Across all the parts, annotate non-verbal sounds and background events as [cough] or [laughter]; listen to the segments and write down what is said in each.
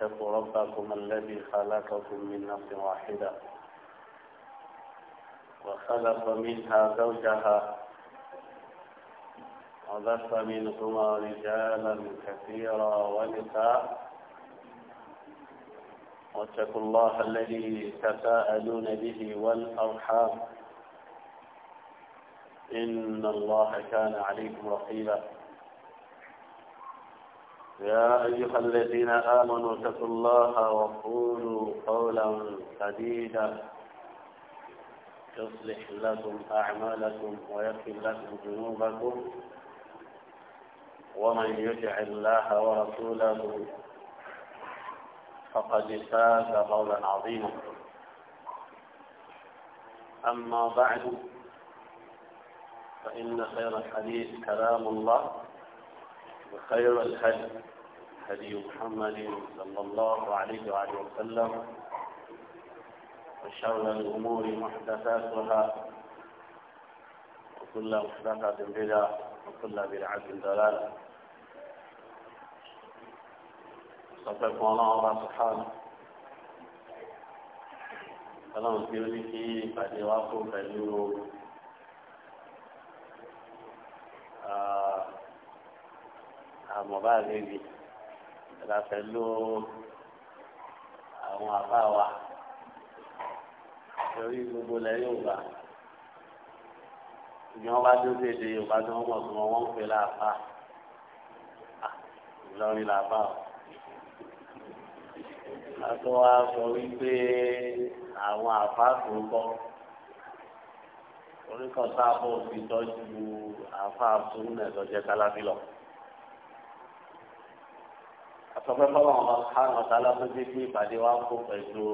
اتقوا ربكم الذي خلقكم من نفس واحدة وخلق منها زوجها وبث منكما رجالا كثيرا ونساء واتقوا الله الذي تساءلون به والأرحام إن الله كان عليكم رقيبا يا أيها الذين آمنوا اتقوا الله وقولوا قولا سديدا يصلح لكم أعمالكم ويغفر لكم ذنوبكم ومن يطع الله ورسوله فقد فاز قولا عظيما أما بعد فإن خير الحديث كلام الله وخير الهدي هدي محمد صلى الله عليه وعلى وسلم وشر الأمور محدثاتها وكل محدثة بدعة وكل بدعة ضلالة صدق الله سبحانه ọlọ́run tí بعد وقت kí ìpàdé àmọ́ bá rẹ̀ rí ìlà pẹ̀lú àwọn àbá wa torí gbogbo lẹ Yorùbá ìyẹn bá dé dédé Yorùbá tí wọ́n mọ̀ tí wọ́n wọ́n ń pè láàbá ah, Ìlọrin làbá o látọ́ wa sọ wípé àwọn àfáàfù ń bọ̀ oríkọ̀ sábà òfin tọ́jú àfáàfù nẹ̀ẹ́dọ́jẹ́ kálábí lọ tọ́pẹ́ fọlọ́ wọn bá kárùn ọ̀tá alábọ́jẹ́ pé ìpàdé wa kó pẹ̀lú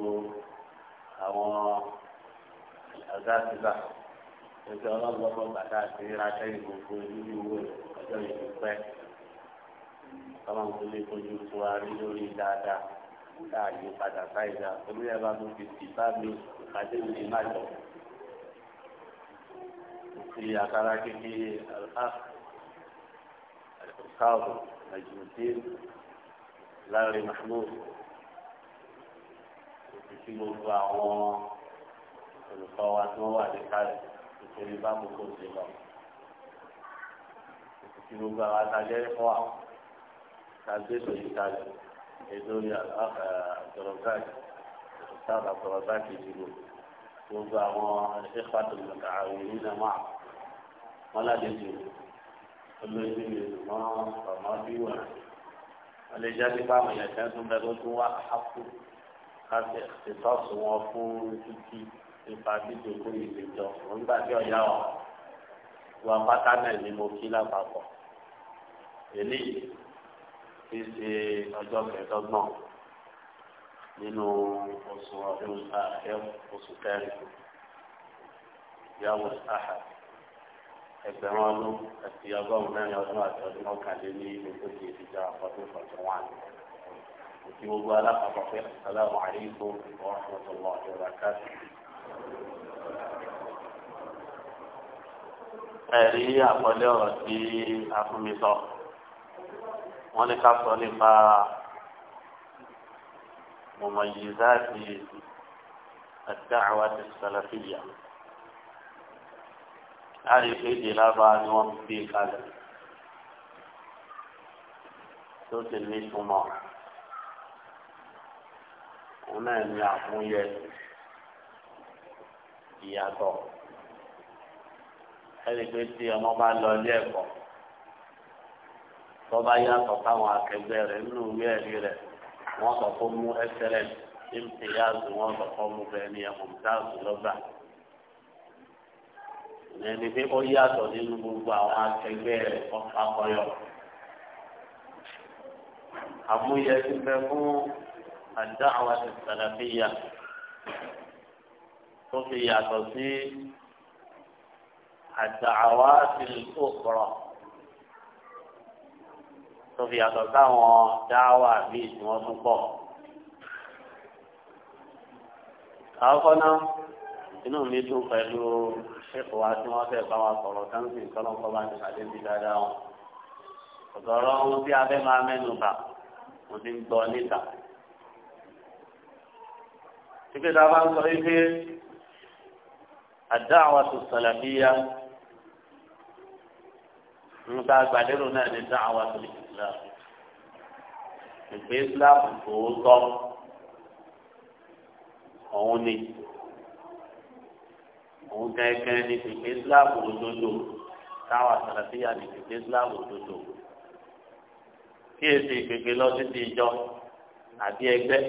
àwọn àgbàsígbà ẹgbẹ́ ọlọ́gbọ́n bàtà àti ìrìnàjò ìgbòho ìlú ìwé ọjọ́ ìlú pẹ́ tọ́lọ́n tó lè kojú tó wa rí lórí dáadáa dáa yí padà sáìdá torí ẹ bá tó fi tì bá mi ìpàdé mi má jọ. Ti àkàrà kékeré àlùfáà àlùfáà ọ̀gbọ̀n àjùmọ̀tì láàrin mahmoud òtún sí gbogbo àwọn olùkọ́ wa tí wọ́n wà ní kárẹ̀ nítorí bá gbogbo ṣe lọ òtún sí gbogbo àwọn atajẹ́ fún ah, ah, àwọn tàbí ètò ìtajà ìdórí àtọ̀rọ̀gáàjì ìtàkà àtọ̀rọ̀gáàjì ìdìbò gbogbo àwọn ìfàtò àwọn ìrìnà máa wọn ládé jù olóyún ìlú mọ́ ọ̀mọ́ bí wọ̀nyí wọ́n lè jáde báwọn èèyàn kan tún bẹ tó tún wá àpò káfí ìtọ́sù wọn fún títí nípa dídò tó yìí jọ òun gbà tí ọ̀yá ọ̀ wọn pátá náà ni mo kí lápapọ̀ eléyìí ti ṣe ọjọ́ kẹẹ̀ẹ́dọ́gbọ̀n nínú oṣù ọdún ah, oṣù kẹrin yàwó àhàbí. ẹgbẹ̀rún ọdún àti ọgọ́rùn-ún mẹ́rin ọdún àti ọdún mọ́kànlélí ogójì ìdíjà ọdún fọ̀tún wà ní. òkè gbogbo alákọ̀ọ́kọ́ pé aláwọ̀ àríkò ọ̀rọ̀ ọ̀rọ̀ káàkiri. ẹ̀rí àkọlé ọ̀rọ̀ tí a fún mi sọ wọ́n ní ká sọ nípa mọ̀mọ́ yìí záàtì àti àwọn àti sàlàfíyà. láti fi èdè lába ni wọ́n gbé kalẹ̀ tó ti ní túmọ̀ òun náà ní àkúnyẹ ìyàtọ̀ ẹni pé tí ọmọ bá lọ ilé ẹ̀kọ́ tó bá yàtọ̀ táwọn akẹgbẹ́ rẹ̀ nínú ìwé ẹ̀rí rẹ̀ wọ́n sọ fún mú excellent imtiyaz wọ́n sọ fún mú bẹ́ẹ̀ ni ẹ̀ mọ̀mùtáàzù lọ́gbà ẹni pé ó yàtọ̀ nínú gbogbo àwọn akẹgbẹ́ rẹ̀ ọ̀pá kọyọ̀. àmúyẹ ti fẹ́ fún àdá àwọn ìsàlàfíà tó fi yàtọ̀ sí àdá àwọn àtìlókòrò tó fi yàtọ̀ sáwọn dáwà bíi tí wọ́n tún pọ̀. àwọn kan náà inú mi dùn pẹ̀lú ṣẹ́kọ̀ọ́ wa tí wọ́n fẹ́ bá wa sọ̀rọ̀ káńsì kọ́lọ́n kọ́ bá ti pàdé bí dáadáa wọn. ọ̀gọ̀rọ̀ ohun tí abẹ́ máa mẹ́nu bà mo ti ń gbọ́ níta. ibi tá a bá ń sọ wípé ad-da'watu salafiyya ń ta gbàdérò náà ní da'watu islam. ìgbé islam kò tọ́ òun ni òun gẹ́gẹ́ ní pípé islam òdodo táwa sàlàfíà ní pípé islam òdodo kí èsì ìpèpè lọ sí ti ìjọ àbí ẹgbẹ́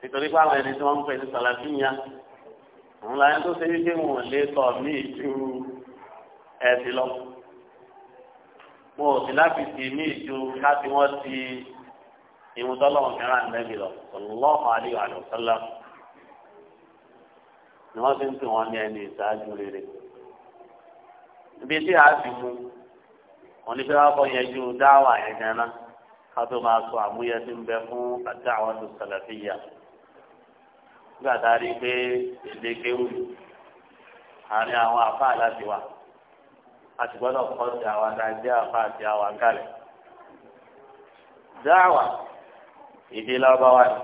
nítorí pé àwọn ẹni tí wọ́n ń pè ní sàlàfíà òun la ẹni tó ṣe wípé wọn ò lè tọ̀ ní ìjú ẹ̀sìn lọ wọn ò sì láti tì ní ìjú ká wọ́n ti ìmúdọ́lọ́wọ̀n mìíràn nẹ́bí lọ sallallahu alaihi wa sallam ni wọ́n fi ń pè wọ́n ní ẹni ìṣáájú rere ibi tí a ti mú wọn ní fẹ́ wá kọ́ yẹjú dáwà yẹn gánà ká tó máa sọ àmúyẹ tí ń bẹ fún àdáwọn tó sàlàfíyà nígbà tá a rí i pé èdè kéwù àárín àwọn àfáà láti wà a sì gbọ́dọ̀ kọ́ sí àwọn adájẹ́ àfáà àti àwọn àgàlẹ̀ dáwà èdè lábáwá ni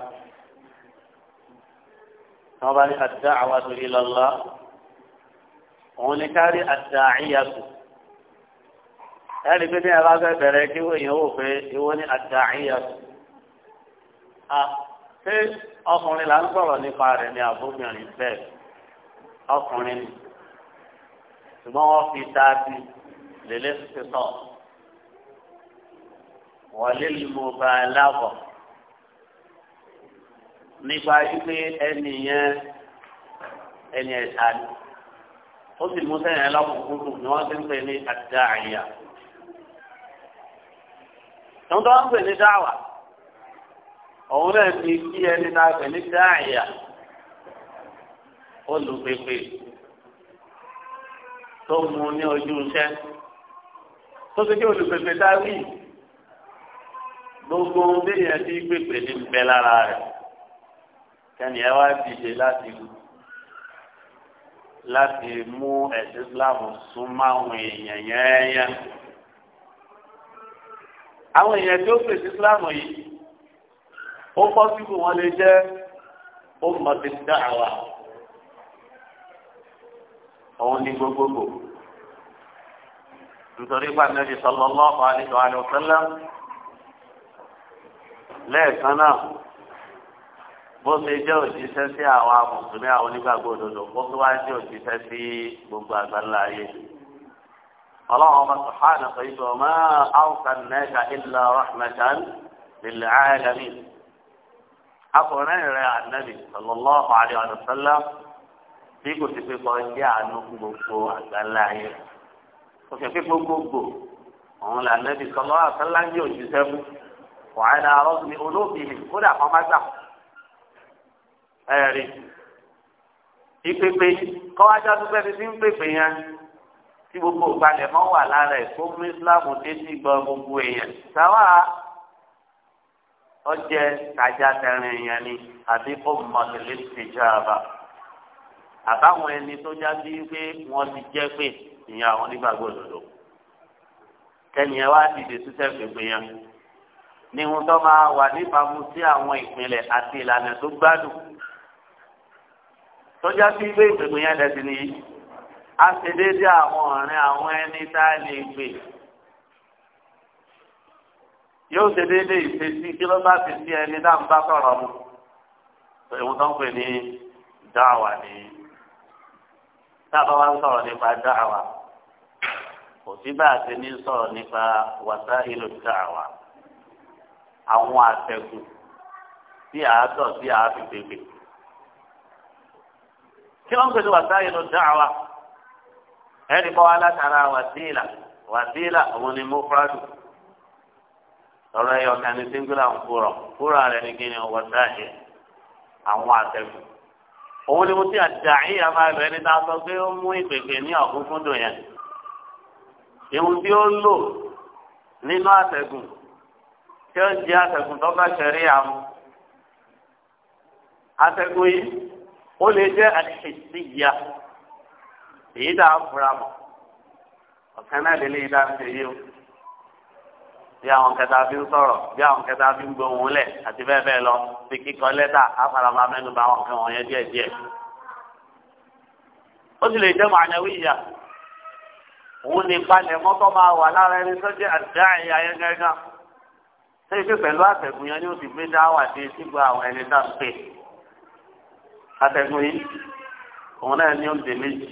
wọ́n bá ní àdá àwọn àtòrí lọ́lá òun ní kárí àdá àyíyàtò ẹni pé ní ẹ̀rọ afẹ́ bẹ̀rẹ̀ kí wọ́n èèyàn wò pé ìwọ ní àdá àyíyàtò à ṣé ọkùnrin là ń sọ̀rọ̀ nípa rẹ̀ ní àbóbìnrin bẹ́ẹ̀ ọkùnrin ni ṣùgbọ́n wọ́n fi dáàbì lélẹ́sítọ́ wọlé lùmọ̀ bá a lábọ̀ nípa wípé ẹni yẹn ẹni ẹ̀ta ni ó sì mú sẹ́yìn ẹlọ́kùnkúndù ni wọ́n ti ń pè ní àdá àyà. tó ń tọ́ ń pè ní dáwà òun náà ti kí ẹni náà pè ní dáàyà olùpèpè tó mú ní ojú iṣẹ́ tó ti kí olùpèpè dáwì gbogbo ohun tí yẹn ti pèpè ní bẹ́ lára rẹ̀ kẹ́ni ẹ wá dìde láti láti mú ẹ̀sìn Islam súnmọ́ àwọn èèyàn yẹ́nyẹ́. àwọn èèyàn tí ó pèsè Islam yìí ó kọ́ síbò wọn lè jẹ́ ó mọ̀ ti dá àwà òun ní gbogbogbò nítorí pé Ànábì sallallahu alaihi wa sallam lẹ́ẹ̀kan náà bó ṣe jẹ́ òjíṣẹ́ sí àwa mùsùlùmí àwọn onígbàgbọ́ òdodo bó ṣe wá jẹ́ òjíṣẹ́ sí gbogbo àgbáńlá ayé. ọlọ́run ọba sùhánà pé ìgbà ọmọ àwùkan nẹ́ẹ̀ka ìlà rahmatan lílẹ̀ àyàlámì. akọ̀rin rẹ̀ ànábì sallallahu alaihi wa sallam bí kò ti pé kan jẹ́ àánú gbogbo àgbáńlá ayé. kò sì pé gbogbogbò òun là ànábì sallallahu alaihi wa sallam jẹ́ fún wàhálà arọ́sùn ẹ̀rí ìpèpè kọ́wájá tó fẹ́ẹ́ ti ń pèpè yẹn tí gbogbo ìgbàlẹ̀ mọ́ wà lára ẹ̀ fún Islam tẹ́tí gbọ́ gbogbo èèyàn sáwà ọjẹ tajà tẹrin èèyàn ni àbí kó mọ̀tẹ́lẹ́ ti jẹ́ àbá àbáwọn ẹni tó já sí pé wọ́n ti jẹ́ pé ìyẹn àwọn onígbàgbọ́ òdodo kẹ́ni ẹ wá dìde sísẹ́ pèpè yẹn ni wọn tó máa wà níbàámu sí àwọn ìpínlẹ̀ àti ìlànà tó gbádùn tọ́já sí pé ìpèpè yẹn lẹ́sìn nìyí a ṣe déédéé àwọn ọ̀rìn àwọn ẹni tá a lè gbè yóò ṣe déédéé ìṣesí kí ló bá ti sí ẹni náà ń bá sọ̀rọ̀ mu ìwọ̀n tó ń pè ní dáwà ni tábà wá ń sọ̀rọ̀ nípa dáwà kò sí bá a ti ní sọ̀rọ̀ nípa wàtá ìlú dáwà àwọn àtẹ̀kù tí àátọ̀ tí àá fi pèpè kí wọ́n ń pèsè wàsáyé ló dá wa ẹni kọ́ wa látara wàsílà wàsílà òun ni mo fúradù lọ́rọ̀ ẹ̀yọ kan ní singular ń kúrọ̀ kúrọ̀ rẹ̀ ní kí ni wàsáyé àwọn àtẹ̀kù òun ni mo ti àdàáyé àmàlù ẹni tá a sọ pé ó mú ìpèkè ní ọ̀kúnkúndùn yẹn ìhun tí ó lò nínú àtẹ̀gùn tí ó jẹ́ àtẹ̀gùn tó bá ṣẹ̀rí àmú àtẹ̀gùn yìí ó lè jẹ́ àṣìṣìyà èyí dà á fura mọ̀ ọ̀kan náà lè léyìí dá ń ṣe bí àwọn kẹta fi ń sọ̀rọ̀ bí àwọn kẹta fi ń gbóhùn lẹ̀ àti bẹ́ẹ̀ bẹ́ẹ̀ lọ fi kíkọ lẹ́tà àfàràmà mẹ́nu bà àwọn kan wọ̀nyẹn díẹ̀ díẹ̀. ó sì lè jẹ́ màánẹ́wì ìyà òun ní balẹ̀ mọ́tọ́ máa wà lára ẹni tó jẹ́ àdá ẹ̀yà yẹn gángan. ṣé ibi pẹ̀lú àtẹ̀gùn yẹn ni ó ti gbé dáwà dé sígbà àwọn ẹni tá ń atẹ́gùn yìí òun náà ní oúnjẹ méjì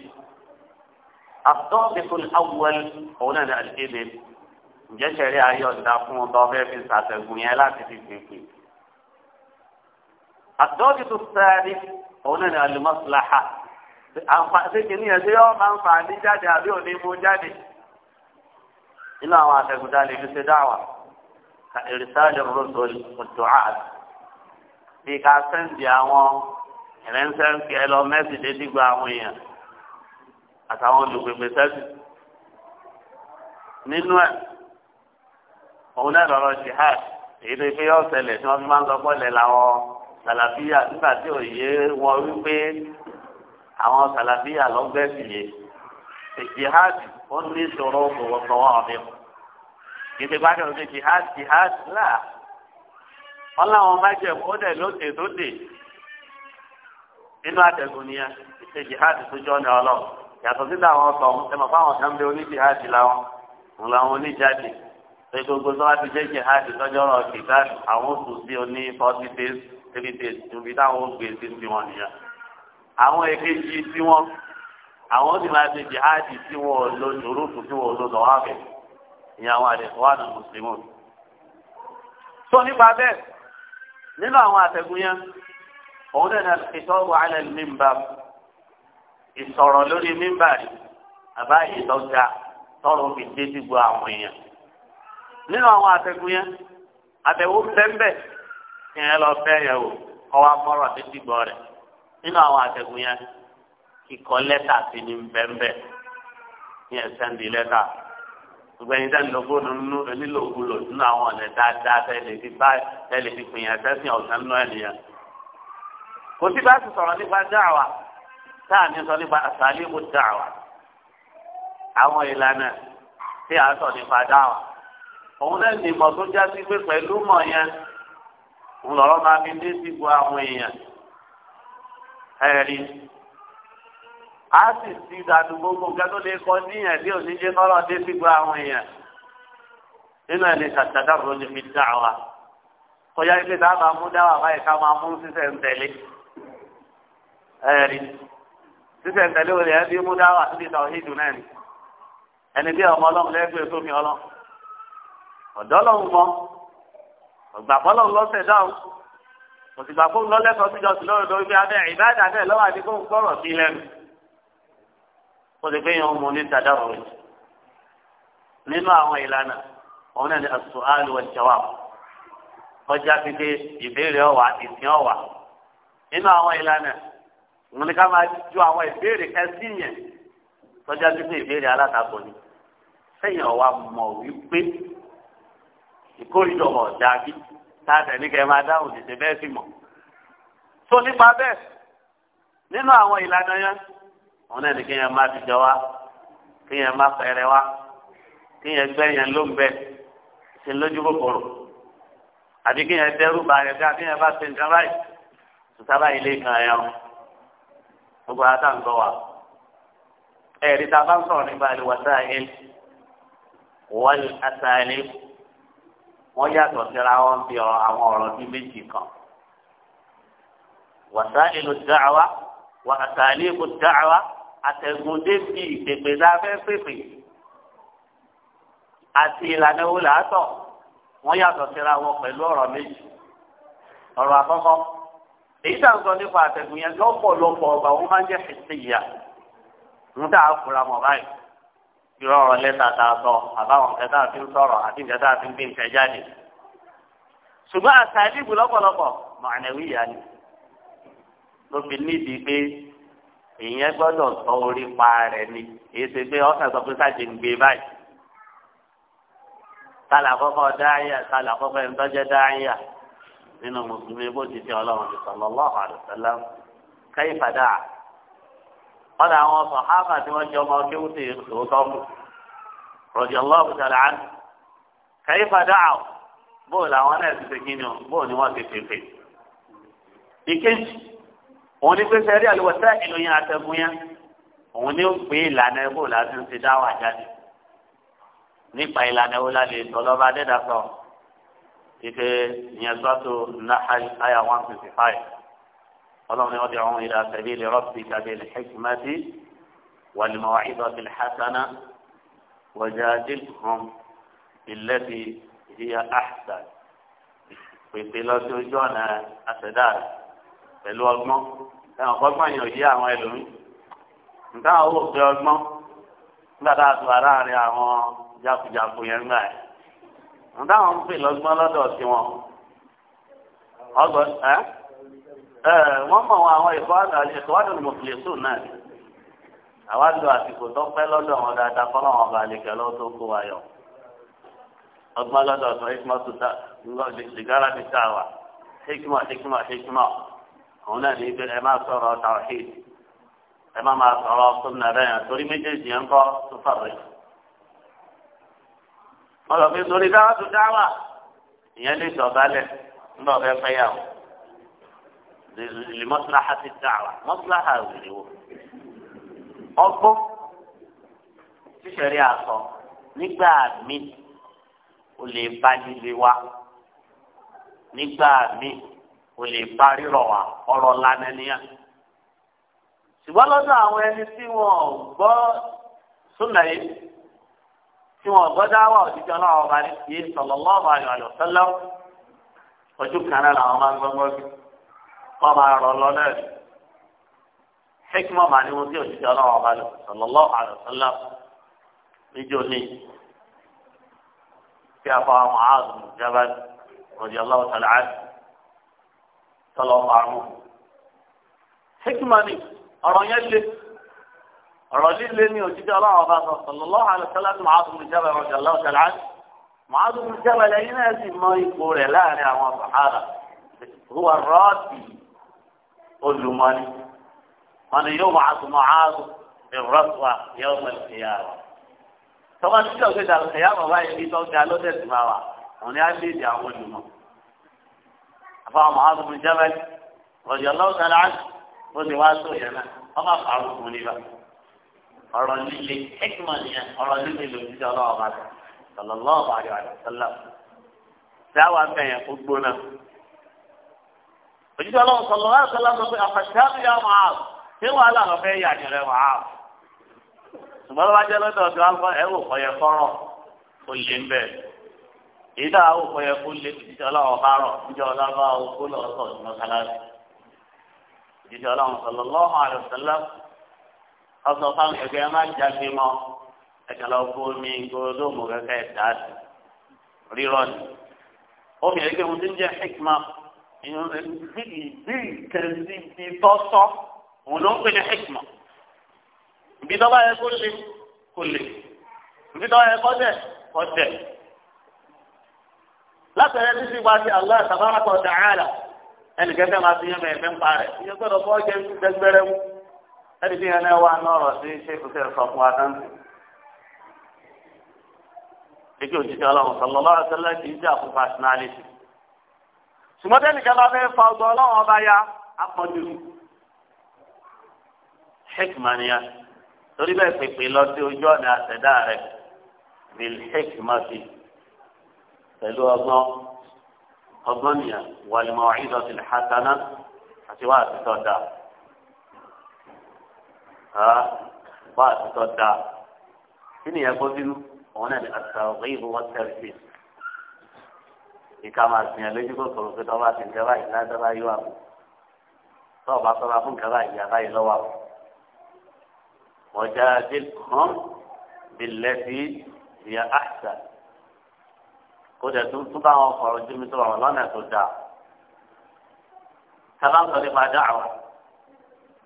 àtọ́bìkún awọ́l òun náà ní àdìgbèdè ǹjẹ́ sẹ́rí ayọ̀ dá fún un tọ́fẹ́ fi sàtẹ̀gùn yẹn láti fi pèpè àtọ́bìkún sáré òun náà ní alùmọ́síláhà àǹfààní kìíní yẹn ṣé yọ máa ń fà á ní jáde àbí òní mú jáde nínú àwọn àtẹ̀gùn tá fi ṣe dáwà ìrìsáàlì rọ́sọ̀lì ọ̀dọ́ àti ìrẹsẹ̀ ń kí ẹ lọ mẹ́sì dédígbà àwọn èèyàn àtàwọn olùgbègbè sẹ́sì nínú ẹ̀ òun náà lọ́rọ̀ jihad èyí tó fi yọ ṣẹlẹ̀ tí wọ́n fi máa ń lọ́pọ̀ lẹ̀ làwọn sàlàfíà nígbà tí òye wọn wípé àwọn sàlàfíà lọ́gbẹ́sì yé jihad ó ní ìṣòro òwòsàn ọ̀dẹ́ ìṣe gbàgbé òde jihad jihad là wọ́n láwọn májẹ̀ kó dẹ̀ lóde nínú àtẹ̀gùn nìyẹn ṣe jihad tó jọ ní ọlọ́ yàtọ̀ sí àwọn ọkọ̀ ọ̀hún ẹ mọ̀ fún àwọn sàmúlẹ̀ oní jihad làwọn òun làwọn oníjáde pé gbogbo tó bá ti jẹ́ jihad lọ́jọ́ rọ̀ kíkà àwọn oṣù sí oní forty days three days níbi táwọn ògbé sí ti wọn nìyẹn. àwọn èkejì tí wọn àwọn sì máa ṣe jihad tí wọn ò lo nùrùkù wọn ò lo lọ́wọ́fẹ̀ ìyẹn àwọn àdẹ̀kọ́ wà ní mùsùlùmí. tó nípa bẹ́ẹ̀ nínú àwọn àtẹ̀gùn yẹn òun náà ní alùpùpù alẹ́ mímbà ìsọ̀rọ̀ lórí mímbà rí àbá ìdọ́gba tọrọ fi dé dìbò àwọn èèyàn nínú àwọn àtẹkùn yẹn àtẹwò bẹ́ńbẹ́ ìyẹn lọ fẹ́ yẹn o kọ́ wa mọ́rọ̀ dé dìbò rẹ̀ nínú àwọn àtẹkùn yẹn kíkọ lẹ́tà sí ní bẹ́ńbẹ́ ìyẹn sẹ́ndì lẹ́tà gbogbo ẹni sẹ́ni lọ́gbọ́n nínú nílòkulò nínú àwọn ọ̀nà dáadáa tẹ́lẹ̀ fi bá tẹ́lẹ̀ fi pìyàn sẹ́sìn ọ̀sán náà nìyẹn kò sí bá sì sọ̀rọ̀ nípa dáàwà tá à ní sọ nípa àsálímù dáàwà àwọn ìlànà tí a sọ nípa dáàwà òun náà ní ìmọ̀ tó já sí pé pẹ̀lú mọ̀ yẹn òun lọ́rọ́ máa fi dé sí gbọ́ àwọn èèyàn ẹ̀rí a sì ti dànù gbogbo nǹkan tó lè kọ níyàn tí òní jẹ́ dé sí gbọ́ àwọn èèyàn nínú ẹ̀ ní kàtàkàrọ̀ ní fi dáàwà kọjá ilé tá mú dáàwà báyìí ká máa mú sísẹ̀ ń tẹ̀lé. ẹ̀rí sísẹ̀ ntẹ̀lé wòle ẹbí mú dáwà síbi ìtàn ìdùn náà ni ẹni bí ọmọ ọ̀dọ́ ọ̀gbàpọ̀ lọ́sẹ̀ dáhùn òsìgbà fún síjọ sí lọ́rọ̀ abẹ́ lọ́wọ́ àti fún sí lẹ́nu ó ti ọmọ ní nínú àwọn ìlànà ìbéèrè ọ̀wà ìsìn ọ̀wà nínú àwọn ìlànà wọn ni ká máa ju àwọn ìbéèrè kan sí yẹn tọ́jà tó fún ìbéèrè alátakò ni sẹ́yìn ọ̀wá mọ̀ wípé ìkórìjọ mọ̀ dàbí tá a tẹ̀lé kẹ́ máa dáhùn tètè bẹ́ẹ̀ sì mọ̀. tó nípa bẹ́ẹ̀ nínú àwọn ìlànà yẹn wọn náà ní kéèyàn má fìjọ wá kéèyàn má fẹ́rẹ̀ wá kéèyàn gbẹ̀yàn ló ń bẹ ṣe lójú kòkòrò àbí kéèyàn dẹ́rù bàrẹ̀ bí kéèyàn bá ṣe nǹkan báyìí tòtábà ilé kan yẹn o gbogbo ata ń gbọ́ wa ẹ̀rí tá a bá ń sọ̀rọ̀ nípa al-wasā'il wal-asālīb wọ́n yàtọ̀ síra wọn bí àwọn ọ̀rọ̀ bíi méjì kan wasā'ilu ad-da'wa wa asālību ad-da'wa àtẹ̀gùndé bíi ìpèpè dáfẹ́ pèpè àti ìlànà wo làátọ̀ wọ́n yàtọ̀ síra wọn pẹ̀lú ọ̀rọ̀ méjì ọ̀rọ̀ àkọ́kọ́ èyí ń sọ nípa àtẹ̀gùn yẹn lọ́pọ̀lọpọ̀ ọgbà wọn máa ń jẹ́ fìsíyà ń tà á mọ̀ báyìí irọ́ ọ̀rọ̀ lẹ́tà tá sọ àbáwọn kẹta àti ń sọ̀rọ̀ àti ìjẹta àti ń gbé nǹkan jáde ṣùgbọ́n àṣà ìdìbò lọ́pọ̀lọpọ̀ mọ̀nàwíyà ni ló fi nídìí pé èèyàn gbọ́dọ̀ tọ́ orí pa rẹ̀ ni èyí ṣe pé ọ̀sán sọ pé sáàjì ń gbé báyìí nínú mùsùlùmí bó ti fi ọlọ́run ti sallallahu alaihi wasallam kẹ́yìn fàdà ọ̀dà àwọn sàhábà tí wọ́n jẹ́ ọmọ kéwù sí ìṣòótọ́ mu radiyallahu ta'ala anhu kẹ́yìn fàdà bóò làwọn náà ti ṣe kí ni bóò ni wọ́n ti fèfè. ìkejì òun ni pé sẹ́rí àlùwọ̀sẹ́ ìlòyìn àtẹ̀gùn yẹn òun ni ó gbé ìlànà bóò láti ń ti dáwà jáde nípa ìlànà wo la lè sọ lọ́ba adẹ́dàsọ ike ìyẹn sọ́tò nahal aya one fifty five ọlọ́run ni wọ́n ti àwọn ìlà sabili rabbika bil hikmati wal maw'izatil hasana wajadilhum billati hiya ahsan pèpè lọ sí ojú ọ̀nà àṣẹdá rẹ̀ pẹ̀lú ọgbọ́n ẹ̀wọ̀n kọ́gbọ́n yẹn ò yí àwọn ẹlòmíì nǹkan àwọn òfin ọgbọ́n nígbà tá a tó ara rẹ̀ àwọn jákujáku yẹn gbà yẹn. wọn táwọn ń pè lọ́gbọ́n lọ́dọ̀ sí wọn ọgbọ́n ẹ ẹ wọ́n mọ̀ wọn àwọn ìfọwọ́dọ̀ mọ̀fìlẹ́sùn náà àwa lo àsìkò tó pẹ́ lọ́dọ̀ wọn dáadáa tó kó wa yọ ọgbọ́n lọ́dọ̀ sọ tó ta ta wa òun náà ní ibi ẹ máa sọ̀rọ̀ ẹ máa sọ̀rọ̀ ọlọ́pẹ́ sórí dáhùn dáwà ìyẹn lè sọ̀bálẹ̀ ńlọ bẹ fẹ́ yà wò lè mọ́sálàhà ti dáwà mọ́sálàhà òwìrì wò ọgbọ́n tíṣẹ̀rí nígbà o lè bá líle wa nígbà o lè bá rírọ̀ wa ọ̀rọ̀ lánàá ṣùgbọ́n lọ́dọ̀ àwọn ẹni tí wọ́n gbọ́ tí wọn gbọ́dọ̀ wà òjijì Ọlọ́run ọba ní kí sallallahu alaihi wasallam ojú kan náà làwọn máa ń gbọgbọ sí wọn máa rọ lọ náà rí hekima màá ní wọn sí òjijì Ọlọ́run ọba lọ sallallahu alaihi wasallam níjó ní kí a fọ àwọn ààrùn ìjọba radiyallahu ta'ala anhu tọlọ ọmọ àrùn hekima ni ọ̀rọ̀ yẹn lé ọ̀rọ̀ líle ní òjijì ọlọ́run ọba sọ sallallahu alaihi wasallam Mu'adh bin Jabal radiyallahu ta'ala anhu Mu'adh bin Jabal lẹ́yìn náà sì mọ ipò rẹ̀ láàrin àwọn sàhárà huwa rọ́ọ̀tì olùmọ́ni wọn ni yóò máa tún Mu'adh ìrọ́tùwà yóò mọ̀ ìyàwó tọ́wọ́ ní ìjọba ìdàrú ìyàwó báyìí bí tọ́jú alódẹ́sì máa wà òun ni á lè dì àwọn olùmọ̀ àfọwọ́ Mu'adh bin Jabal radiyallahu ta'ala anhu ó ti wá sóyè náà wọ́n máa fà á ọ̀rọ̀ líle hekima nìyẹn ọ̀rọ̀ líle lòdì sí ọlọ́wọ́ bá sọlọ́lọ́ ọ̀bá rẹ̀ wàlẹ̀ sọlá dáwà bẹ̀yẹn kó gbóná. òjijì ọlọ́wọ́ sọlọ́ wà sọlá sọ pé àfàṣàbí yà wà á ṣé wàhálà lọ fẹ́ yà ni rẹ wà á. ṣùgbọ́n wàá jẹ́ lọ́dọ̀ ọ̀dọ̀ alfa ẹ̀ wò kọ́ yẹ kọ́rọ̀ kó lé ń bẹ̀. èyí dáa wò kọ́ kó lé òjijì ọlọ́wọ́ bá rọ̀ òjijì ọlọ́wọ́ ọsọ fáwọn ẹgbẹ́ ẹ má jáde mọ́ ẹ̀ka lọ fún omi gbólóòmù kẹ́kẹ́ dá sí rírọ̀ ni. omi ẹgbẹ́ mo ti ń jẹ́ hikma ìbí kẹ́sì ti tọ́tọ́ òun ló ń pè ní hikma. ibi tó bá yẹ kó lè kó lè ibi tó bá yẹ kó dẹ̀ kó dẹ̀. látọ̀rẹ́ títí wá sí Allah tabaraka wa ta'ala ẹnì kẹfẹ́ máa fi yẹn mẹ́ẹ̀ẹ́fẹ́ ń parẹ́ ìyẹn gbọ́dọ̀ fọ́ jẹ́ gbẹgbẹrẹ wọn ẹni bí yẹn náà wà nọ̀rọ̀ sí ṣéèkù sẹ sọ fún adáǹtì èké òjijì ọlọ́run sọlọ lọrọ sẹlẹ kì í jẹ àpò pàṣínálìtì ṣùgbọ́n tẹnìkan bá fẹ́ fa ọgbọ́n ọlọ́run ọba ya apọ̀jù hekmania torí bẹ́ẹ̀ pèpè lọ sí ojú ọ̀nà àtẹ̀dá rẹ̀ bil hekmati pẹ̀lú ọgbọ́n ọgbọ́n nìyà wàlùmọ̀ ìdọ̀tí hasana àti wàásù tọ́da bá a ti tọ́ da kí ni ẹ̀kọ́ sínú òun náà ni àtàwọn ìbò wọn tẹ̀lé sí ìka máa sìn ẹ́ lójú kó sọ̀rọ̀ pé tọ́ba ti ń jẹ́ báyìí ládàá bá yóò àbò tọ́ọ̀ bá sọ́ra fún kẹfà ìyá báyìí lọ́wọ́ àbò ọjà dé kàn bilẹ̀ sí ìyá àṣà kó dẹ̀ tún tún báwọn fọ̀rọ̀ jù mí sọ̀rọ̀ lọ́nà tó dáa sábà ń sọ nípa dáhùn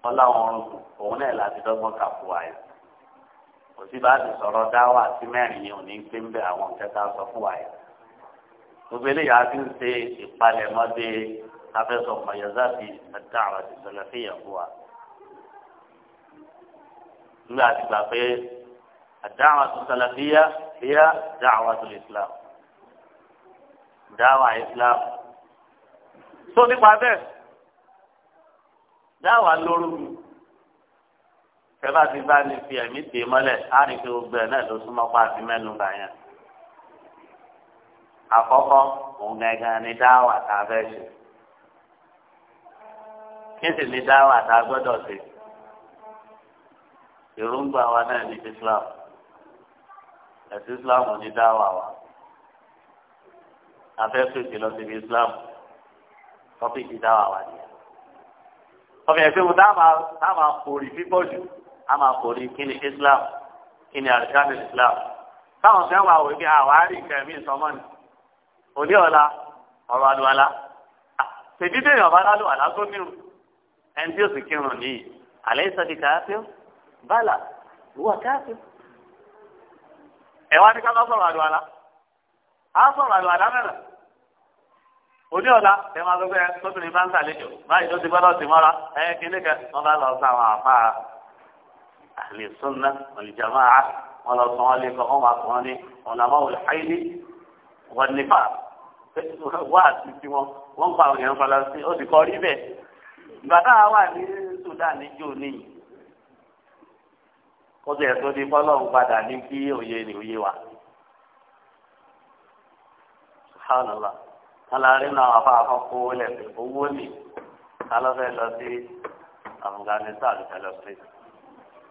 wọn láwọn ọrùn kù òun náà láti dọ́gbọ́n kà fún wa yẹn kò sí bá ti sọ̀rọ̀ dáwà sí mẹ́rin yìí ò ní pé ń bẹ àwọn kẹta sọ fún wa yẹn gbogbo eléyàá fi ń ṣe ìpalẹ̀mọ́dé afẹ́sọ̀ mọ̀yẹ́sáàbì ẹ̀dá àwọn ìṣẹ̀lẹ̀ fìyàn fún wa nígbà tí gbà pé الدعوة السلفية هي دعوة الإسلام دعوة إسلام سو nípa bẹ́ẹ̀ dáwà lóru mi tẹ́lá ti bá ní fi ẹ̀mí dè mọ́lẹ̀ á rí pé gbogbo ẹ̀ náà ló súnmọ́ pa àti mẹ́nu bà yẹn. àkọ́kọ́ òun gangan ni dáwà tá a fẹ́ ṣe kí sì ni dáwà tá a gbọ́dọ̀ ṣe èròǹgbà wa náà ní Islam ẹ̀sìn Islam ní dáwà wa a fẹ́ fèsì lọ síbi Islam tọ́pìkì dáwà wa nìyẹn ọmọ ẹ̀sìn mu táà máa kórì fífọ́ jù á máa kórì kíni Islam kíni àríkánì Islam táwọn fẹ́ máa wò ní àwárí kẹ̀mí ìsọmọ́ ni òní ọ̀la ọ̀rọ̀ àlùwàlá tèmi bẹ́ẹ̀ ọ̀bá lálùwàlá tó nírun ẹni tí ó sì kírun nìyí àlẹ́ ìsọ̀dì káfíọ́ bálà wúwà káfíọ́ ẹ̀wá ní ká bá sọ̀rọ̀ àlùwàlá á sọ̀rọ̀ àlùwàlá mẹ́rin òní ọ̀la ẹ máa lọ́gbẹ́ lọ́bìnrin bá ń sàlejò báyìí ló ti gbọ́dọ̀ sí mọ́ra ẹ kíní kẹ wọ́n bá lọ sáwọn àfa ahli sunna wal jamaa lọ sọ wọn lé kọ wọn máa sọ wọn ní ulama ul haili wan nifaq wá àti tí wọn wọn pa àwọn èèyàn falasí ó sì kọ rí bẹ́ẹ̀ ìgbà táwa wà ní Sudan níjó níyì ó ti ẹ̀sùn ní fọlọ́run padà ní kí òye ni òye wà. subhanallah kálárì náà wà fáwọn afọ́kọ́ owó lẹ̀ pé owó nì kálọ́fẹ́ lọ sí Afghanistan kẹlẹ́ sí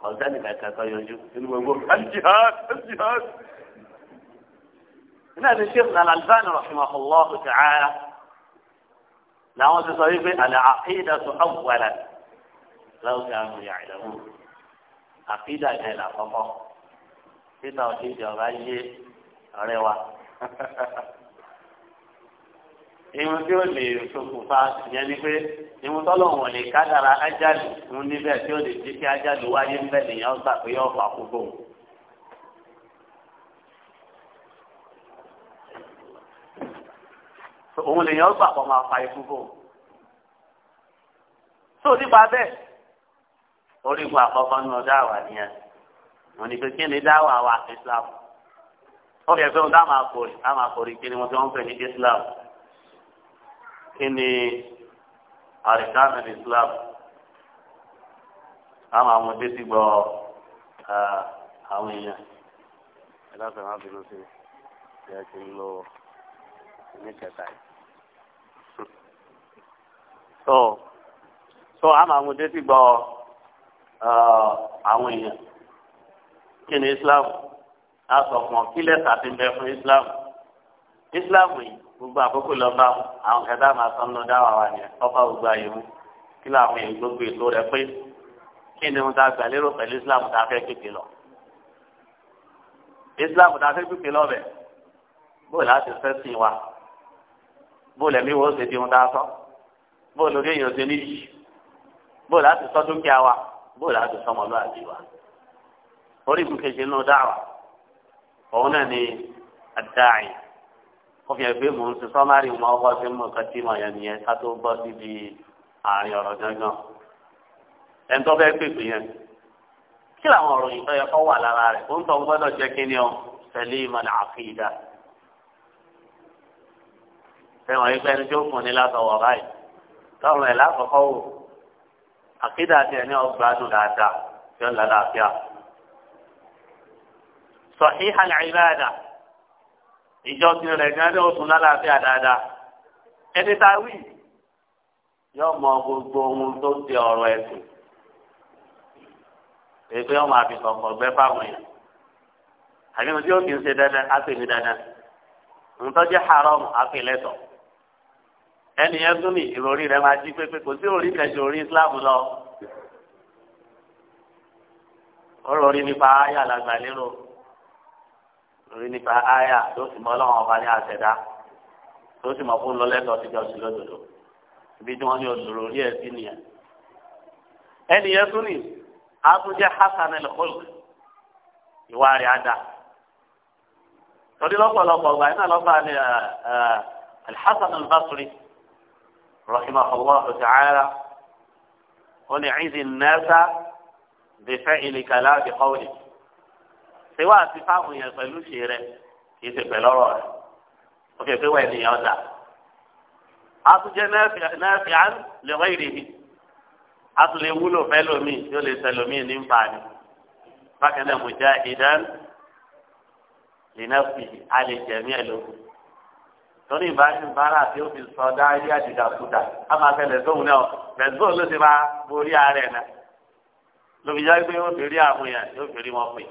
kọ́ńtẹ́nì kẹ̀kẹ́ tó yọjú nínú gbogbo ẹ̀jìhàn ẹ̀jìhàn. iná ní sheikh al-Albani rahimahullah ta'ala làwọn ti sọ wípé al-aqida tó awwala lọ́wọ́ kí a mú yàrá ìdààmú àkídà yẹn là kọ́kọ́ títà òjijì ọ̀rá yé ọ̀rẹ́ wa. [laughs] ìwọ̀n tí ó lè ṣokùnfà ìyẹn ni pé ìwọ̀n tọ́lọ̀ wọn lè kádàrà ájálù ń níbẹ̀ tí ó lè jẹ́ kí ájálù wáyé ńbẹ̀ nìyẹn ó pé yóò fà púpọ̀. òun lèyàn gbà pọ̀ máa fa ikú bò. tó nípa bẹ́ẹ̀ orígun àkọ́kọ́ ní ọjọ́ àwà nìyẹn ni pé kí ni dáwà wa Islam ó yẹ pé wọn dá máa kórè dá máa kórè kí ni kí ni islam ama àwọn ọmọdé ti gbọ́ àwọn èèyàn ẹ dáfẹ́ máa bínú sí ẹ kí n lọ ní kẹta yìí. so so ama àwọn ọmọdé ti gbọ́ àwọn èèyàn kí ni islam a sọ fún ọ kí lẹ́sà ti bẹ fún islam islam yìí gbogbo àkókò lọ́ba àwọn kẹta máa sọ lọ dá wàwà ni ọba gbogbo ayé mu kí làwọn èèyàn gbogbo ètò rẹ pé kí ni mo ta gbà lérò pẹ̀lú Islam tá a fẹ́ pèpè lọ Islam tá a fẹ́ pèpè lọ bẹ̀ bó láti fẹ́ sìn wa bó lẹ́mí wo ṣe di mo ta sọ bó lórí èèyàn ṣe níyì bó láti sọ dúkìá wa bó láti sọ ọmọlúwàbí wa orí ìbùkẹ́ṣe náà dáwà òun náà ni àdáyé wọ́n fi hàn pé mò ń ṣe sọ́márì mọ́ ọkọ tí mo kàn tí mo yàn nìyẹn ká tó bọ́ síbi àárín ọ̀rọ̀ gángan ẹni tó fẹ́ pèpè yẹn kí làwọn ọ̀rọ̀ yìí fẹ́ kọ́ wà lára rẹ̀ ó ń tọ́ gbọ́dọ̀ jẹ́ kí ni ọ tẹ̀lé ìmọ̀ ní àfihàn fẹ́ràn yìí fẹ́ni tó fún ni látọwọ́ báyìí tọrùn ẹ̀ lákọ̀ọ́kọ́ wò àkídà tiẹ̀ ní ọgbàdùn dáadáa tí ó lálàáfíà sọ̀hí hàn ìbáàdà ìjọsìn rẹ̀ gan ní oṣù lálàáfíà dáadáa ẹni tá a wí yóò mọ gbogbo ohun tó ń di ọ̀rọ̀ ẹ̀sìn èyí pé wọn máa fi kọkọ gbẹ fáwọn yẹn àbí tí yóò kì í ṣe dandan á pè mí dandan nǹkan haram á pè lẹ́tọ̀ ẹni yẹn tún ní ìròrí rẹ̀ máa jí pépé kò sí òrí kẹsì òrí islam lọ ó rọrí nípa ayé àlàgbà lérò lórí nípa àyà tó sì mọ ọlọ́run ọba ní àṣẹdá tó sì mọ fún lọ́lẹ́tọ̀ síjọ́ sí lódodo ibi tí wọ́n ní òdòdó orí ẹ̀ sí nìyẹn. ẹnì yẹn tún ní àtúnjẹ hasan el-khulq ìwà rẹ̀ ada torí lọ́pọ̀lọpọ̀ ọgbà iná lọ́pọ̀ àni alḥasan al-basri rahimahullah ta'ala ó ní cizi nasa bifẹ́ ìlìkàlá bìkọ́wìlì ṣèwà àti fáwọn èèyàn pẹ̀lú ṣe rẹ kì í ṣe pẹ̀lú ọ̀rọ̀ rẹ ó fi pé wà ènìyàn ọ̀dà àtúnjẹ nẹ́ẹ̀fì án lè wá ìrìhì àtúnlẹ̀ wúlò fẹ́lómi yóò lè sẹlómi ní nfààní bákan náà mo já ìdán lìnàfì àlejẹmí ẹ lókun torí ìbára tí ó fi sọ dárí àdìdàkúdà á máa fẹlẹ̀ sóhun náà bẹ̀sùn ló ti máa borí ara ẹ̀ náà lóbi já pé ó fi rí àwọn èèyàn yóò fi rí wọn pè é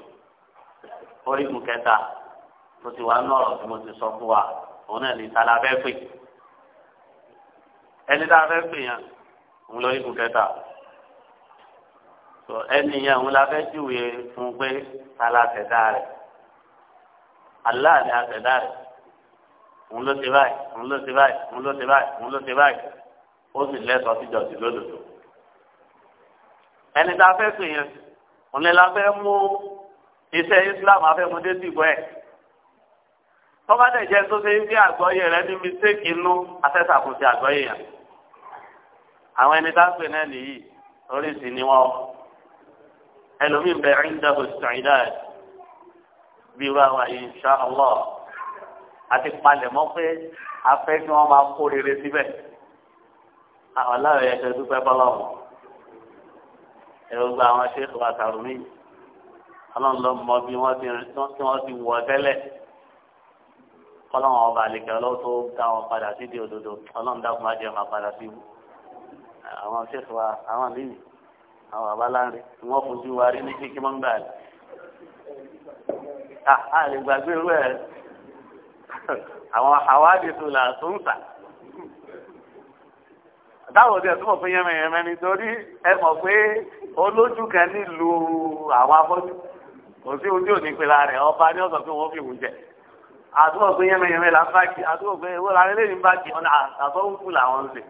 orígun kẹta tó ti wà nọ̀rọ̀ tí mo ti sọ fún wa òun náà ní sálá fẹ́ pè ẹni tá a fẹ́ pè yẹn òun lórígun kẹta ẹni yẹn òun la fẹ́ júwe fún pé sálá tẹ̀dá rẹ̀ aláàdé àtẹ̀dá rẹ̀ òun ló ti báyìí òun ló ti báyìí òun ló ti báyìí òun ló ti báyìí ó sì lẹ́sọ̀ọ́ síjọ́sí lódodo ẹni tá a fẹ́ pè yẹn òun ni la fẹ́ mú iṣẹ́ islam afẹ́mọdé sì bọ́ ẹ̀ tọ́ba dẹ̀ jẹ́ tó ṣe ń gbé àgbọ́yé rẹ ní mistake inú afẹ́sàkóso àgbọ́yé yẹn àwọn ẹni tá a pè náà nìyí oríṣi ni wọn ẹlòmíín bẹ ẹ̀ńdà òṣìṣẹ́ìdá bí wàá wà insha Allah àti palẹ̀mọ́ pé afẹ́ kí wọ́n máa kó rere síbẹ̀ àwọn aláwọ̀ yẹn ṣe dúpẹ́ bọ́lọ́mù ẹ̀rọ gba àwọn ṣéèkì àtàrùmíì ọlọ́run ló mọ bí wọ́n ti tí wọ́n ti wọ tẹ́lẹ̀ ọlọ́run ọba àlekẹ́ ọlọ́run tó dá wọn padà sí di òdodo ọlọ́run dákun má jẹ́ wọn padà sí wù àwọn ṣẹ́fù wa àwọn mímì àwọn àbáláńrẹ́ tí wọ́n fojú wa rí ní kíkí mọ́ ń gbà ní. a lè gbàgbé irú ẹ̀ àwọn àwádìí tó là tó ń tà dáwọ̀ tí ẹ̀ fún yẹmẹyẹmẹ nítorí ẹ mọ̀ pé olójú kan nílùú àwọn afọ́jú kò sí ohun tí ò ní pe la rẹ̀ ọba ní ọ̀sán pé wọ́n fi wùjẹ́ àdúgbò pé yẹ́mẹyẹ́mẹ là ń bá kí àdúgbò pé ewé la lélẹ́ ní bá kí ọ̀nà àtọ́wùkù làwọn ń sè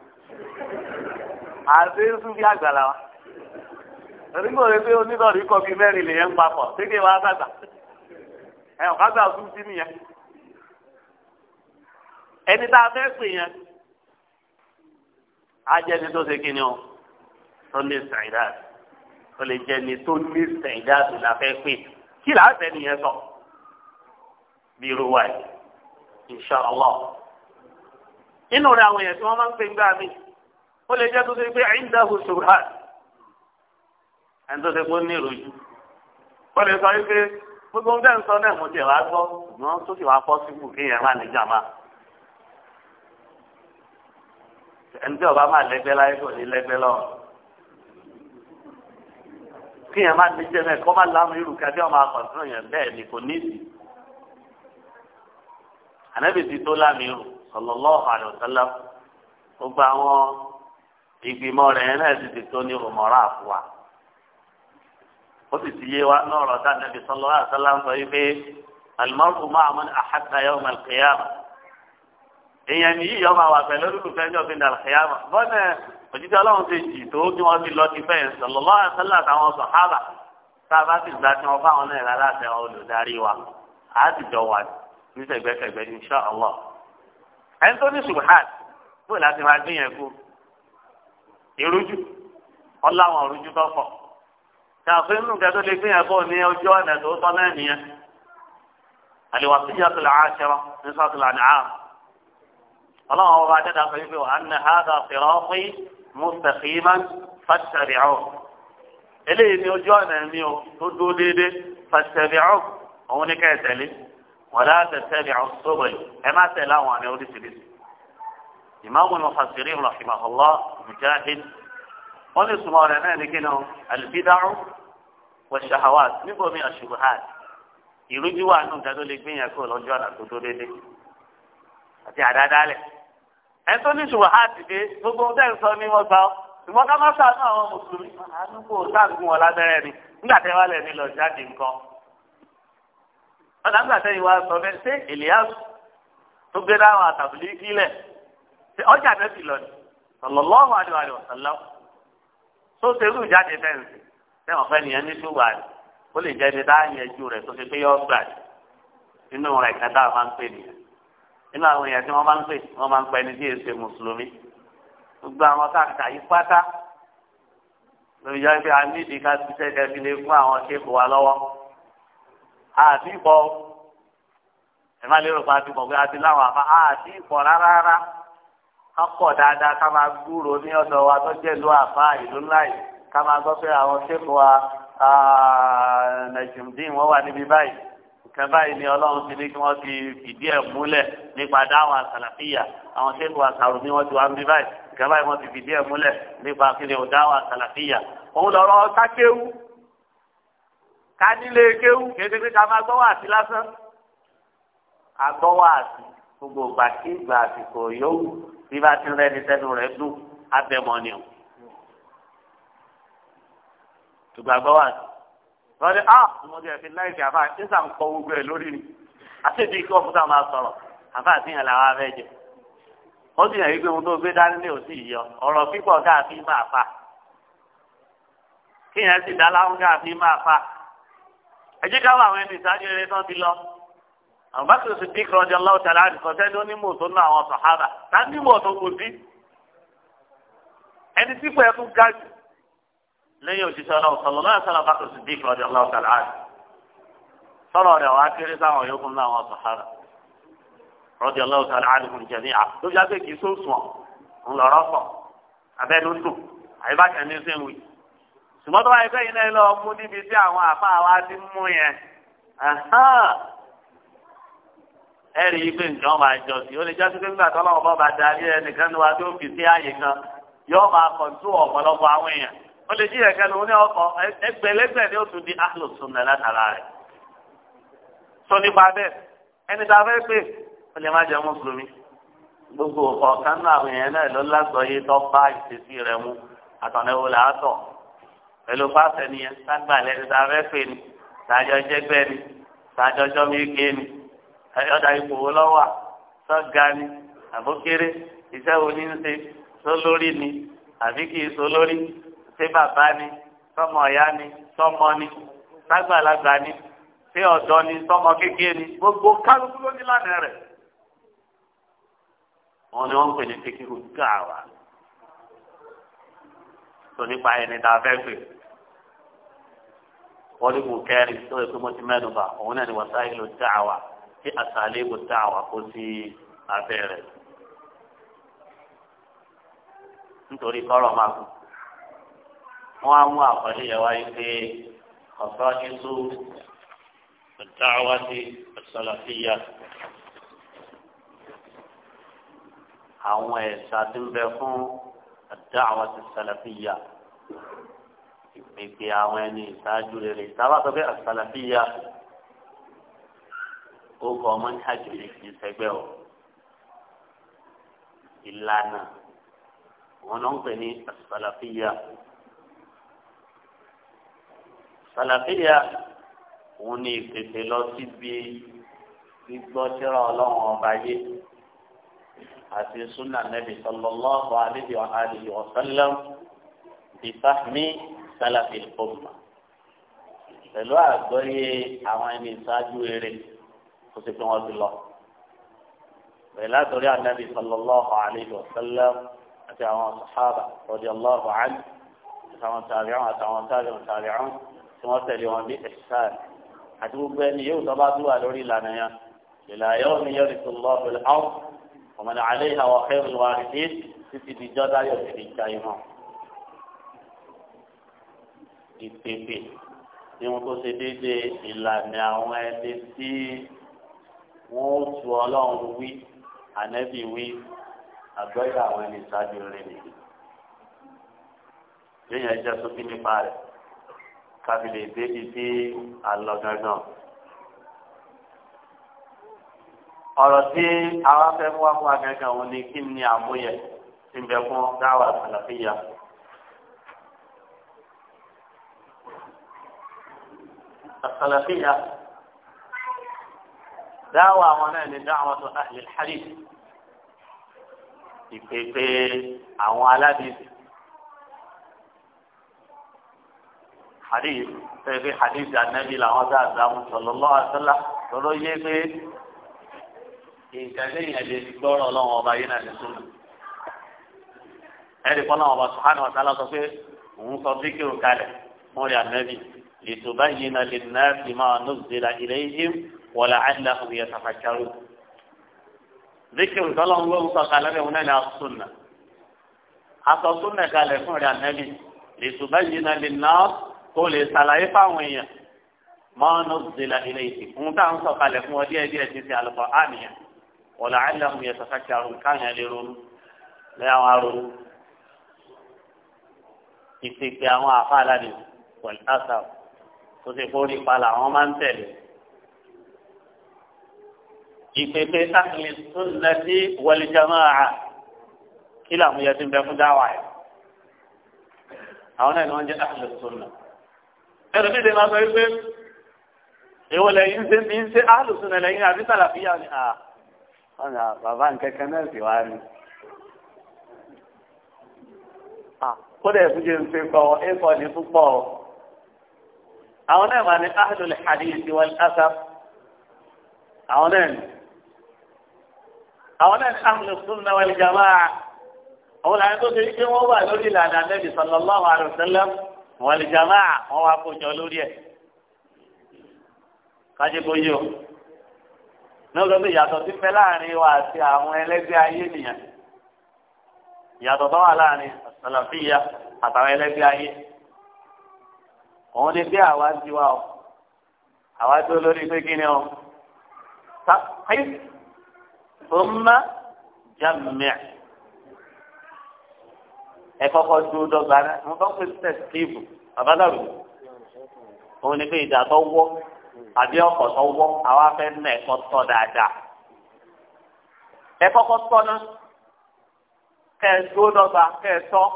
àti sùn bí àgbàlá wa onígbò rẹ pé onídọ̀rí kọ bíi mẹ́rin lèyẹn ń papọ̀ tẹ́kẹ̀ wá sàgbà ẹ̀ ọ̀kadà sùn sí nìyẹn ẹni tá a fẹ́ pè yẹn á jẹ́ ẹni tó ṣe kí ni o tó lè sàìdá tó lè jẹ́ ẹni tó lè sàìdá tó la fẹ́ pè yẹn kí là á fẹ́ nìyẹn sọ bí irú wa yìí allah inú rẹ àwọn èèyàn tí wọ́n máa ń pè ń gbà mí ó lè jẹ́ tó ṣe pé àyíǹdàhù ṣùgbọ́n ẹni tó ṣe pé ó ní ìròyìn ó lè sọ wípé gbogbo ń bẹ́ẹ̀ ń sọ náà mo tiẹ̀ wá gbọ́ ṣùgbọ́n tó sì wá pọ́ síbù kí èèyàn má ní jàmá ẹni tí ọba máa lẹ́gbẹ́ láyé kò ní lẹ́gbẹ́ lọ́wọ́ kí yẹn má ní jẹ́ bẹ́ẹ̀ kọ́ má láàmú irú kẹ́kẹ́ ọmọ akọ̀tún yẹn bẹ́ẹ̀ ni kò ní ìsìn. ànábì ti tó láàmú irú sallallahu alaihi wasallam gbogbo àwọn ìgbìmọ̀ rẹ̀ yẹn náà ti ti tó ní rùmọ̀rá àfúwà. ó sì ti yé wa náà rọ̀ tá ànábì sallallahu alaihi wasallam sọ wípé al-mar'u ma'a man ahabba yawm al-qiyamah òjijì ọlọ́run ti jì tó kí wọ́n fi lọ ti fẹ́ sallallahu alaihi wasallam àtàwọn sàhábà tá a bá sì gbà tí wọ́n fáwọn náà láláṣẹ olùdarí wa á ti jọ wà ní sẹ̀gbẹ́sẹ̀gbẹ́ insha Allah. ẹni tó ní subhat bóyá láti máa gbìyànjú ìrújú ọláwọn ìrújú tó pọ̀ kàfin nù kẹ́tọ́ lè gbìyànjú ní ojú ọ̀nà tó tọ́ náà nìyẹn. الوصية العاشرة من سورة الله هو بعد ذلك يقول أن هذا صراطي mustaqiman fattabi'uhu eléyìí ni ojú ọ̀nà mi o tó dúró déédéé fattabi'uhu òun ní ká ẹ tẹ̀lé wala tattabi'u subul ẹ má tẹ̀lé àwọn àmì oríṣiríṣi ìmáàmù mufassirin rahimahullah mujahid wọ́n lè sùnmọ́ rẹ̀ náà ní kíni al-bid'u wash-shahawat níbo mi ash ìrújú wà nù dájọ́ lè gbìyànjú lọ́jọ́ àná tó dúró déédéé àti àdáadáa lẹ̀ ẹni tó ní ṣùgbọ́n á ti dé gbogbo ohun tẹ́ ń sọ ní wọ́n gbà ọ́ ṣùgbọ́n ká má sàánú àwọn mùsùlùmí àdúgbò sáàgùn wọn lábẹ́rẹ́ ni nígbà tẹ́ wá lẹ̀ ní lọ jáde nǹkan. ọ̀dà nígbà tẹ́yìn wá sọ bẹ́ẹ̀ ṣé Elias tó gbé dáhùn àtàbílí kílẹ̀ ṣé ọjà náà ti lọ ni sallallahu alaihi wa sallam tó ṣerú ìjáde fẹ́ǹsì tẹ́wọ̀n fẹ́ nínú àwọn èèyàn tí wọ́n máa ń pè wọ́n máa ń pè ní tí èsè mùsùlùmí gbogbo àwọn káàkiri àyí pátá lórí yá pé a ní ìdí ká ti tẹ́tẹ́ fi lè fún àwọn ṣéèkù wa lọ́wọ́ àti ìbọ̀ ẹ má lérò pé a ti mọ̀ pé a ti láwọn àfa àti ìbọ̀ rárá rárá ká pọ̀ dáadáa ká máa gbúrò ní ọ̀dọ̀ wa tó jẹ́ ìlú àfa ìlú ńlá yìí ká máa gbọ́ pé àwọn ṣéèkù wa ah, Nàìjíríà wọ́n wà níbi báyìí kẹfà yìí ni ọlọ́run ti ní kí wọ́n ti fìdí ẹ̀ múlẹ̀ nípa dáwà sàlàfíà àwọn sẹ́kù àṣàrò ni wọ́n ti wá ń bí báyìí kẹfà yìí wọ́n ti fìdí ẹ̀ múlẹ̀ nípa kí ni ò dáwà sàlàfíà òun lọ́rọ́ kákéwu kánílé kéwu kéde pé ká máa gbọ́ wà lásán agbọ́ wà sí gbogbo gbàkígbà àsìkò yòówù bí bá ti rẹ́ni sẹ́nu rẹ̀ dùn abẹ́mọ̀ ni wọ́n ní ah mo ti ẹ̀fín láìsí àfa nígbà ń kọ gbogbo ẹ̀ lórí ni àti ìdí kí ọ̀fun táwọn máa sọ̀rọ̀ àfa àtìyàn làwọn afẹ́ jẹ ó sì yàn wípé ohun tó gbé dání ní òsì yìí ọ̀rọ̀ pípọ̀ káàfin máa fa kíyàn sì dá láwọn káàfin máa fa ẹ jẹ́ káwọn àwọn ẹni ìsáájú eré tán ti lọ àwọn bákan sì bí kọ́ ọjà lọ́wọ́ tàlá àdìsọ sẹ́ni onímọ̀ tó ná àwọn sàhábà lẹ́yìn òṣìṣẹ́ ọlọ́run sọ̀rọ̀ lọ́yà sọ̀rọ̀ bákan sí dìkì ọ̀dẹ̀ ọlọ́run tàlá àdì sọ̀rọ̀ rẹ̀ wá kéré sáwọn yòókù náà wọn sàhárà ọ̀dẹ̀ ọlọ́run tàlá àdì kùn jẹ̀ ní à ló fi àgbẹ̀ kì í sọ̀sùn ọ̀ ńlọrọ̀ sọ̀ abẹ́nu dùn àyíbákẹ́ ní sẹ́wì ṣùgbọ́n tó bá yẹ kẹ́yìn náà lọ mú níbi tí àwọn àfa wa ti mú yẹn ẹ rí i pé nǹkan máa jọ sí ó lè jásí pé nígbà tó ọlọ́run bá darí ẹnìkan ní wa tó fi sí àyè kan yóò máa kọ̀ńtù ọ̀pọ̀lọpọ̀ àwọn èèyàn wọ́n lè jí ẹ̀kẹ́ lòun ní ọkọ̀ ẹgbẹ̀lẹ́gbẹ̀ ni ó tún di ahlus sunnah látara rẹ̀. sọ nípa bẹ́ẹ̀ ẹni tá a fẹ́ pè ó lè má jẹ́ mùsùlùmí. gbogbo ọ̀kan náà àwọn èèyàn náà ló lágbọ̀ọ́yé tó bá ìṣesí rẹ̀ mu àtọ̀nẹ́wò làátọ̀. pẹ̀lú fáṣẹ nìyẹn ságbà lẹni tá a fẹ́ pè ni tàjọ jẹgbẹ́ ni tàjọ jọmíkẹ́ ni ọ̀dà ipò wo lọ́wà sọ́ga ni àbókéré ìṣẹ́ wo sólórí ni àbí kì í sólórí ṣé bàbá ni sọmọ ọ̀yá ni sọmọ ni lágbàlagbà ni ṣé ọ̀dọ́ ni sọmọ kékeré ni gbogbo kálukú ló ní lánàá rẹ̀ wọn ni wọn ń pè ní kékeré gàwà tó nípa ẹni tá a fẹ́ pè wọ́n ní kò kẹ́rin tó yẹ kó mo ti mẹ́nu bá òun náà ni wasailu da'wa tí asalibu da'wa kó sí abẹ́rẹ́ nítorí kọ́rọ̀ máa kú wọn á mú àkọlé yẹn wáyé pé ọ̀sán ní tó dáwàtí ọ̀sọ̀lọ́fíyà àwọn ẹ̀sà tó ń bẹ fún dáwàtí ọ̀sọ̀lọ́fíyà ìpèpè àwọn ẹni ìṣáájú rere sábà sọ pé ó kọ ọmọ ní àjòyè kì í sẹgbẹ́ o ìlànà wọn náà ń pè ní ọ̀sọ̀lọ́fíyà sàlàfíà òun ni ìpèsè lọ síbi gbígbọ́ síra ọlọ́run ọba yé àti súnà nẹ́bí sallallahu alaihi wa alihi wa sallam bí fahmi sàlàfí ọmọ pẹ̀lú àgbọ́yé àwọn ẹni ìṣáájú eré kó sì pé wọ́n ti lọ pẹ̀lú àtọ́rí ànábì sallallahu alaihi wa sallam àti àwọn sàhábà radiyallahu anhu àti àwọn tàbí àwọn àtàwọn tàbí àwọn tàbí àwọn tí wọ́n tẹ̀lé wọn bí ẹ̀ṣán àti gbogbo ẹni yóò tọ́ bá dúwà lórí ìlànà yẹn ìlà yóò ní yọrí tó lọ pẹ̀lú àwọn ọmọdé alẹ́ ìhàwọ̀ ẹ̀rù wa rí dé títí di jọ́dá yóò fi di ja ìmọ̀. ìpèpè ni wọn tó ṣe déédéé ìlànà àwọn ẹni tí wọn ó tu ọlọ́run wí ànẹ́bí wí àgbọ́yà àwọn ẹni ìṣáájú rẹ̀ nìyí. yóò yẹn sókè nípa rẹ̀ kábìlì débi tí a lọ gangan. ọ̀rọ̀ tí àwa fẹ́ mú wá fún wa gangan òun ni kí ni àmúyẹ tí ń bẹ fún dáwà àlàfíà. السلفية دعوة هنا لدعوة أهل الحديث ìpèpè àwọn aládìsí hadith tẹ̀lé hadith anabi làwọn tá a dàmú sallallahu alaihi wasallam lọ́dọ̀ yé pé ìkàlẹ́ yẹn lè gbọ́rọ̀ lọ́wọ́ ọba yìí náà ní súnmọ́. ẹ̀rí kọ́ lọ́wọ́ ọba subhanahu wa ta'ala sọ pé òun sọ fíkìrù kalẹ̀ mọ́rí anabi litubayyina lin-nasi ma nuzzila ilayhim wa la'allahum yatafakkarun. fíkìrù tọ́lọ́ ń lóun sọ kalẹ̀ bẹ́ẹ̀ wọn náà ní asọ kó lè ṣàlàyé fáwọn èèyàn mọ́nà zèlà ilé ìsìn fún tá à ń sọ̀kalẹ̀ fún ọ díẹ̀ díẹ̀ ti ti àlùkọ́ àníyàn wọ̀là àìlẹ́hùn yẹn sàkàkì àrùn káyàn lè ronú lẹ́yìn àwọn arúgbó ìpèpè àwọn àfa aládé pẹ̀lú àṣà tó ti kó nípa làwọn máa ń tẹ̀lé ìpèpè sáfìlì tó lẹ sí wọlìjàmọ́ àá kí làwọn yẹn ti bẹ fún dáwà yẹn àwọn náà ni wọ́n jẹ́ sáfìlì tó lọ ẹnu mi lè máa sọ wípé èwo lẹ́yìn ṣe ní ṣe áàlùsùn náà lẹ́yìn àbí sàlàfíà ni à ọ̀nà bàbá nkẹ́kẹ́ náà sì wá ní. kódà ẹ̀sùn jẹ́ ṣe kọ́ ẹ̀kọ́ ní púpọ̀ àwọn náà máa ní áàlùl hadith wal asaf àwọn náà ní àwọn náà ní áàlùl sunna wal àwọn làwọn tó ṣe é wọ́n wà lórí ìlànà wọn lè jàmá wọn wá kójọ lórí ẹ kájí kójú o lọ́gọ́ bí ìyàtọ̀ ti fẹ́ láàrin wa àti àwọn ẹlẹ́gbẹ́ ayé nìyẹn ìyàtọ̀ tó wà láàrin àsàlàfíyà àtàwọn ẹlẹ́gbẹ́ ayé òun ni bí àwa ti wá o àwa tó lórí pé kí ni o tá ẹ́ tó ń má jámẹ́ ẹ kọ́kọ́ dúró dọ́gba náà mo bá pè sí steve abádàbò òun ni pé ìdá tó wọ́ àbí ọkọ̀ tó wọ́ àwa fẹ́ nà ẹ̀kọ́ tọ́ dáadáa ẹ kọ́kọ́ tọ́ náà kẹ́ ẹ dúró dọ́gba kẹ́ ẹ tọ́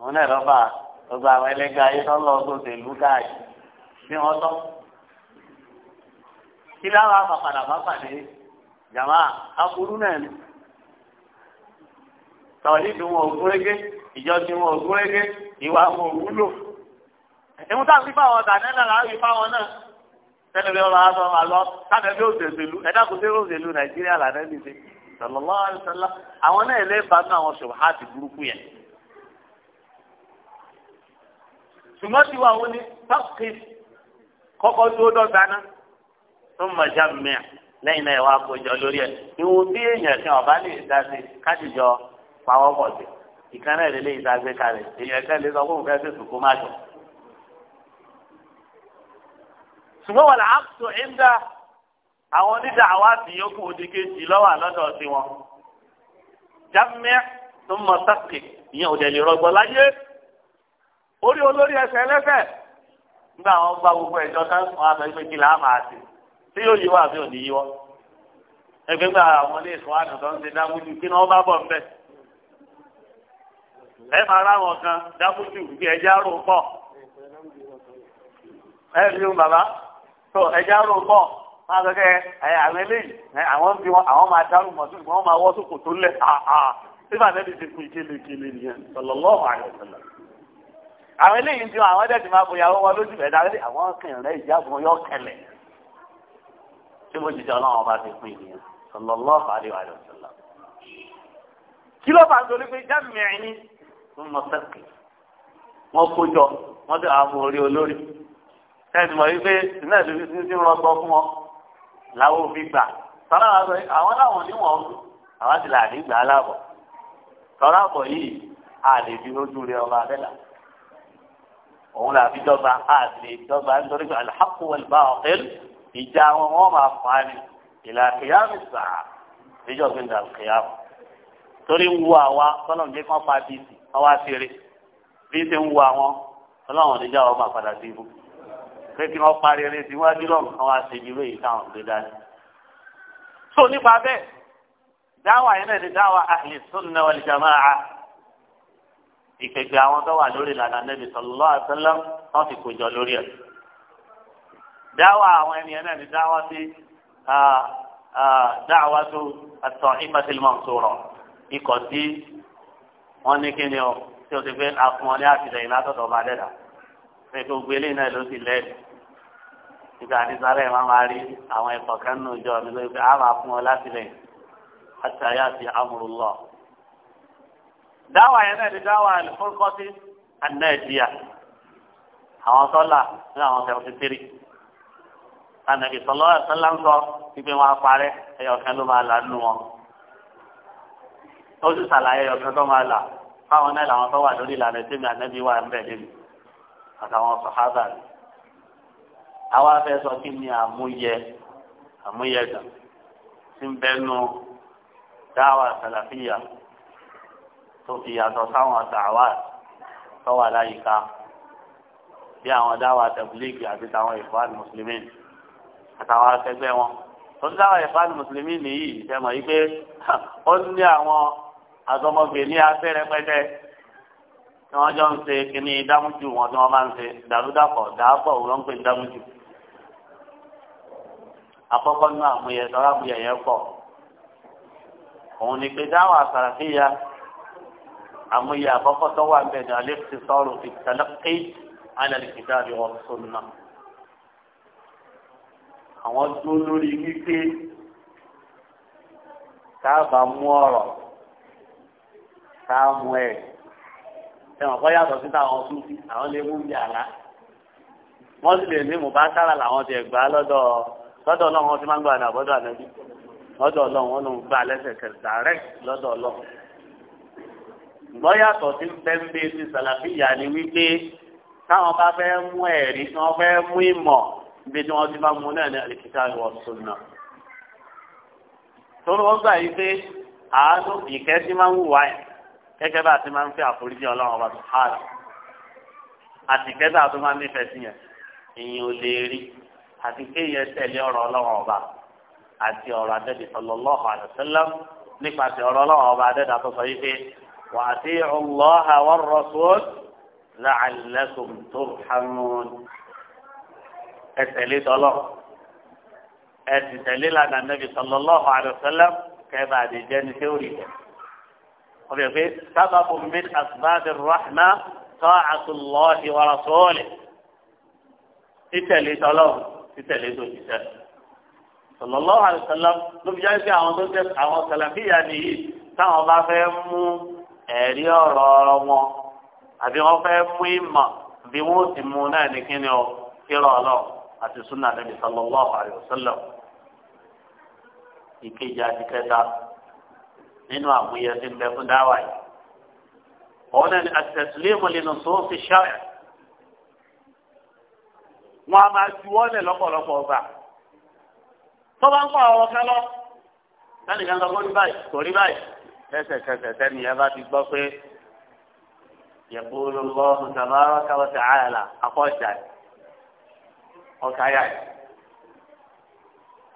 òun náà lọ́ba gbogbo àwọn ẹlẹ́gbẹ́ ayé tó ń lọ sóde ìlú káàkiri bí wọ́n tọ́ kí láwọn apàpàdà bá pàdé jàmá aburú náà ni tàwọ̀lídìí wọn ò gúnrégé ìjọsìn wọn ò gúnrégé ìwà wọn ò wúlò. ìmú tá a fi fáwọn ọ̀tà náà náà láàyè fáwọn náà sẹ́ni bí ọlọ́wà sọ ma lọ sábẹ́ bí òṣèlú ẹ̀dá kò sí òṣèlú nàìjíríà làdá ní ṣe sọlọ́lá ṣọlá àwọn náà lè bá nínú àwọn ṣòwò hàtì burúkú yẹn. ṣùgbọ́n tí wàá wọlé tọ́kì kọ́kọ́ dúró dọ́gba náà tó mọ̀ já mìíràn lẹ́yìn náà ẹ̀ wá lórí ẹ̀ ìwò bí èèyàn kan ọ̀bá lè dá sí kájíjọ pawọ́ pọ̀ sí ìkan náà lè léyìí dágbé kalẹ̀ èèyàn kan lè sọ fún òfin ẹsẹ̀ sùkú má jọ. ṣùgbọ́n wọn là á tó ń dá àwọn onídà àwa sì yókù odi kejì lọ́wọ́ àlọ́dọ̀ sí wọn. jámẹ́ tó mọ sáàkì ìyẹn òdè lè rọgbọ láyé orí olórí ẹsẹ̀ ẹlẹ́fẹ̀ nígbà wọn gba gbogbo ẹ̀jọ́ tán wọn á kí làá máa sè tí yóò yíwọ́ àbí òní yíwọ́ ẹgbẹ́gbẹ́ àwọn ilé ìfowópamọ́ tó ń ṣe dáwọ́jú kí ni wọ́n bá bọ̀ ń bẹ́ẹ̀ ẹ máa ráwọn kan dákútù bí ẹja rò pọ̀ ẹ ní o bàbá tó ẹja rò pọ̀ máa sọ kẹ́ ẹ àwọn eléyìí àwọn bí wọn àwọn máa dárú mọ̀ sókè wọn máa wọ́ sókò tó lẹ̀ àà síbà tẹ́lẹ̀ ti kú ìkélékélé nìyẹn sallallahu alaihi wasallam àwọn eléyìí ń tí wọn àwọn ẹ̀dẹ̀dì máa bòyá wọn lójú ẹ̀ dárí àwọn kẹrẹ ìjábọ̀ yọ kẹlẹ̀ tí mo jìjọ ọlọ́run ọba ti pín ìyẹn sallallahu alaihi wasallam kí ló bá ń dorí pé jáàmì ẹ̀yìn fún mọ́sẹ́kì wọ́n kójọ wọ́n dẹ̀ àwọn orí olórí tẹ́sí mọ̀ wípé náà ló fi sí rọgbọ fún wọn làwọn òbí gbà tọ́lá wa sọ àwọn láwọn níwọ̀n àwọn ti là ní gbà á láàbọ̀ tọ́lá bọ̀ yìí a lè fi lójú rẹ ọba abẹ́là òun là fi dọ́gba a lè dọ́gba nítorí pé alḥaqu wal bāṭil ìjà wọn wọn máa fà á ìlà kìyàmù sàá níjọ́ gbẹ̀ngàn kìyàmù torí ń àwa tọ́lọ̀ ń dé kán pa bíìsì ọwọ́ àṣírí bí ṣe ń wo àwọn ọlọ́run oníjà ọmọ àpàdà sí ibú pé kí wọ́n parí eré tí wájú lọ́rùn àwọn àṣejù lóye táwọn gbé dání. tó nípa bẹ́ẹ̀ dáwà yẹn náà ni dáwà ahli sunna wal jamaa ìkẹgbẹ́ àwọn tó wà lórí ìlànà nẹ́bí sallallahu alaihi wasallam wọ́n ti kó jọ lórí ẹ̀. dáwà àwọn ẹni yẹn náà ni dáwà sí dáwà tó àtọ̀ ìmọ̀tìlmọ̀ sọ̀rọ̀ ikọ̀ sí wọ́n ní kí ni ọ tí o ti fẹ́ afun ọ ní àtìlẹyìn látọ̀dọ̀ ọba dẹ́dà pé kó gbé lẹ́yìn náà ló ti lẹ́ẹ̀dì nígbà ní sáré máa máa rí àwọn ẹ̀kọ́ kan nù jọ mi lórí pé a máa fún ọ látìlẹyìn àtàyà àti amúrúlọ. dáwà yẹn náà ni dáwà fúnkọ́sí anáìjíríà àwọn sọ́là ní àwọn seventy three ànàbì sọlọ sọlá sọ wípé wọn apárẹ ẹyọkan ló máa là nù wọn ó sì ṣàlàyé ẹyọkan tó máa là fáwọn náà làwọn tó wà lórí ìlànà tí mi ànábi wà ń bẹ̀ níbi àtàwọn sọ̀hábà rẹ̀ àwa fẹ́ sọ kí ni àmúyẹ àmúyẹ gàn tí ń bẹnu dáwà sàlàfíà tó fi yàtọ̀ sáwọn dàwà tó wà láyìíká bí àwọn dáwà tẹ̀bílíkì àti táwọn ìfọ̀hánì mùsùlùmí àtàwọn akẹgbẹ́ wọn tó dáwà ìfọ̀hánì mùsùlùmí nìyí ìfẹ́ mọ̀ yí pé [laughs] ó ní àwọn àtọmọgbèmí afẹ́rẹ́ pẹ́tẹ́ tí wọ́n jọ ń se, kíní dámújù wọn tí wọ́n máa ń ṣe dàrúdàpọ̀ dàápọ̀ òun ń pè ní dámújù. àkọ́kọ́ nínú àmúyẹ sọ́ra àmúyẹ yẹn pọ̀ òun ni pé dáwọ̀ àsàràfíyà àmúyẹ àkọ́kọ́ tó wà bẹ́ẹ̀ ni alẹ́ ti sọ̀rọ̀ ìtàlẹ́kẹ́ alẹ́lẹ́kìtà àbí wọn sọ̀rọ̀ náà. àwọn tó lórí wípé káàbà mú ọ̀rọ̀ samuel ẹ̀wọ̀n kọ́ yàtọ̀ sí táwọn súnfì àwọn lè mú bí àlá wọ́n sì lè ní mò làwọn ti gbà lọ́dọ̀ lọ́dọ̀ ọlọ́run wọn ti máa ń gbà ní àbọ́dọ̀ ànábì lọ́dọ̀ ọlọ́run wọn ló gbà lẹ́sẹ̀kẹ̀ dàrẹ́k lọ́dọ̀ ọlọ́run. ìgbọ́yàtọ̀ sí pẹ́ńpẹ́ ti sàlàfíyà ni wípé táwọn bá fẹ́ mú ẹ̀rí tí wọ́n fẹ́ mú ìmọ̀ ibi tí wọ́n ti bá mú náà ní àlìkítà wọ̀ sọ̀nà. torí wọ́n gbà yí pé àánú ìkẹ́ sí máa ń wù wáyà gẹ́gẹ́ bá a ti máa ń fẹ́ àforíjì ọlọ́run ọba tó hàn àti kẹ́tà tó máa ń nífẹ̀ẹ́ sí yẹn èyí ò lè rí àti kéèyàn tẹ̀lé ọ̀rọ̀ ọlọ́run ọba àti ọ̀rọ̀ adẹ́dẹ sallallahu alaihi wasallam nípasẹ̀ ọ̀rọ̀ ọlọ́run ọba adẹ́dẹ àtọ́sọ yìí pé wa ati'u Allaha war rasul la'allakum turhamun ẹ tẹ̀lé tọ́lọ́ ẹ sì tẹ̀lé wọ́n fi pé sábàbù min asbáàbì rahma ta'atullahi wa rasulihi títẹ̀lé tọ́lọ́ títẹ̀lé tó ti sẹ́ sallallahu alaihi wasallam ló fi jáde pé àwọn tó jẹ́ àwọn sàlàfíà nìyí táwọn bá fẹ́ mú ẹ̀rí ọ̀rọ̀ ọ̀rọ̀ wọn àbí wọ́n fẹ́ mú ìmọ̀ bí wọ́n ti mú náà ní kíni o kíra ọlọ́ àti sunnah nabi sallallahu alaihi wasallam ìkejì àti kẹta nínú àmúyẹ tí ń bẹ fún dáwà yìí òun náà ni àtẹ̀sílẹ́mù nínú sóòsì ṣáà wọn a máa ju wọn lẹ lọ́pọ̀lọpọ̀ ọgbà tó bá ń kọ àwọn ọkẹ lọ sani kan kan kórí báyìí kórí báyìí lẹ́sẹ̀kẹsẹ̀ sẹni ẹ bá ti gbọ́ pé yẹpolo lọrùn tàbára káwọ àyàlà akọjà ọkà yá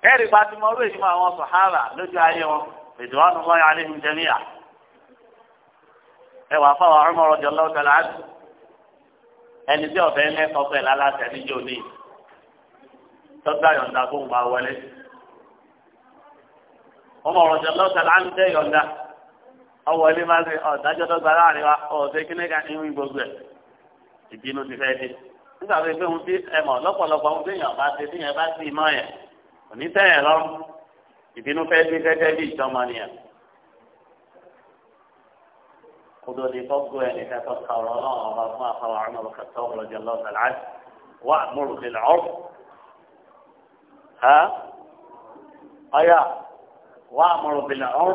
ẹ rí pàtìmọ orí ìdìbò àwọn sàhábà lójú ayé wọn. رضوان الله عليهم جميعا ẹwà fáwọn Umar radiyallahu ta'ala anhu ẹni tí ọ̀fẹ́ lẹ́kọ̀ọ́ pẹ̀lú aláṣẹ níjó ní tọ́gbà yọ̀ǹda kó ń bá wọlé Umar radiyallahu ta'ala anhu tẹ́ yọ̀ǹda ọwọ́ ilé máa ń ṣe ọ̀dájọ́ tó gba láàrin wa ọ̀ọ́sẹ̀ kíní ká ní gbogbo ẹ̀ ìbínú ti fẹ́ dé nígbà pé pé ohun tí ẹ mọ̀ lọ́pọ̀lọpọ̀ ohun tí èèyàn bá ṣe tí èèyàn bá sì mọ́ yẹn kò ní tẹ́yẹ̀ lọ́rùn ìbínú fẹ́ dé gẹ́gẹ́ bí ìjọmọ́nìyàn kódó ni fọ́gbó ẹni kẹtọ́ ka ọ̀rọ̀ náà ọba fún àfọwọ́ àwọn ọmọ kẹtọ́ ọ̀rọ̀ jẹ lọ́sẹ̀ láti wà múrù lè lọ́ọ́ ha ọ̀yà wà múrù lè lọ́ọ́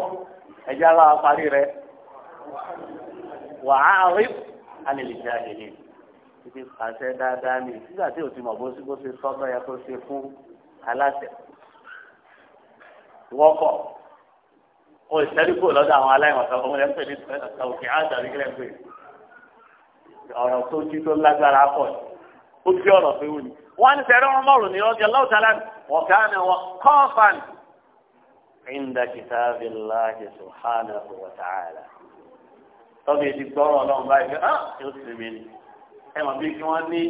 ẹjẹ́ ara parí rẹ wà á rí alèlèjà ìlú ibi pàṣẹ dáadáa ni nígbà tí o ti mọ̀ bó ṣe sọ́gbà yẹ kó ṣe fún aláṣẹ wọ́kọ̀ o ìsẹ́ríkò lọ́dọ̀ àwọn aláìmọ̀tọ́ ọmọ rẹ̀ ń pè ní òkè àdàrí rẹ̀ pé ọ̀rọ̀ tó jí tó lágbára pọ̀ ó fi ọ̀rọ̀ pé wù ní. wọ́n ní sẹ́rẹ́ wọn mọ̀rún ní ọjọ́ lọ́ọ̀tàlá wọ̀ká ni wọ́n kọ́ọ̀fàn. inda kitabillahi subhanahu wa ta'ala. tọ́bi ti gbọ́rọ̀ ọlọ́run báyìí pé ah yóò sinmi ni ẹ̀wọ̀n bíi kí wọ́n ní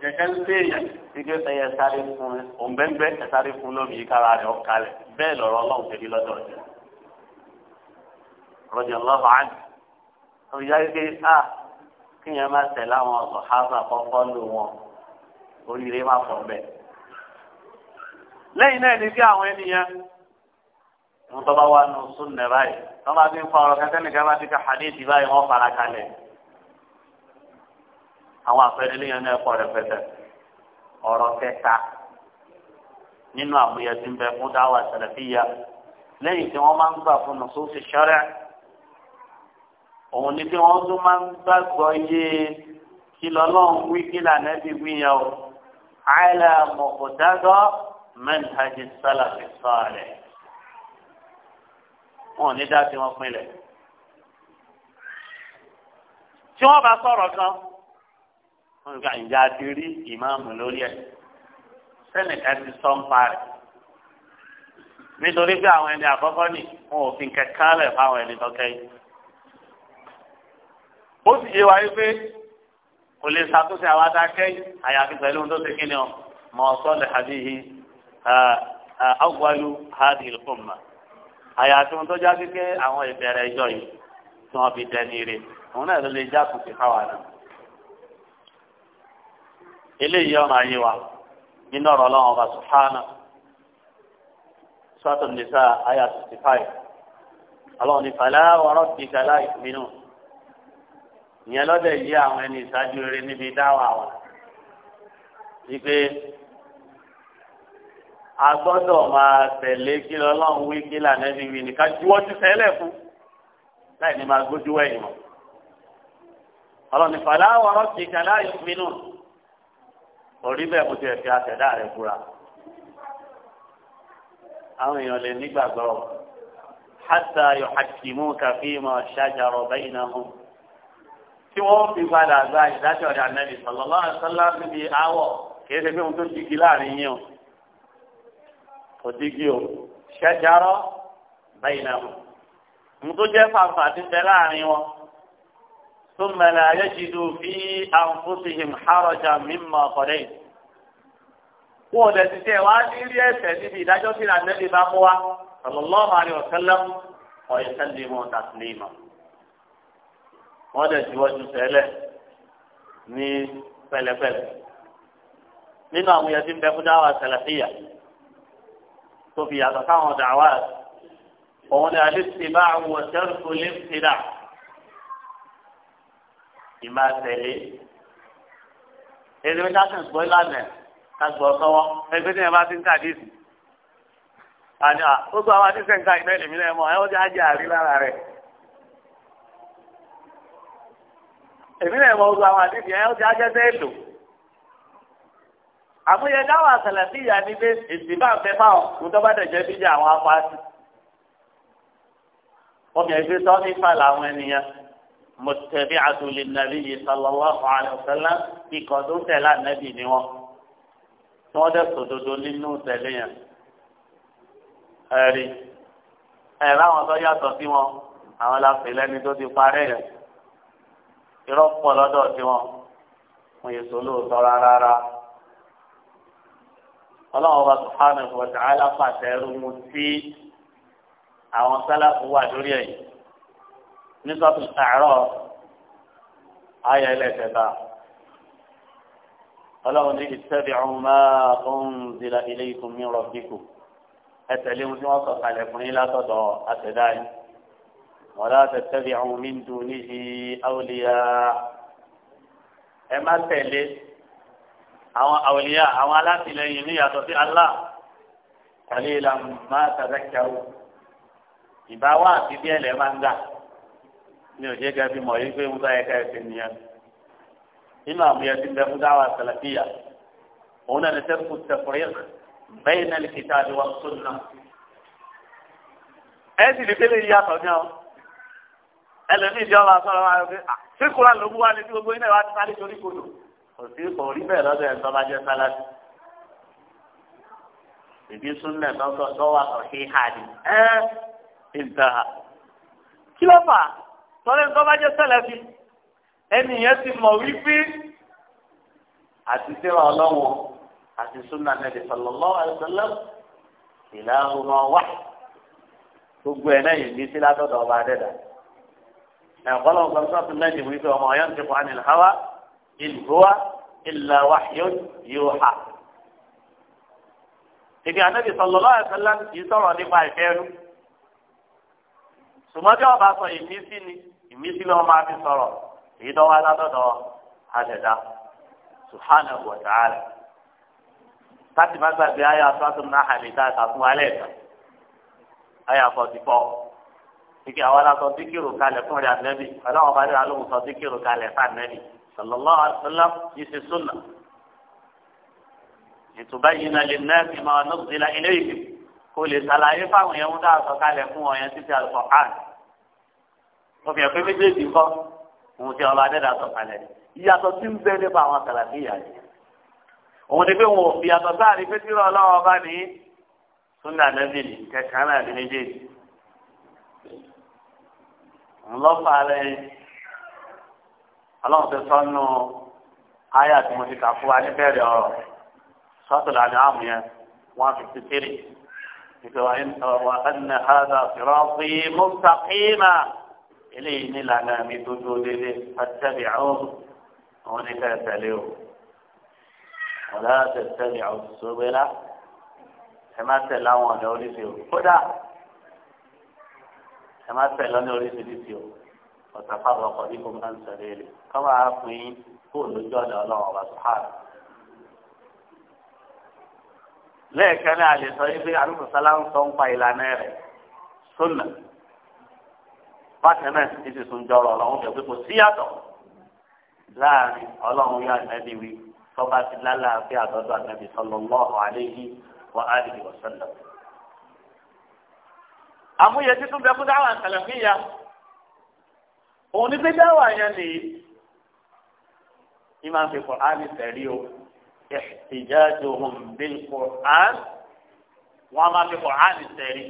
kẹ̀kẹ́ ń téèyàn ike ẹ̀yẹ sáré fún òǹbẹ́ǹbẹ́ ẹ̀ sáré fún lómi yìí kára rẹ̀ ọ̀kalẹ̀ bẹ́ẹ̀ lọ̀rọ̀ ọlọ́run tẹ̀lé lọ́dọ̀ rẹ̀ rọ̀jò lọ́fà á ní. òyà ike a kíyàn máa tẹ̀lé àwọn ọ̀sọ̀hábà kọ́kọ́ lò wọn oríire má pọ̀ bẹ́ẹ̀. lẹ́yìn náà ni bí àwọn ènìyàn ń tọ́ nù sún nẹ̀ báyìí wọ́n bá fi ń fa àwọn àpẹẹrẹ lẹ́yìn náà pọ̀ rẹpẹtẹ ọ̀rọ̀ kẹta nínú àmúyẹ tí ń bẹ fún dáwà sàlàfíyà lẹ́yìn tí wọ́n máa ń gbà fún nùsùsì ṣọ́rẹ́ òun ni bí wọ́n tún máa ń gbàgbọ́ yé kí lọ́lọ́run wí kí lànà bí wí o àìlà mọ̀kòdádọ́ mẹ́ntàjì sálàfì sọ́ọ̀rẹ́ wọn ò ní dá sí wọn pinlẹ̀ tí wọ́n bá sọ̀rọ̀ kan wọ́n fi àyìnjá ti rí ìmáàmù lórí ẹ̀ sẹ́nìkan ti sọ ń parí nítorí pé àwọn ẹni àkọ́kọ́ nì wọn ò fi kẹ̀kẹ́ lẹ̀ fáwọn ẹni tọ́kẹ́ yìí. ó sì yé wa yìí pé kò lè ṣàtúnṣe àwọn adákẹ́ yìí àyàfi pẹ̀lú ohun tó ṣe kíni ọ mọ sọ́ọ̀lẹ̀ àbíyí awwalu hadi al-umma àyàfi ohun tó já pé àwọn ìbẹ̀rẹ̀ ìjọ yìí tí wọ́n fi dẹni ire òun náà ló lè já kùsì fáwọn àná eléyìí ọ̀nà ayé wa nínú ọ̀rọ̀ ọlọ́run ọba subhana sọ́tò nìsa àyà sixty five ọlọ́run ní fàlà ọ̀rọ̀ ti kàlá ìpinnu ìyẹn lọ́dẹ̀ yí àwọn ẹni ìsájú rere níbi dáwà wa wípé a gbọ́dọ̀ máa tẹ̀lé kí lọ́lọ́run wí kí lànàbí wí ní ká juwọ́jú sẹ́lẹ̀ fún láì ní máa gbójú wẹ̀yìn mọ́ ọlọ́run ní fàlà ọ̀rọ̀ ti kàlá ìpinnu orí bẹ́ẹ̀ mo ti ẹ̀ fi àtẹ̀dá rẹ̀ fura àwọn èèyàn lè nígbàgbọ́ hàtà yóò hàkìmú kàfíìmọ̀ ṣàjàrọ̀ bẹ́yìn náà hù tí wọ́n fi padà gba ìdájọ́ ọ̀dà nẹ́bí sallallahu alaihi wasallam níbi àwọ̀ kìí ṣe pé mo tó digi láàrin yín o kò digi o ṣàjàrọ̀ bẹ́yìn náà hù mo tó jẹ́ fàǹfà ti tẹ láàrin wọn. ثم لا يجدوا في أنفسهم حرجا مما قضيت wọn ò lẹsí tẹ wá ní rí ẹsẹ̀ níbi ìdájọ́ tí ìlànàbí bá mú wa sallallahu alaihi wasallam yusallimu taslima wọn lè juwọjú sẹlẹ ní pẹ̀lẹ́pẹ̀lẹ́ nínú àwọn yẹn ń bẹ fún dáwà sẹlẹfìyà tó fi yàtọ̀ sáwọn dàwà òun ni alẹ́ ti bá àwọn sẹ́rù lè ti dà ìmá tẹ̀lé èdè wọn dáhùn gbọ́ lánàá ká gbọ́ sọ́wọ́ ẹgbẹ́ tí wọn bá ti ń kàdísì àní à ó gbọ́ àwọn àdísẹ̀ ń ka ìná ìlèmí náà mọ̀ ẹ́ ó ti ájẹ́ àrí lára rẹ̀ èmi náà mọ̀ ó gbọ́ àwọn àdísẹ̀ ẹ́ ó ti ájẹ́ bẹ́ẹ̀ lò àmúyẹ dáwà sàlàfíà ní pé èsì bá ń fẹ́ fáwọn òtọ́bá dẹ̀jẹ́ bíjà àwọn apá sí. wọ́n fi ẹgbẹ́ nípa làwọn ènìyàn. متبعة للنبي صلى الله عليه وسلم في قدوم تلا النبي نوا نودا سدودو لنو تليا ẹ̀rí ẹ̀rọ àwọn tó yàtọ̀ sí wọn àwọn la pè lẹ́ni tó ti parẹ́ rẹ̀ irọ́ pọ̀ lọ́dọ̀ sí wọn wọn yẹ sọ́lọ́ sọ́ra rárá ọlọ́run wa subhanahu wa ta'ala mu tí àwọn sálàkù wà lórí ẹ̀yìn nípa tó sàárọ̀ ayé ẹlẹ́kẹta ọlọ́run ní ittabi'u ma unzila ilaykum min rabbikum ẹtẹ̀lé ohun tí wọ́n sọ kalẹ̀ fún yín látọ̀dọ̀ àtẹ̀dá yín wala tattabi'u min dunihi awliya ẹ má tẹ̀lé àwọn awliya àwọn alátìlẹyìn ní yàtọ̀ sí Allah qalilan ma tadhakkaru ìbáwá àti bí máa ń gbà ní òjé kẹfì mọ̀ yìí pé musa yẹ kẹfì nìyẹn nínú àmúyẹ tí bẹ fún dáwà sàlàfíà òun náà ní sẹ́kù tẹ̀fọ̀rẹ́ bẹ́ẹ̀ náà lè kíta àdéhùn àkóso náà. ẹ sì ní pélé yìí yàtọ̀ ní ọ ẹlẹ́mìí ìdí ọba sọ̀rọ̀ wa pé ah, ṣé kúrò ló mú wa ní tí gbogbo iná ìwà ti sáré torí kodò kò sí bẹ́ẹ̀ lọ́dọ̀ ẹ̀ tọ́ba jẹ́ sálásì. ìdí súnlẹ̀ tọ́tọ̀ tọ́wà sọ̀ kí tọ́lẹ̀ ń tọ́ba jẹ́ sẹ́lẹ̀fì ẹni yẹn ti mọ̀ wípé àti síra ọlọ́wọ́ àti súnà nẹ́ẹ̀dẹ̀ sallallahu alaihi wasallam ìlànà wà gbogbo ẹ̀ náà yìí ní sí látọ̀dọ̀ ọba adẹ́dà ẹ̀kọ́lọ́ gbọ́dọ̀ náà ti wípé ọmọ ọ̀yọ́ ti fún ànìlháwá ìlúwa ìlà wàhíọ́ yóò hà. ìgbà nẹ́ẹ̀dẹ̀ sallallahu alaihi wasallam sọ̀rọ̀ nípa ìfẹ́ ṣùgbọ́n tí ọba sọ ìmísí ni ìmísí ni wọ́n máa fi sọ̀rọ̀ èyí tó wá látọ̀dọ̀ àṣẹdá subhanahu wa ta'ala láti má gbàgbé ayé asọ́tún náà àlèdá ìtàkùn alẹ́ ìta ayé àfọ̀dìpọ̀ kíkẹ́ àwọn aláṣọ díkìrù kalẹ̀ fún rẹ̀ ànẹ́bí ọlọ́wọ́n bá dé alóhùn sọ díkìrù kalẹ̀ fún ànẹ́bí sallallahu alaihi o lè ṣàlàyé fáwọn yẹn ń dá aṣọ kalẹ̀ fún ọ yẹn títí àlùkò hàn wọ́n fi hàn pé méjèèjì kọ́ òun ti ọba adẹ́dà aṣọ kalẹ̀ ìyàtọ̀ tí ń bẹ nípa àwọn sàlàbí ìyá yẹn òun ti pé wọn ò fi yàtọ̀ sáàrí pé ọlọ́wọ́ ọba ní sunna nabi ni kẹkàn náà ní méjèèjì ńlọ́fà rẹ̀ ọlọ́run ti sọ́nù ayé àti mo ti kà fún wa níbẹ̀rẹ̀ ọ̀rọ̀ sọ́tò làní àmú yẹn وأن هذا صراطي مستقيما إليه نلعنا من دجوده فاتبعوه ونتاتلوه ولا تتبعوا السبل كما تلاوى نوريسيو خدا كما تلاوى نوريسيو وتفرق بكم عن سبيله كما عفوين كل جد الله سبحانه lẹ́ẹ̀kan náà lè sọ ibi àlùkò sálámù sọ ń pa ìlànà rẹ̀ sunna bákan náà ti ti sùn jọrọ ọlọ́run fẹ́ pé kò síyàtọ̀ láàrin ọlọ́run yá ànábì wí tọ́ba ti lálàáfíà àtọ́dọ̀ ànábì sallallahu alayhi wa alihi wa sallam. àmúyẹ títún bẹ fún dáwà sàlàfíyà òun ní pé dáwà yẹn nìyí ní ń fi Kùránì tẹ̀rí o. احتجاجهم bil Qur'an wọ́n máa fi Qur'an sẹ́rí.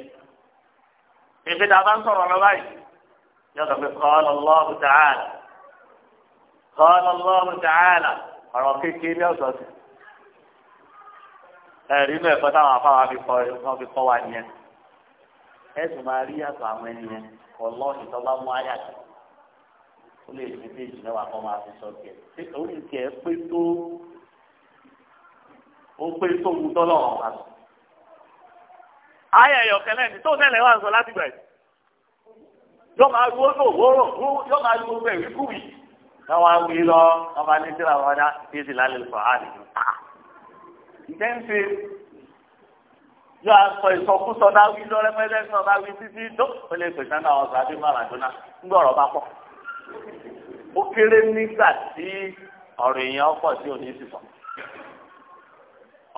ìfi dàbá ń sọ̀rọ̀ lọ́wọ́ yìí yọ̀dọ̀ pé qala Allahu ta'ala qala Allahu ta'ala ọ̀rọ̀ kékeré ọ̀sọ̀ọ̀sẹ̀ ẹ̀rí inú ẹ̀kọ́ táwọn afáwọn fi kọ́ wa nìyẹn ẹ̀sùn máa rí àtọ̀ àwọn ènìyàn ọlọ́ọ̀hìn tó bá mú ayà tó ó lè fi méjì mẹ́wàá kọ́ máa fi sọ tiẹ̀ tí òun pé tó ó pé sóhun tọ́lọ̀ ọ̀hún àti. ayé ẹ̀yọ̀ kẹlẹ́ ni tó tẹ̀lé wà sọ láti bẹ̀rẹ̀. yóò máa lu ó lòwó yóò máa lu gbogbo ẹ̀rí kúwì. náà wá wí lọ ọba ní tíra wọn dá èsì lálẹ́ sọ á nìyí. ń ṣe yóò sọ ìsọkúsọ dáwí lọ́rẹ́ mẹ́lẹ́ ní ọba wí títí dó ó lè pèsè ọ̀rọ̀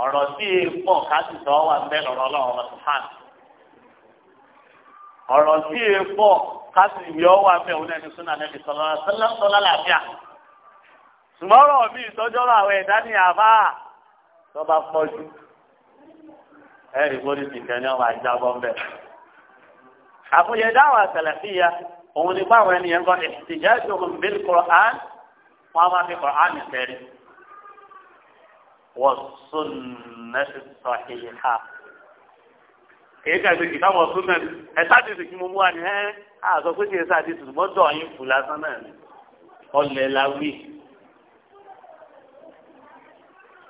ọ̀rọ̀ tí e pọ̀ káàtì sọ wà ń bẹ lọ́rọ̀ ọlọ́run ọ̀sùn hàn ọ̀rọ̀ tí e pọ̀ káàtì ìwé o wà ń bẹ òun ẹni súnà nẹ́bi sọlọ́ sọlá làbíà sùmọ́rọ̀ mi ìtọ́jọ́rọ̀ àwọn ẹ̀dá ni àbá tọ́ba pọ́jú ẹ̀rí bóri tìkẹ́ ni ọmọ ajá bọ́ ń bẹ̀. àfòyẹ dáhùn àtàlàfíà òun ni báwọn ẹni والسنة الصحيحة kìí ká ṣe kìtàbù ọ̀tún náà ẹ sáàdìsì kí mo mú wa ni ẹ àzọ pé kìí sáàdìsì ṣùgbọ́n dọ̀ yín fún lásán náà ni ọlẹ̀ la wí.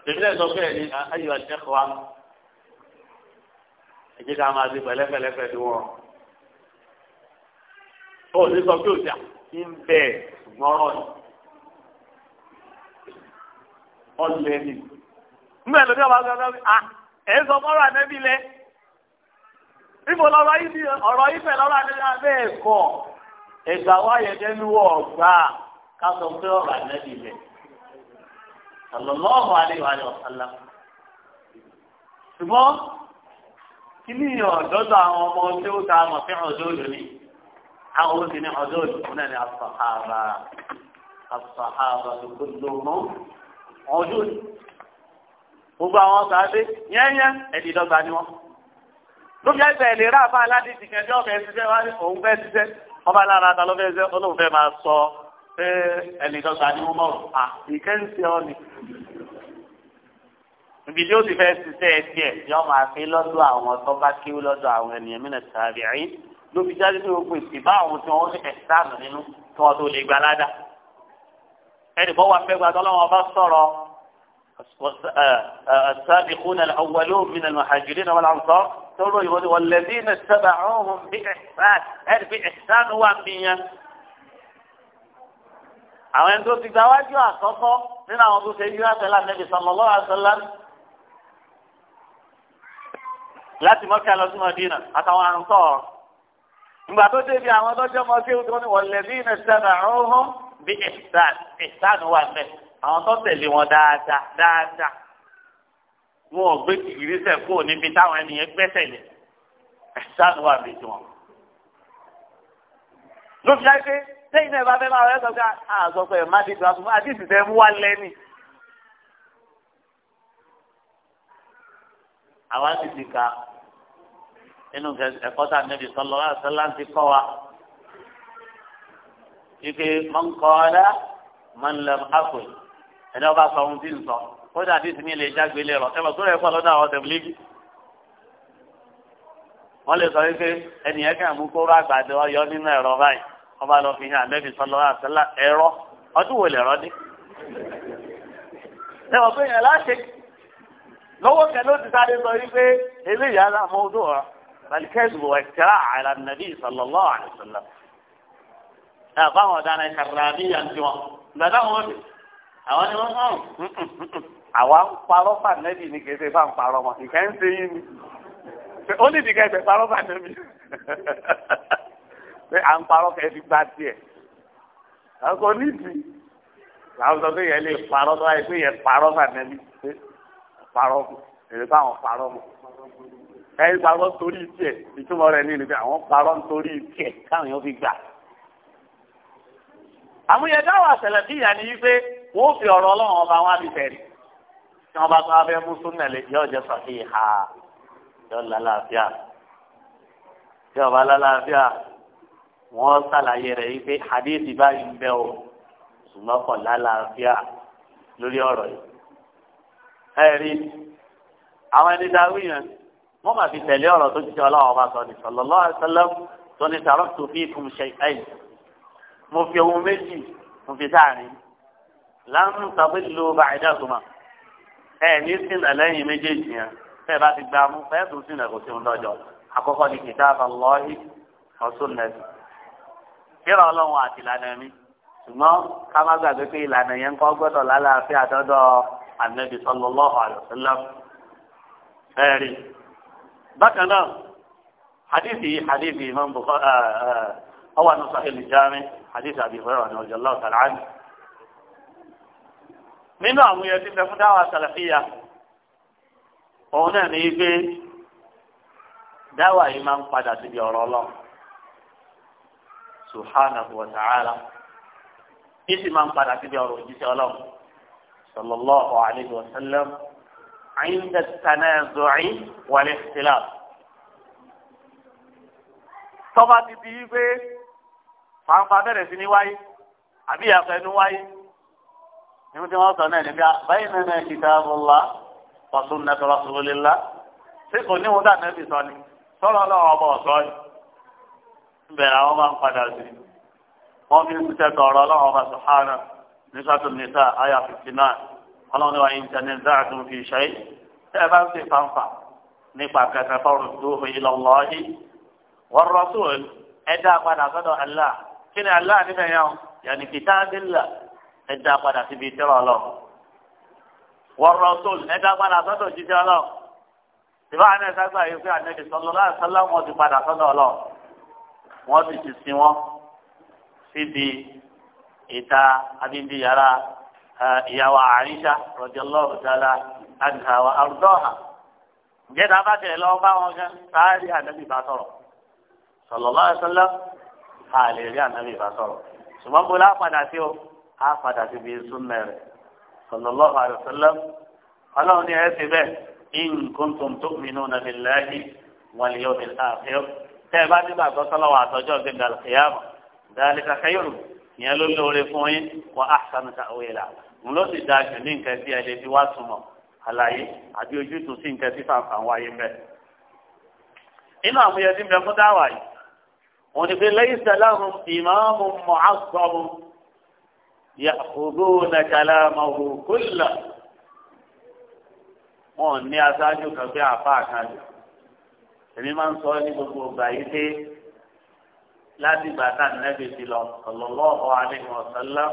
tèmílẹ̀ sọ bẹ́ẹ̀ ni ayọ̀ àṣẹ́kọ̀ọ́ wa ẹ ká máa di pẹ̀lẹ́pẹ̀lẹ́ pẹ̀lú wọn. ó ní sọ pé òjà ń bẹ̀ ṣùgbọ́n ọ̀rọ̀ ni ọlẹ̀ ni mbẹ lóde ọba gbọdọ ah, e bí a ẹ sọ fọlọ anẹbi lẹ ibo lọrọ yìí bí ọ̀rọ̀ yìí fẹ lọrọ anẹbi abẹ ẹkọ ẹgbà wa yẹ dẹnu ọgbà kásọ pé ọ̀rọ̀ anẹbi lẹ sallallahu alaihi wa sallam ṣùgbọ́n kíní ọdọdọ àwọn ọmọ tí ó ta mọ fẹ ọdọ lónìí àwọn ó sì ní ọdọ lónìí náà ní asọhàbà asọhàbà tó gbogbo mọ ọdún gbogbo àwọn sàádé yẹ́nyẹ́ ẹ̀dì ìdọ́gba ni wọ́n. lóbi ẹgbẹ́ ẹ̀ lè rà fún aládìí ti kẹjọ́ ọ̀fẹ́ ṣiṣẹ́ wá òun fẹ́ ṣiṣẹ́ ọba lára ta ló fẹ́ ṣe olóhùn fẹ́ máa sọ pé ẹ̀dì ìdọ́gba ni wọ́n mọ̀rọ̀ à ìkẹ́ ń ṣe ọ ni. ibi tí ó ti fẹ́ ṣiṣẹ́ ẹ tiẹ̀ yọ máa fi lọ́dọ̀ àwọn tó bá kíw lọ́dọ̀ àwọn ènìyàn mí lóbi jáde ní gbogbo ìsìnbá àwọn tí wọn ní ẹ̀sán nínú ẹnì kan wà fẹ́ gbàdọ́ lọ́wọ́ bá sọ̀rọ̀ آه، آه، السابقون الأولون من المحاجرين والعنصار والذين اتبعوهم بإحسان هل بإحسان هو أمنية أو أنتم تتواجهوا أصدقوا من أعوذ سيدنا النبي صلى الله عليه وسلم الله عليه وسلم لا تمكى لازم أدينا حتى هو أنصار مباتوا تبعوا أصدقوا والذين اتبعوهم بإحسان إحسان هو أمنية àwọn tó tẹ̀lé wọn dáadáa dáadáa wọn ò gbé kìkìrísẹ̀ kó níbi táwọn ènìyàn gbẹ́sẹ̀ lé ẹ̀sán wà bí tiwọn. ló fi ṣáṣe sẹ́yìn náà bá fẹ́ máa rẹ́ sọ pé àzọ pé má dìbò àtúmọ̀ àdìsí tẹ́ mú wá lẹ́nì. àwa sì ti ka inú ẹ̀kọ́ tá a nẹ́bi sọ́lọ́ wá sọ́lá ti kọ́ wa. ike mọ̀ ń kọ́ ọ́ dá mọ̀ ń lọ àpò yìí ẹni ọba sọ ohun tí ń sọ ó dàbí sinmi lè jágbe lè rọ ẹ mọ̀ tó rẹ̀ pọ̀ lọ́dọ̀ àwọn tẹ̀blígì. wọ́n lè sọ wípé ẹnìyẹn kàn mú kóró àgbàdo ọyọ nínú ẹ̀rọ báyìí ọba lọ fi hàn lẹ́bi sọlọ àtẹlá ẹ̀rọ ọdún wo lè rọ dé. ẹ mọ̀ pé yẹn láṣẹ lọ́wọ́ kẹ ló ti sáré sọ wípé eléyìí aláàmọ́ ọdún ọ̀rọ̀ balikẹ́sì wọ̀ ẹ̀kẹ́rà àlà nàbí sọlọ́lọ́ àdìsọ́lọ́. ẹ̀ báwọn ọ̀daràn kàrà àwọn ni wọ́n hàn àwa ń parọ́ fànẹ́bì ní kẹsẹ̀ fà ń parọ́ mọ́ ìkẹ́ ń ṣe yín ni ó ní ìdí kẹsẹ̀ parọ́ fànẹ́bì pé à ń parọ́ kẹ́ fi gbá tiẹ̀ àkọ́ nídìí làwọn sọ pé yẹn lè parọ́ tó wáyé pé yẹn parọ́ fànẹ́bì pé parọ́ èrè fáwọn parọ́ mọ́ ẹ̀yin parọ́ torí tiẹ̀ ìtumọ̀ rẹ̀ ni ìlú pé àwọn parọ́ torí tiẹ̀ káwọn yóò fi gbà àmúyẹ̀dáwọ̀ àṣẹlẹ̀ bíyà ni wípé wọ́n fi ọ̀rọ̀ ọlọ́run ọba wọn àbí tẹ̀lé tí wọ́n bá tún abẹ́ mú súnmọ̀ lé yóò jẹ́ sọ̀fì ha yóò lálàáfíà tí ọba lálàáfíà wọ́n sàlàyé rẹ̀ yìí pé hadithi báyìí ń bẹ́ o ṣùgbọ́n kọ̀ lálàáfíà lórí ọ̀rọ̀ yìí. ẹ rí àwọn ẹni dáwí yẹn wọ́n máa fi tẹ̀lé ọ̀rọ̀ tó ti ṣe ọlọ́run ọba sọ ní sallallahu alaihi wasallam tó ní taraktu fiikum shay'ayn mo fi ohun méjì mo fi sáàrin láàmú tàbí lo bàjẹ́ àtúmọ̀ ẹ ní sínú ẹlẹ́yìn méjèèjì yẹn fẹ́ẹ̀ bá ti gbà mú fẹ́ẹ̀ tún sínú ẹ̀kọ́ sí ohun lọ́jọ́ àkọ́kọ́ ni kitab Allah wa sunnah kíra ọlọ́run àti ìlànà mi ṣùgbọ́n ká má gbàgbé pé ìlànà yẹn ń kọ́ gbọ́dọ̀ lálàáfíà àtọ́dọ̀ ànábì sallallahu alaihi wasallam ẹ̀rí bákan náà hadithi hadithi imam bukhari ọwọ́ àná nínú àwọn yẹn tí ń bẹ fún dáwà sàlàfíà òun náà ní pé dáwà yìí máa ń padà síbi ọ̀rọ̀ ọlọ́run subhanahu wa ta'ala yìí sì máa ń padà síbi ọ̀rọ̀ òjíṣẹ́ ọlọ́run sallallahu alayhi wa sallam عند التنازع والاختلاف tọ́ba ti di wípé fanfa bẹ̀rẹ̀ sí ní wáyé àbí àfẹnú wáyé níbi tí wọ́n sọ náà níbi báyìí nínú kitabullah wa sunnatu rasulillah tí kò ní wọn dáná fi sọ ni sọ̀rọ̀ lọ́wọ́ ọmọ ọ̀sọ́ yìí bẹ̀rẹ̀ àwọn máa ń padà sí wọ́n fi ń ṣiṣẹ́ tọ̀rọ̀ lọ́wọ́ ọmọ sùhánà ní sọ́tù nìsa àyà fifty nine ọlọ́run níwáyé ń tẹ̀lé záàtún fi ṣe é tẹ́ ẹ bá ń fanfa nípa kẹfẹ́ fọ́ọ̀rù tó ila Allah war rasul padà sọ́dọ̀ Allah kí ni Allah níbẹ̀ yẹn o yàní ẹ̀dá padà síbi ìtẹ́rọ lọ. wọ́rọ̀ tó ẹ̀dá padà sọ́dọ̀ jíjẹ́ lọ. ìbára náà sábà yìí pé ànẹ́bí sọlọ láti sọlọ wọn ti padà sọ́dọ̀ lọ. wọ́n ti ti sin wọn síbi ìta abíndí yàrá ìyàwó àríṣà radiyallahu ta'ala anha wa ardaha. ǹjẹ́ tá a bá tẹ̀lé lọ́wọ́ bá wọn gan sáárì ànẹ́bí bá sọ̀rọ̀ sọlọ láti sọlọ àlè rí ànẹ́bí bá sọ̀rọ̀ ṣùgbọ́n bó lápadà sí o á padà síbi súnmẹ rẹ sallallahu alaihi wasallam Ọlọ́run ní ẹsẹ bẹ́ẹ̀ in kuntum tu'minuna billahi wal yawmil akhir tẹ ẹ bá nígbà tó sọlọwọ àtọjọ gbẹngà al-qiyama dhalika khayrun ìyẹn ló lóore fún yín wa ahsanu ta'wila ń ló sì dáa jù ní nǹkan tí ẹ lè fi wá túmọ̀ àlàyé àbí ojútùú sí nǹkan tí fàǹfà wáyé bẹ́ẹ̀. inú àmúyẹ tí ń bẹ fún dáwà yìí òun yàkùbùnà kàlámàhù kúlà wọn ní aṣáájú kan pé àfa kan lò èmi máa ń sọ ní gbogbo ọgbà yìí pé láti ìgbà tá a nẹ́bi ti lọ sallallahu alaihi wasallam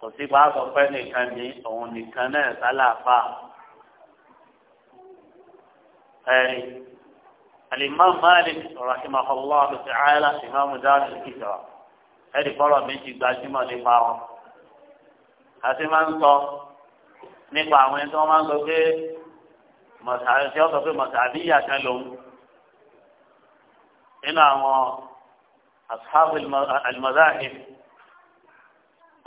kò sí pàápàá pẹ́ nìkan ní òun nìkan náà sálàfà ẹ̀rí alimami Malik rahimahullah ta'ala imaamu dáhùn ìkìjọba ẹnì kọ́rọ̀ méjì gbajúmọ̀ nípa wọn àti máa ń sọ nípa àwọn ẹni tí wọ́n máa ń sọ pé mọ̀tàbí tí wọ́n sọ pé mọ̀tàbí yàtọ̀ lòun nínú àwọn asáàbù àlùmọ́sáàhìn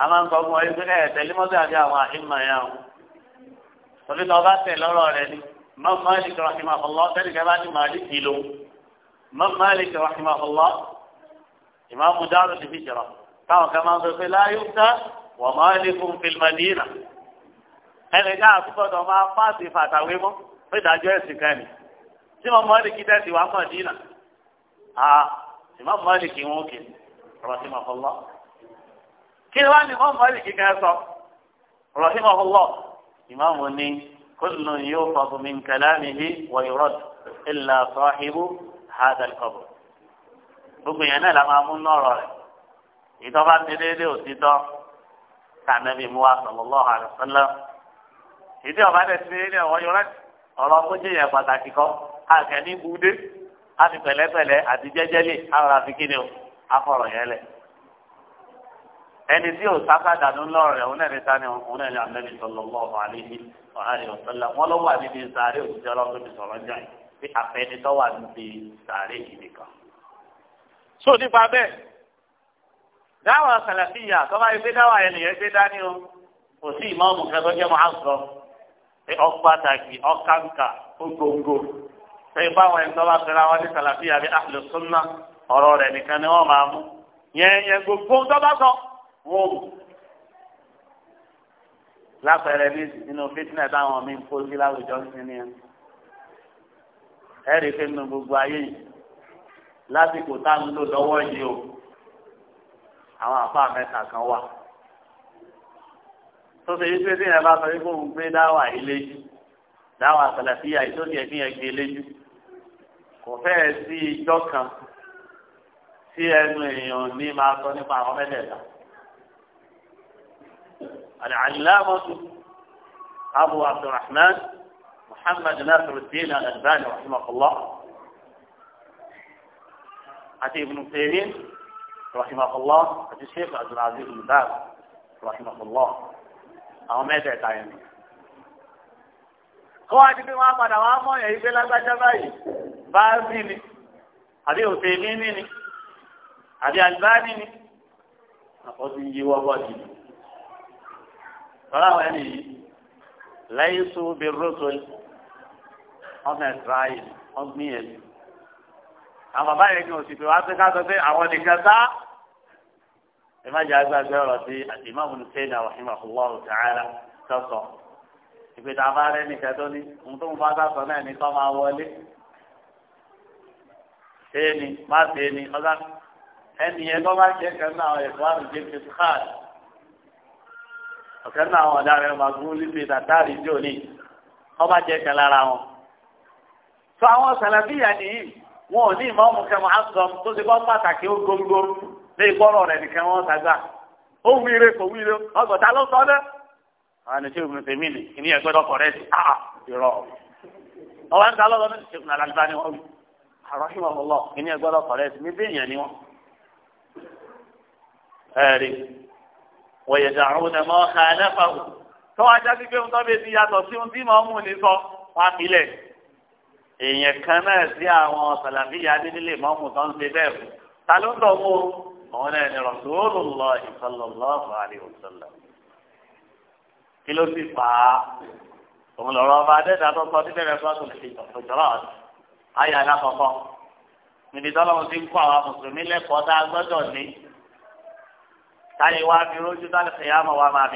a máa ń sọ fún ẹ pé ẹ tẹ̀lé mọ́tò àti àwọn àhìmọ̀ yẹn o torí náà ọba tẹ̀ lọ́rọ̀ rẹ ni mọ́ mọ́lìkì rahimahullah tẹ́lifíà bá ní màálìkì lòun mọ́ mọ́lìkì rahimahullah ìmáàmù dárò ti fi jìrọ táwọn kan máa ń sọ pé láyé ń tán wọ́n máa ń lékún fílmọ̀dínà ẹnìkan àtúgbọ̀dọ̀ máa fáàsì fàtàwé mọ́ pé ìdájọ́ ẹ̀sìn kan ni tí wọ́n mọ́lì kí tẹ̀sí wá mọ̀ dínà à ìmáàmù mọ́lì kí wọ́n kì rọ̀ṣímọ̀fọ́lọ́ kí wọ́n ní wọ́n mọ́lì kí kan sọ rọ̀ṣímọ̀fọ́lọ́ ìmáàmù ní kúlùn yóò fọ́ gbogbo yẹn náà la máa mú nọ̀rọ̀ rẹ̀ ìtọ́ bá ti déédéé òtítọ́ kànábì mú wa sallallahu alaihi wasallam ìdí ọba dẹ̀ ti déédéé ọ̀wọ́ yọrọ ọ̀rọ̀ kójú yẹn pàtàkì kọ́ àkẹ́ni gbúdé àti pẹ̀lẹ́pẹ̀lẹ́ àti jẹ́jẹ́lì àwọn àfikíni o afọ̀rọ̀ yẹn lẹ̀ ẹni tí o sákàdà ló ń lọ rẹ òun ẹni sani òun ẹni amẹbi sallallahu alaihi wa wọn lọ wà so nípa bẹ́ẹ̀ dáwà sàlàfíà tọ́ba yìí pé dáwà yẹn nìyẹn gbé dání o kò sí ìmọ̀ọ́mù kẹtọ́ jẹ́ mọ́ àgọ́ pé ọ̀pàtàkì ọ̀kàǹkà ogóńgó pé báwọn ẹni tọ́ba fẹ́ra wọn ní sàlàfíà bí ahlu sunna ọ̀rọ̀ rẹ̀ nìkan ni wọ́n máa mú yẹn yẹn gbogbo tọ́ba sọ wọ́n mú lápẹẹrẹ ní inú fitinẹ táwọn mi ń kó sí láwùjọ sí ni ẹ rí i pé nínú gbogbo ayé yìí lásìkò tá a ń lò lọ́wọ́ yìí o àwọn àfa mẹ́ta kan wà tó ṣe yí pé tí yẹn bá sọ yí fóun gbé dáwà iléjú dáwà sàlàfíà ìtòkè fi yẹn gbé iléjú kò fẹ́ẹ̀ sí ijọ́ kan tí ẹnu èèyàn ní máa sọ nípa àwọn mẹ́tẹ̀ẹ̀ta alàlámọ́tò abu abdulrahman muhammad nasiru dina alibani rahimahullah àti ibùdó fèrè rahimahullah àti sheikh abdulaziz lubab rahimahullah àwọn mẹ́tẹ̀ẹ̀ta yẹn ni. kọ́ àti pé wọ́n á padà wá mọ́ ẹ̀yà ìgbé lágbájá báyìí báàzì ni àbí òtèmí ni ni àbí àlùbáàní ni àkọ́tù ń yí wọ́wọ́ di ni. lọ́la àwọn yìí lẹ́yìn sùn bí rọ́sọ̀lì wọ́n fẹ́ẹ́ tíráyì wọ́n gbìyànjú àwọn bàbá yẹn ní òsì pé wàá pé ká sọ pé àwọn nìkan sá. ẹ má jẹ́ agbágbé ọ̀rọ̀ sí àtìmáàmù nìkéyìnà rahimahullahu ta'ala sọ̀sọ̀. ìpètè abárẹ́ nìkan tó ní ohun tó ń bá sá sọ náà ní kọ́ máa wọlé. ṣéèni má ṣéèni ọ̀gá ẹni yẹn tó bá jẹ́ kan náà ẹ̀kọ́ àrùn jẹ́ fi káàd. ọ̀kẹ́ náà àwọn ọ̀daràn máa gún lípe tàtàrí jòní ọba jẹ́ wọn ò ní ìmọ̀ọ́mù kẹmọ́ asọ̀m tó ti gbọ́ pàtàkì ó gbogbo lé ìgbọ́rọ̀ rẹ̀ nìkan wọn sàgbà ó wí ire kò wí ire ọgbọ̀n ta ló sọ dẹ́. àwọn ẹni ìgbìmọ̀ tèmi nì kí ni ẹgbẹ́ dọ́kọ̀ rẹ̀ sí a ìrọ̀ ọba ń ta lọ́dọ̀ ní ṣèkùn àlàlùbá ni wọ́n wí àròhìmọ̀lọ́ kí ni ẹgbẹ́ dọ́kọ̀ rẹ̀ sí ní bẹ́ẹ̀yàn ni wọ́n. ẹ̀rí wọ̀yẹ̀dàrún ẹ̀mọ́ ẹ̀ẹ́dẹ́fà tó èèyàn kan náà sí àwọn sàlàfíà adínílé mọ́mù tó ń ṣe bẹ́ẹ̀ fún ta ló ń dọ̀wọ́ òun náà ni Rasulullah sallallahu alaihi wasallam kí ló sì fà á òun lọ́rọ́ ọba adẹ́ta tó sọ níbẹ̀rẹ̀ fọ́tò ìjọba ayé alákọ̀ọ́kọ́ níbi tọ́lọ́run ti ń kọ́ àwọn mùsùlùmí lẹ́kọ̀ọ́ tá a gbọ́dọ̀ ní táyé wá fi rójú tá àmọ́ wa máa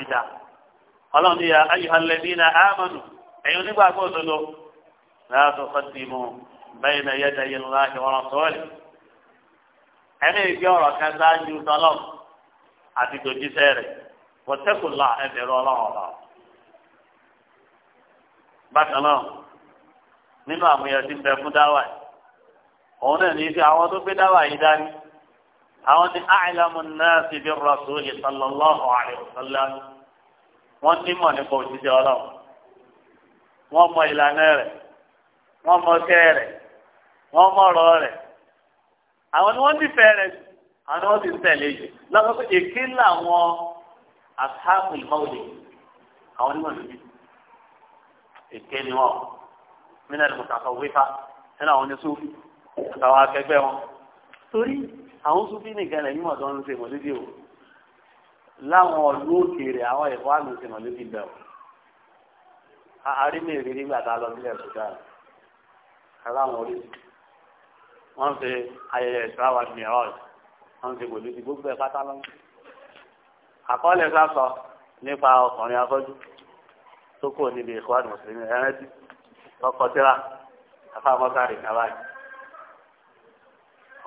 لا تقدموا بين يدي الله ورسوله ẹni ìgbé ọ̀rọ̀ kan sáájú tọlọ àti tòjíṣẹ́ rẹ̀ wọtẹkùnlá ẹbẹrẹ Ọlọ́run ọba bákan náà nínú àmúyẹ tí ń bẹ fún dáwà yìí òun náà ní fi àwọn tó gbé dáwà yìí dání àwọn ti àìlàmù náà sì bí rọṣùlì sallallahu alaihi wasallam wọn nímọ̀ nípa òjíṣẹ́ Ọlọ́run wọn mọ ìlànà rẹ̀ wọ́n mọṣẹ́ rẹ̀ wọ́n mọ̀rọ̀ rẹ̀ àwọn ni wọ́n nífẹ̀ẹ́ rẹ̀ àwọn ni wọ́n ti tẹ̀lé yìí lọ́sọ̀ pé èké làwọn asáàpù ìmọ̀ọ́lẹ̀ àwọn onímọ̀ lójú èké ni wọ́n mílíọ̀nù mùsàfà wífà nínú àwọn oníṣòwò àtàwọn akẹgbẹ́ wọn torí àwọn sùfí nìkan lẹ́yìn mọ̀ tó ń ṣe mọ̀lẹ́bí o láwọn ọ̀lú òkèèrè àwọn ẹ̀fọ́ àlùsè mọ̀lẹ́bí bẹ̀ o àárín mi rí nígbà tá a lọ sílẹ̀ sùdáà ara wọn rí wọn ṣe ayẹyẹ ìṣúráwá mìíràn wọn ṣe pẹ̀lú ti gbogbo ẹ pátá lọ. àkọọ́lẹ̀ sásọ nípa ọkùnrin afọ́jú tó kò níbi ìkọ́wádìí mùsùlùmí ẹrẹ́dì ọkọ̀ tíra afáàmọ́sárì nàbáyì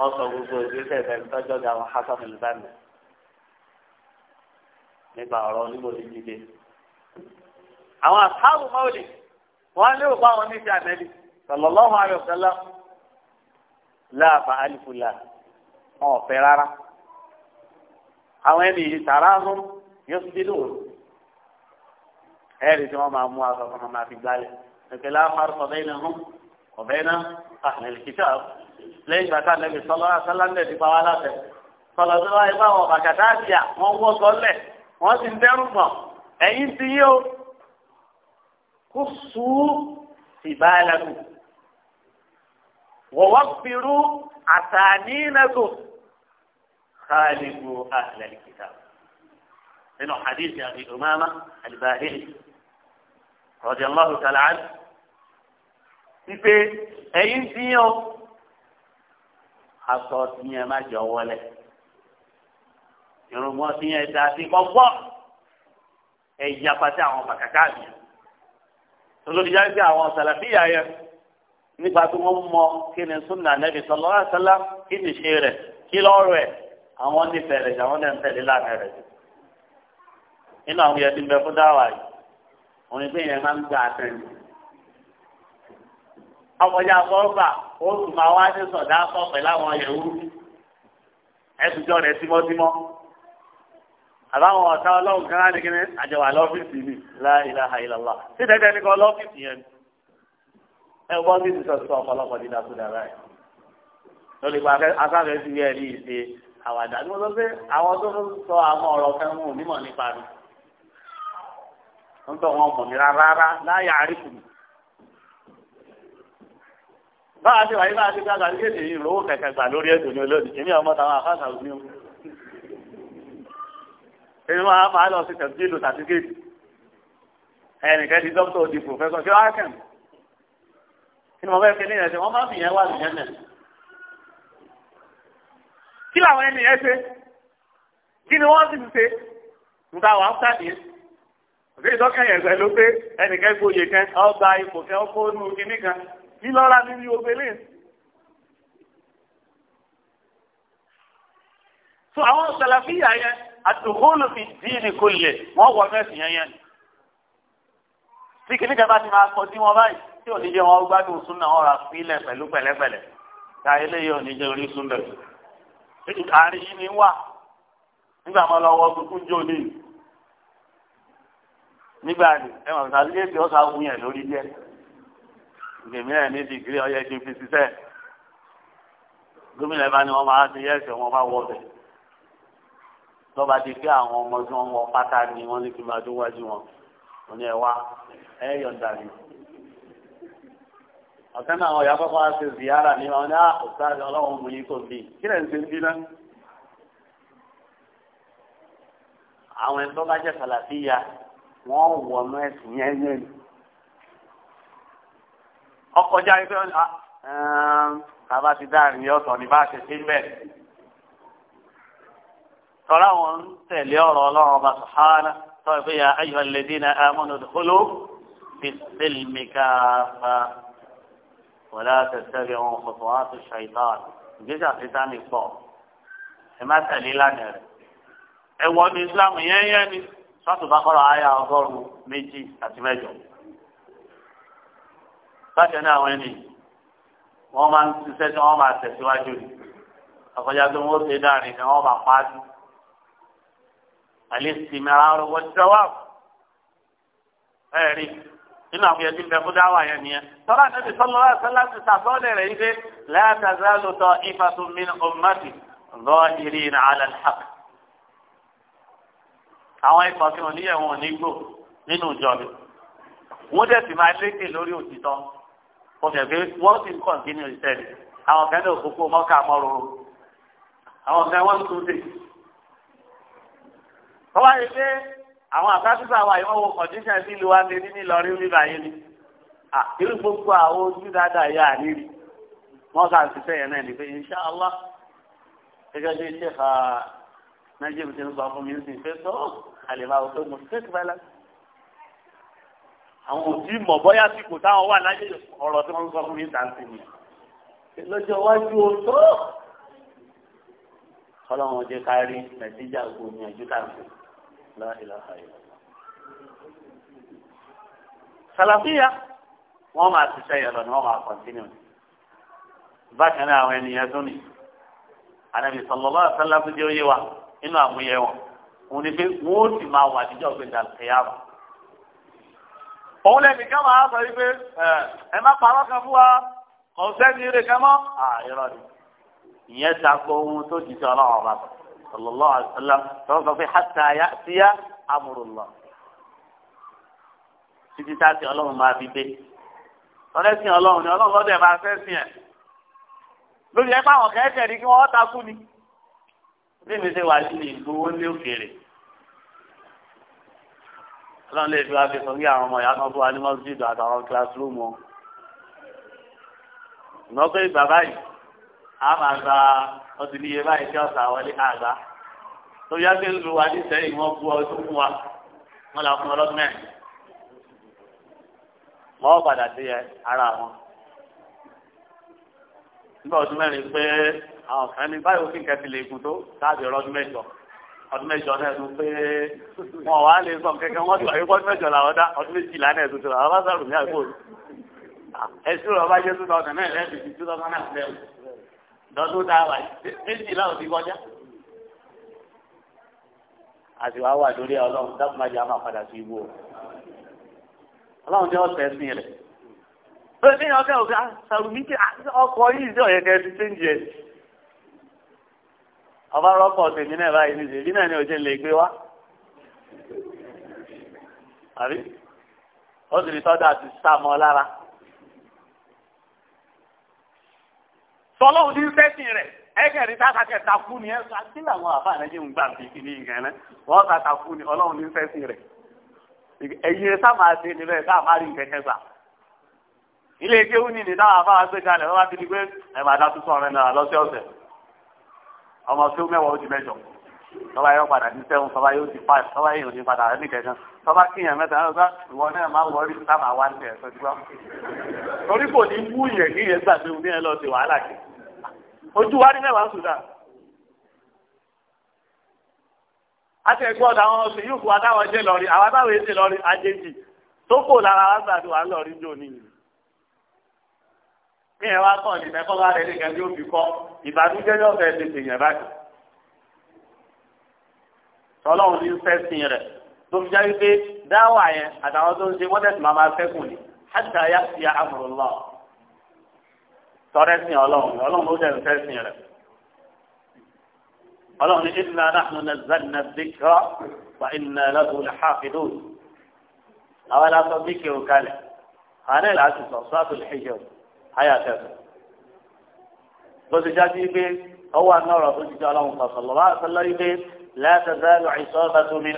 ọsọ gbogbo ìgbésẹ̀ ìbẹ̀rù tọ́jọ́ di àwọn hasan ìlúbàmì nípa ọ̀rọ̀ onímọ̀lẹ́ jíde. àwọn àtàwọn mọ́ọ̀lì wọ́n lé òkú àwọn oníṣẹ́ àmẹ́lì. صلى الله عليه وسلم لا فألف لا أو فرارا أولا تراهم يصدلون هذه جواب مع مواقف ما في ذلك فلا فرق بينهم وبين أهل الكتاب ليس كان النبي صلى الله عليه وسلم الذي فعلته صلى الله عليه وسلم وبكتاتيا وهو صلى وسن ترمى أي انت يو قصوا في بالكم wọ́wọ́pirú àtàníínàtò khalifu ahlal kitab nínú hadith àti umama alibahili radiyallahu ta'ala anhu wípé ẹ̀yin tiyan aṣọ tiyan má jọ wọlé ìrùmọ̀ tiyan dà sí kọ́kọ́ ẹ̀yà pàtẹ àwọn bàkàkà mi olùdíjà ń gbé àwọn sàlàfíà yẹn nípa tí wọ́n mọ kí ni súnà nẹ́bí sọlọ́ àṣálá kí ni ṣe rẹ̀ kí lọ́rọ̀ ẹ̀ àwọn nífẹ̀ẹ́ rẹ̀ àwọn náà ń tẹ̀lé lánàá rẹ̀ nínú àwọn yẹn ti ń bẹ fún dáwà yìí òun ìgbé yẹn máa ń gba àtẹ̀lé ọkọjá bọ́ọ̀bà ó sì máa wá ní sọ̀dá pọ̀ pẹ̀lú àwọn yẹ̀wù ẹ̀sùjọ́ rẹ̀ tímọ́tímọ́ àbáwọn ọ̀tá ọlọ́run kan á ní ẹ wọ́n sì ti sọ̀tún ọ̀pọ̀lọpọ̀ dídá tó dára ẹ̀ lórí pa akáfẹ́ sí ẹ̀ ní ìṣe àwàdà ni wọ́n sọ pé àwọn tó sọ àwọn ọ̀rọ̀ kan mú onímọ̀ nípa mi ń tọ́ wọn mọ̀ mí rárá láyà àríkù mi báwa ti wà yí báwa ti gbàgbà ní kéde yìí lówó kẹkẹ gbà lórí ètò ní olóòdì èmi ọmọ táwọn àfáàsà òní o èmi máa máa lọ sí tẹ̀síìlù sàtífíkèétì ẹnìkan di dókítà òdi pòfẹ́sọ̀ kí wọ́n kẹ́mi kí ni mo fẹ́ fi ní ẹ̀sẹ̀ wọ́n máa fi yẹn wà lùyẹn nẹ̀. kí làwọn ẹni yẹn ṣe kí ni wọ́n sì ti ṣe nígbà wà á sàdé òbí ìdọ́kẹ́ yẹn pẹ̀lú pé ẹnìkan gbòye kan ọgbà ipò kan ó kó nù kan kí lọ́ra nínú obìnrin yìí. so àwọn sàlàfíà yẹn àtòkóòlù fi dín ní kò lè wọ́n wọ bí kìíní kan bá ti máa kọ sí wọn báyìí tí ò ní jẹ wọn gbádùn súnà wọn rà sílẹ̀ pẹ̀lú pẹ̀lẹ́pẹ̀lẹ́ ká eléyìí ò ní jẹ orí súnà àárín yìí ni wà nígbà máa lọ wọ tuntun jó ní nígbà ni ẹ mọ̀ nípa ilé ìgbé ọ̀sán àwọn yẹn lórí jẹ́ ìgbèmí ẹ̀ ní dìgírí ọ̀yẹ́ kí n fi ṣiṣẹ́ gómìnà ìbá ni wọ́n máa ti yẹ́ ẹ̀sẹ̀ wọn bá wọ ọ̀bẹ̀ lọ́ba ti gbé àwọn ọmọ tí wọ́n wọ pátá ni wọ́n ní kí n máa dún wájú wọn wọn ni ẹ wá ẹ yọ̀ǹda mi. ọ̀kan náà àwọn ìyàpọ̀ fún ziyara ni wọn ní à òṣàlẹ̀ ọlọ́run mú yín kò bí kí lẹ̀ ń ṣe ń bí náà. àwọn ẹni bá jẹ́ sàlàfíà wọ́n wọ̀ ọ́nà ẹ̀sìn yẹn yẹn ni. ọkọjá ẹgbẹ́ ọ̀nà àbá ti dáàrin ọ̀tọ̀ ní bá a ṣe ṣe ń bẹ̀ tọ́lá wọn ń tẹ̀lé ọ̀rọ̀ ọlọ́run ọba sọ̀hánà tọ́ fi ya ayọ̀ alladhina amanu udkhulu fi silmi kaafa wala tattabi'u khutuwati shaytan ìgbésẹ̀ àfihàn mi pọ̀ ẹ má tẹ̀lé lánàá rẹ̀ ẹ wọ ní islam yẹn yẹn ni sọ́tù bá kọ́ra àyà ọgọ́rùn-ún méjì àti mẹ́jọ. bákan náà àwọn ẹni wọ́n máa ń ṣiṣẹ́ tí wọ́n máa tẹ̀síwájú ni àkọjá tó ń wọ́n ṣe dáa nìkan wọ́n máa pa á sí. الاستمرار والدوام ẹ̀rí nínú àwọn yẹn ti bẹ fún dáwà yẹn nìyẹn tọ́lá nàbì sọ́lá wà sọ́lá ti sàtọ́lẹ̀ rẹ̀ yìí pé látàzá ló tọ́ ìfàtún mi ní ọmọdé lọ ìrì ní alàlhàk. àwọn ikọ̀ tí wọ́n níyẹn wọn ò ní gbò nínú ìjọ mi wọ́n dẹ̀ sì máa lékè lórí òtítọ́ ọ̀sẹ̀ pé wọ́n sì ń kọ̀ǹtínú ìṣẹ̀lẹ̀ àwọn kan àwọn kan wọ́n tún dé tọ́wá yìí pé àwọn àkásùsà wa yìí wọ́n wo kọ̀díṣàn sí ìlú wa ní ní Ìlọrin ní báyìí ni irú gbogbo àwọn ojú dáadáa yà á nírì wọ́n kà ṣiṣẹ́ yẹn náà ní pé insha Allah gẹ́gẹ́ bí iṣẹ́ ha Najib ti ń sọ fún mi sí pé tó àlèmọ́ àwọn tó mọ̀ sí ìpínlẹ̀ àwọn òbí mọ̀ bọ́yá sí kò táwọn wà láyé ọ̀rọ̀ tí wọ́n ń sọ fún mi tàǹtì mi lọ́jọ́ iwájú o tó ọlọ́run ọjọ́ kárí nàìjíríà gbòmìnàjú tàǹtì la ilaha illallah. sàlàfíà wọ́n máa ṣiṣẹ́ yẹn lọ ni wọ́n máa kọ́ntínú ni. bákan náà àwọn ènìyàn tó ní ànábì sallallahu alaihi wasallam jẹ́ oyé wa nínú àmúyẹ wọn òun ni pé wọ́n ó sì máa wà níjọ́ pé dàlùkẹ́yàmù. òun lẹ́nu kan máa sọ wípé ẹ má parọ́ kan fún wa kò sẹ́ni rẹ̀ kan àìrọ̀ ni ìyẹn ta ko ohun tó jìjọ ọlọ́run ọba sọ sallallahu alaihi wasallam tó sọ pé hatta ya'tiya amrullah títí tá a ti ọlọ́run máa fi dé ọlẹ́sìn ọlọ́run ni ọlọ́run lọ́dẹ̀ máa fẹ́ sìn ẹ̀ lórí ẹ bá àwọn kẹ́kẹ́ rí kí wọ́n takú ni bí mi ṣe wà nílé ìgbowó ní òkèèrè ọlọ́run lè fi wá fi sọ bí àwọn ọmọ ìyá náà fún wa ní mọ́sídìí àtàwọn kílásírúmù ọ̀nà pé bàbá yìí a máa gba ọtí níye báyìí tí ọ̀sà wọlé àgbà tó yá pé lu wa nísẹ́yìn wọ́n bu ọdún fún wa wọ́n là fún ọlọ́dún mẹ́rin wọ́n padà sí ara wọn nígbà ọdún mẹ́rin pé àwọn kan ní báyìí òfin kẹfì lè gùn tó káàdì ọlọ́dún mẹ́jọ ọdún mẹ́jọ náà tún pé wọn wà á lè sọ kẹ̀kẹ́ wọn tó àyè ọdún mẹ́jọ làwọn dá ọdún méjìlá náà tuntun làwọn bá sàrùn ní àgbò ẹsùn rẹ ọba jésù náà ọdún mẹ́rin lẹsùn tuntun náà náà lẹwọ. lọ́dún tá a wà méjì láwọn ti kọjá. a sì wá wà lórí ọlọ́run dákun má jẹ́ padà sí ibú o. ọlọ́run jẹ́ ọ̀sẹ̀ ẹ̀sìn bẹ́ẹ̀ ni ọkẹ́ òkè ah, sàrùmí kí ah, ọkọ̀ yìí sí ọ̀yẹ̀kẹ́ ti ṣéǹjì ẹ̀. ọba rọ́pọ̀ tèmi náà báyìí ní ìṣèlú náà ni lè gbé wá. àbí ó sì rí tọ́jà ti sá mọ́ lára. tọ́lọ́hún ní sẹ́sìn rẹ̀ ẹ̀kẹ́ ní sákàkẹ́ takú ni ẹ̀ kí làwọn àfa rẹ̀ yẹn ń gbà bí kìíní nǹkan wọ́n kà takú ni ọlọ́hún ní sẹ́sìn rẹ̀ ẹ̀yin sá máa ṣe ni bẹ́ẹ̀ ká má rí nǹkan kẹfà ilé ike wúni ní táwọn àfa wa gbé kalẹ̀ wọ́n bá ti di pé ẹ̀ máa dá tútù ọ̀rẹ́ náà lọ́sẹ̀ọ̀sẹ̀ ọmọ tó mẹ́wàá ó di mẹ́jọ tọ́ba yóò padà ní sẹ́wọ̀n tọ́ba yóò di five tọ́ba yóò di padà ní kẹ̀kẹ́ tọ́ba kíyàn mẹ́ta náà sá ìwọ náà máa wọrí táwọn àwa ń tẹ̀ ẹ̀ sọ́jú wa torí kò ní wúyẹ̀ níyẹn gbàgbé omi ẹ̀ lọ sí wàhálà kìí ojú wa ní mẹ́wàá Sudan àti ẹ̀gbọ́n ọ̀dà àwọn oṣù yìí kú adáwọ̀ ṣe lọ́rí àwọn adáwọ̀ ṣe lọ́rí àjèjì tó kò lára wa gbàdú wa lọ́rí jò ní ìlú. bí ẹ wá kàn ní mẹ́kọ́ bá rẹ̀ nìkan yóò fi kọ́ ìbànújẹ́ yóò fẹ́ tètè yẹn báyìí. tọ́lọ́hún ní fẹ́sìn rẹ̀ tó fi jáde pé dáwà yẹn àtàwọn tó ń ṣe wọ́n tẹ̀sí máa máa fẹ́kùn ní àtàyà sí àmúrò lọ́wọ́ tọrẹsìn ọlọ́run ọlọ́run ló dẹrù tẹsìn rẹ ọlọ́run ní inna nahnu nazzalna dhikra wa inna lahu lahafidun àwọn aláṣọ bíkì òkàlẹ àwọn ẹlẹ àti sọ sọàtò lẹhìjọ àyà tẹsán bó ti jáde pé ọwọ́ àná ọ̀rọ̀ tó ti jẹ ọlọ́run sọsọ lọwọ àtọlọ yìí pé la tazalu isabatu min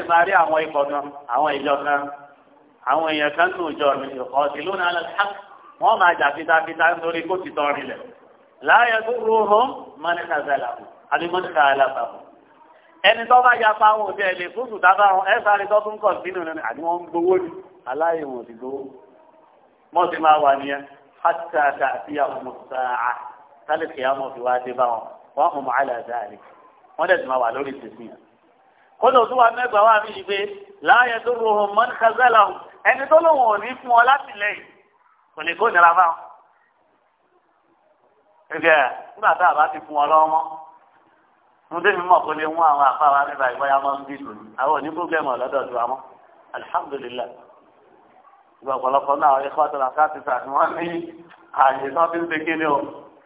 ìmárí àwọn ikọ̀ náà àwọn ìjọ náà àwọn èèyàn kan nù jọ mi ìkọ̀ ọ̀sìn lónìí alẹ́ wọ́n máa jà fitafita nítorí kó ti tọ́ rinlẹ̀ láàyè tó ro hàn mọ́nìkà zẹlà àbí mọ́nìkà alábà ẹni tó bá yapa àwọn òde ẹ̀ lè fún sùtà bá wọn ẹ sáré tó tún kọ̀ sínú ní àbí wọ́n ń gbowó ni aláyè wọn ti gbowó mọ́ ti máa wà nìyẹn hàtà àti àmọ̀tà tálẹ̀kì àmọ̀ fi wá dé bá wọn wọ́n mú màálà dáàrí wọ́n dẹ̀ ti máa wà lórí ìsinmi yẹn ẹni tó lóun ò ní fún ọ látìlẹ́yìn kò lè kó nira fáwọn. ẹgbẹ́ nígbà tá a bá ti fún ọ lọ́mọ mo débi mọ̀ kó lè mú àwọn àfáwà nípa ìgbọ́yà mọ́ ń bí lòdì àwọn òní pọ́blẹ́mù ọ̀lọ́dọ̀ tó àmọ́ alihamudulilayi ìgbà ọ̀pọ̀lọpọ̀ náà ẹ̀kọ́ tó la sà ni wọ́n ní àyè tó fi ń pe kéde o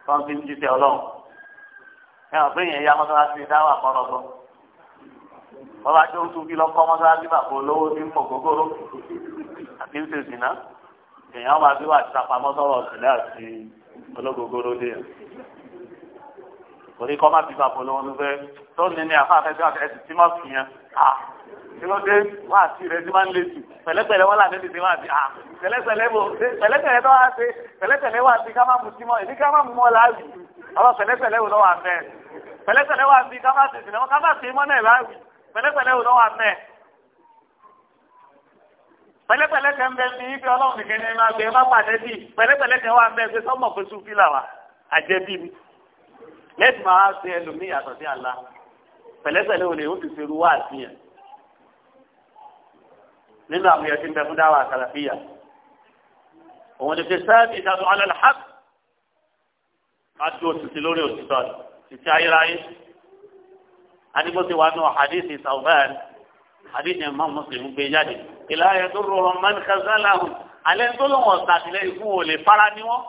tó fi ń jíṣẹ́ ọlọ́run ẹ̀ ọ̀ fẹ́yìn ẹ̀yà mọ́sálásí dáwà kọ́rọ̀gbọ́ bọ́lá tó ń tún kí lọ́kọ́ mọ́sálásí bàbá olówó tí ń mọ̀ gógóró àti ń ṣe èèyàn máa fi wà sàpamọ́ sọ̀rọ̀ sílẹ̀ àti ológogoro dé yẹn torí kọ́ má fi bá polówó ló fẹ́ tó ní ní àfáàfẹ́ tí wọ́n fẹ́ ti má fi yẹn à tí wọ́n dé wá sí rẹ̀ tí máa ń létí pẹ̀lẹ́pẹ̀lẹ́ wọ́n làdé ti máa fi à pẹ̀lẹ́pẹ̀lẹ́ bò pẹ̀lẹ́pẹ̀lẹ́ tó wá sí pẹ̀lẹ́pẹ̀lẹ́ wá sí ká má mu símọ́ èmi ká má mu mọ́ láàwì ọlọ́ pẹ̀lẹ́pẹ̀lẹ́ wò lọ́wọ́ àfẹ́ pẹ̀lẹ́pẹ̀lẹ́ wá sí ká má pẹ̀lẹ́pẹ̀lẹ́ tẹ ń bẹ fi ife Ọlọ́run nìkan ní máa gbé má pàdé bí pẹ̀lẹ́pẹ̀lẹ́ tẹ wà ń bẹ fi sọmọ pé sùn fìlà wa àjẹbí mi lẹsìn máa ṣe ẹlòmíì yàtọ̀ sí àlá pẹ̀lẹ́pẹ̀lẹ́ olè ó ti ṣerú wá àfihàn nínú àwọn yẹn ti ń bẹ fún dáwà àkàlàfíà òun ni fi sáàbì ìdájọ alẹ́ làhàbì má ju lórí òtítọ́ títí ayérayé adigun ti wà nù hadith Sauban àdéhùn ẹ̀ máa mùsùlùmí gbé jáde ìlànà tó rọrùn mọ́ni kásálà hù alẹ́ tó ló wọ̀n sàtìlẹ́yìn fún òòlè fara ni wọ́n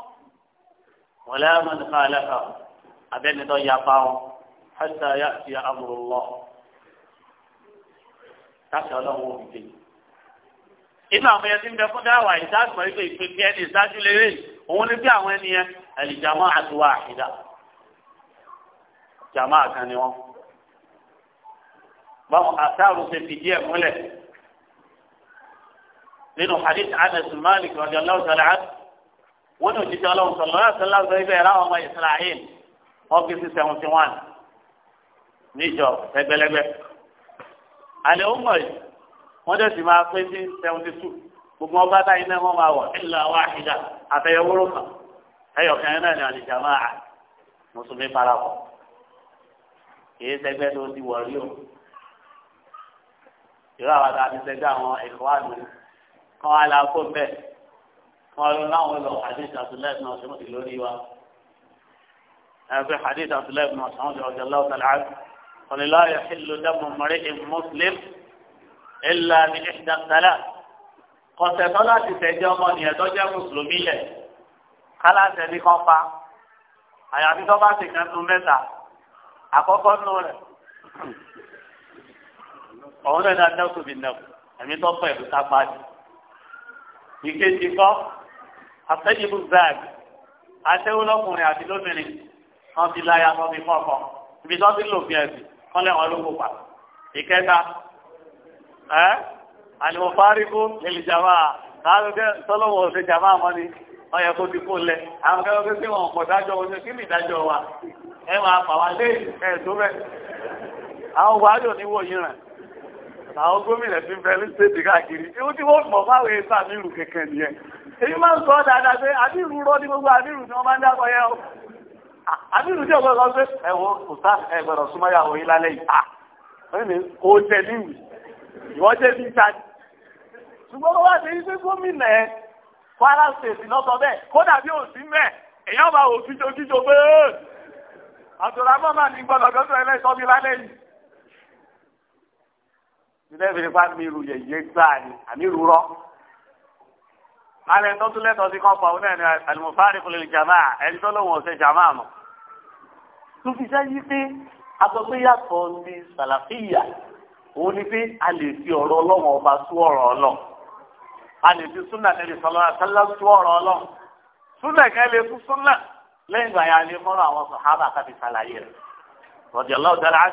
wọ́n lẹ́yìn mọ́ni ká aláka abẹ́ni tó ya pa wọn hàtà yá ti amúrò lọ káṣí ọlọ́run ò inú àwọn ẹni bẹ fún dáwà ìdáàbò ìgbè ìpèkè ẹni ìsájú lérè òun ni bí àwọn ẹni yẹn ẹlìjàmọ́ àti wàhídà jàmáà kan ni báwọn àtàrò ṣe fìdí ẹ̀ múlẹ̀ nínú hadith anas malik radiyallahu ta'ala anhu wọn ní òjijì ọlọ́run sọlọ náà sọlá gbé ibẹ̀ ráwọn ọmọ israel ọgbẹ́sì seventy one níjọ ẹgbẹlẹgbẹ alẹ́ ó mọ̀ yìí wọ́n dẹ̀ sì máa pé sí seventy two gbogbo ọba táyé náà wọ́n máa wọ̀ illa wahida àfẹyẹwòrò kan ẹyọkàn náà ní àlejò àmà mùsùlùmí parapọ̀ kì í ṣẹgbẹ́ tó ti wọ̀ rí o ìlú àwọn àti àtìsẹ́gbẹ́ àwọn ẹ̀kọ́ àdó kan wá la kó mbẹ́ kan ló láwọn lọ hadith Abdullahi ibn Mas'ud ti lórí wa ẹgbẹ́ hadith Abdullahi ibn Mas'ud ti ọjọ́ lọ́wọ́ tẹ̀lé àgbẹ̀ qala la yahillu damu mri'in muslim illa bi ihda thalath kọ̀sẹ̀ tọ́lá tẹ̀jẹ́ ọmọ nìyẹn tó jẹ́ mùsùlùmí lẹ̀ kálá tẹ̀lé kan pa àyàfi tó bá ti kan ọ̀hún náà ní adẹ́kùn bí nẹ́kù ẹ̀mí tó pẹ̀ ló sá pa jù. ìkejì kọ́ àfẹ́yìnbù báàgì àtẹ́wó lọ́kùnrin àti lóbìnrin wọ́n ti láya wọ́n fi fọ́ọ̀kọ́ ibi tó ti lò bí ẹ̀sìn wọ́n lẹ́wọ̀n ló kó pa. ìkẹta ẹ́ àlùmọ̀ fárígù lèlì jàmá láàrú kẹ́ tọ́lọ́wọ́ ọ̀sẹ̀ jàmá mọ́ ni wọ́n yẹ kó ti kó lẹ̀ àwọn kẹ́kọ̀ọ́ pé ni ìdájọ́ wa ẹ máa pàwọn lé ẹ̀ tó bẹ́ẹ̀ àwọn wàá lò níwò yìí rẹ̀ àwọn gómìnà ti ń fẹ́ ní stéètì káàkiri ìwọ́n tí wọ́n mọ̀ fáwọn èyí sàmì ìlú kẹ̀kẹ́ nìyẹn èyí máa ń sọ ọ́ dáadáa pé àbírù rọ́ ní gbogbo àbírù ni wọ́n máa ń dákọ̀ yẹn o àbírù tí ọ̀gbọ́n kan pé ẹ̀wọ̀n kùsà ẹ̀gbọ̀rọ̀ súnmọ́yàwó yín lálẹ́ yìí à kò tẹ̀ níwì ìwọ́n jẹ́ bí ta ṣùgbọ́n wọ́n wá ṣe yí pé gómìnà ẹ̀ Kwara State lọ́sọ bẹ́ẹ̀ kódà bí òsì mẹ́ẹ̀ èèyàn bá òfin jojú jo pé àtòlámọ́ máa ní gbọ́dọ̀ gbọ́dọ̀ ẹlẹ́sọ́ ìdẹ́bìrì pa mi ru yẹ̀yẹ́ gbáà ni àmì ru rọ́. alẹ́ tọ́tún lẹ́tọ̀ọ́ sí kọ́pọ̀ ọ̀hún ẹ̀ni àlùmọ̀fáàrí kò lè jàmá ẹni tó lóun ọ̀sẹ̀ jàmá mọ̀. tó fi jẹ́ yí pé agbẹ́gbẹ́yàtọ̀ ni sàlàfíyà òun ni pé a lè fi ọ̀rọ̀ ọlọ́run ọba tú ọ̀rọ̀ ọlọ́run a lè fi súnà tẹ̀lé sọlọ́ àtàlá tú ọ̀rọ̀ ọlọ́run súnà kẹ́ lè fún súnà lẹ́yìn ìgbà yà á lè mọ́ra àwọn sàhábà káfí sàlàyé rẹ̀ rọ̀dì ọlọ́run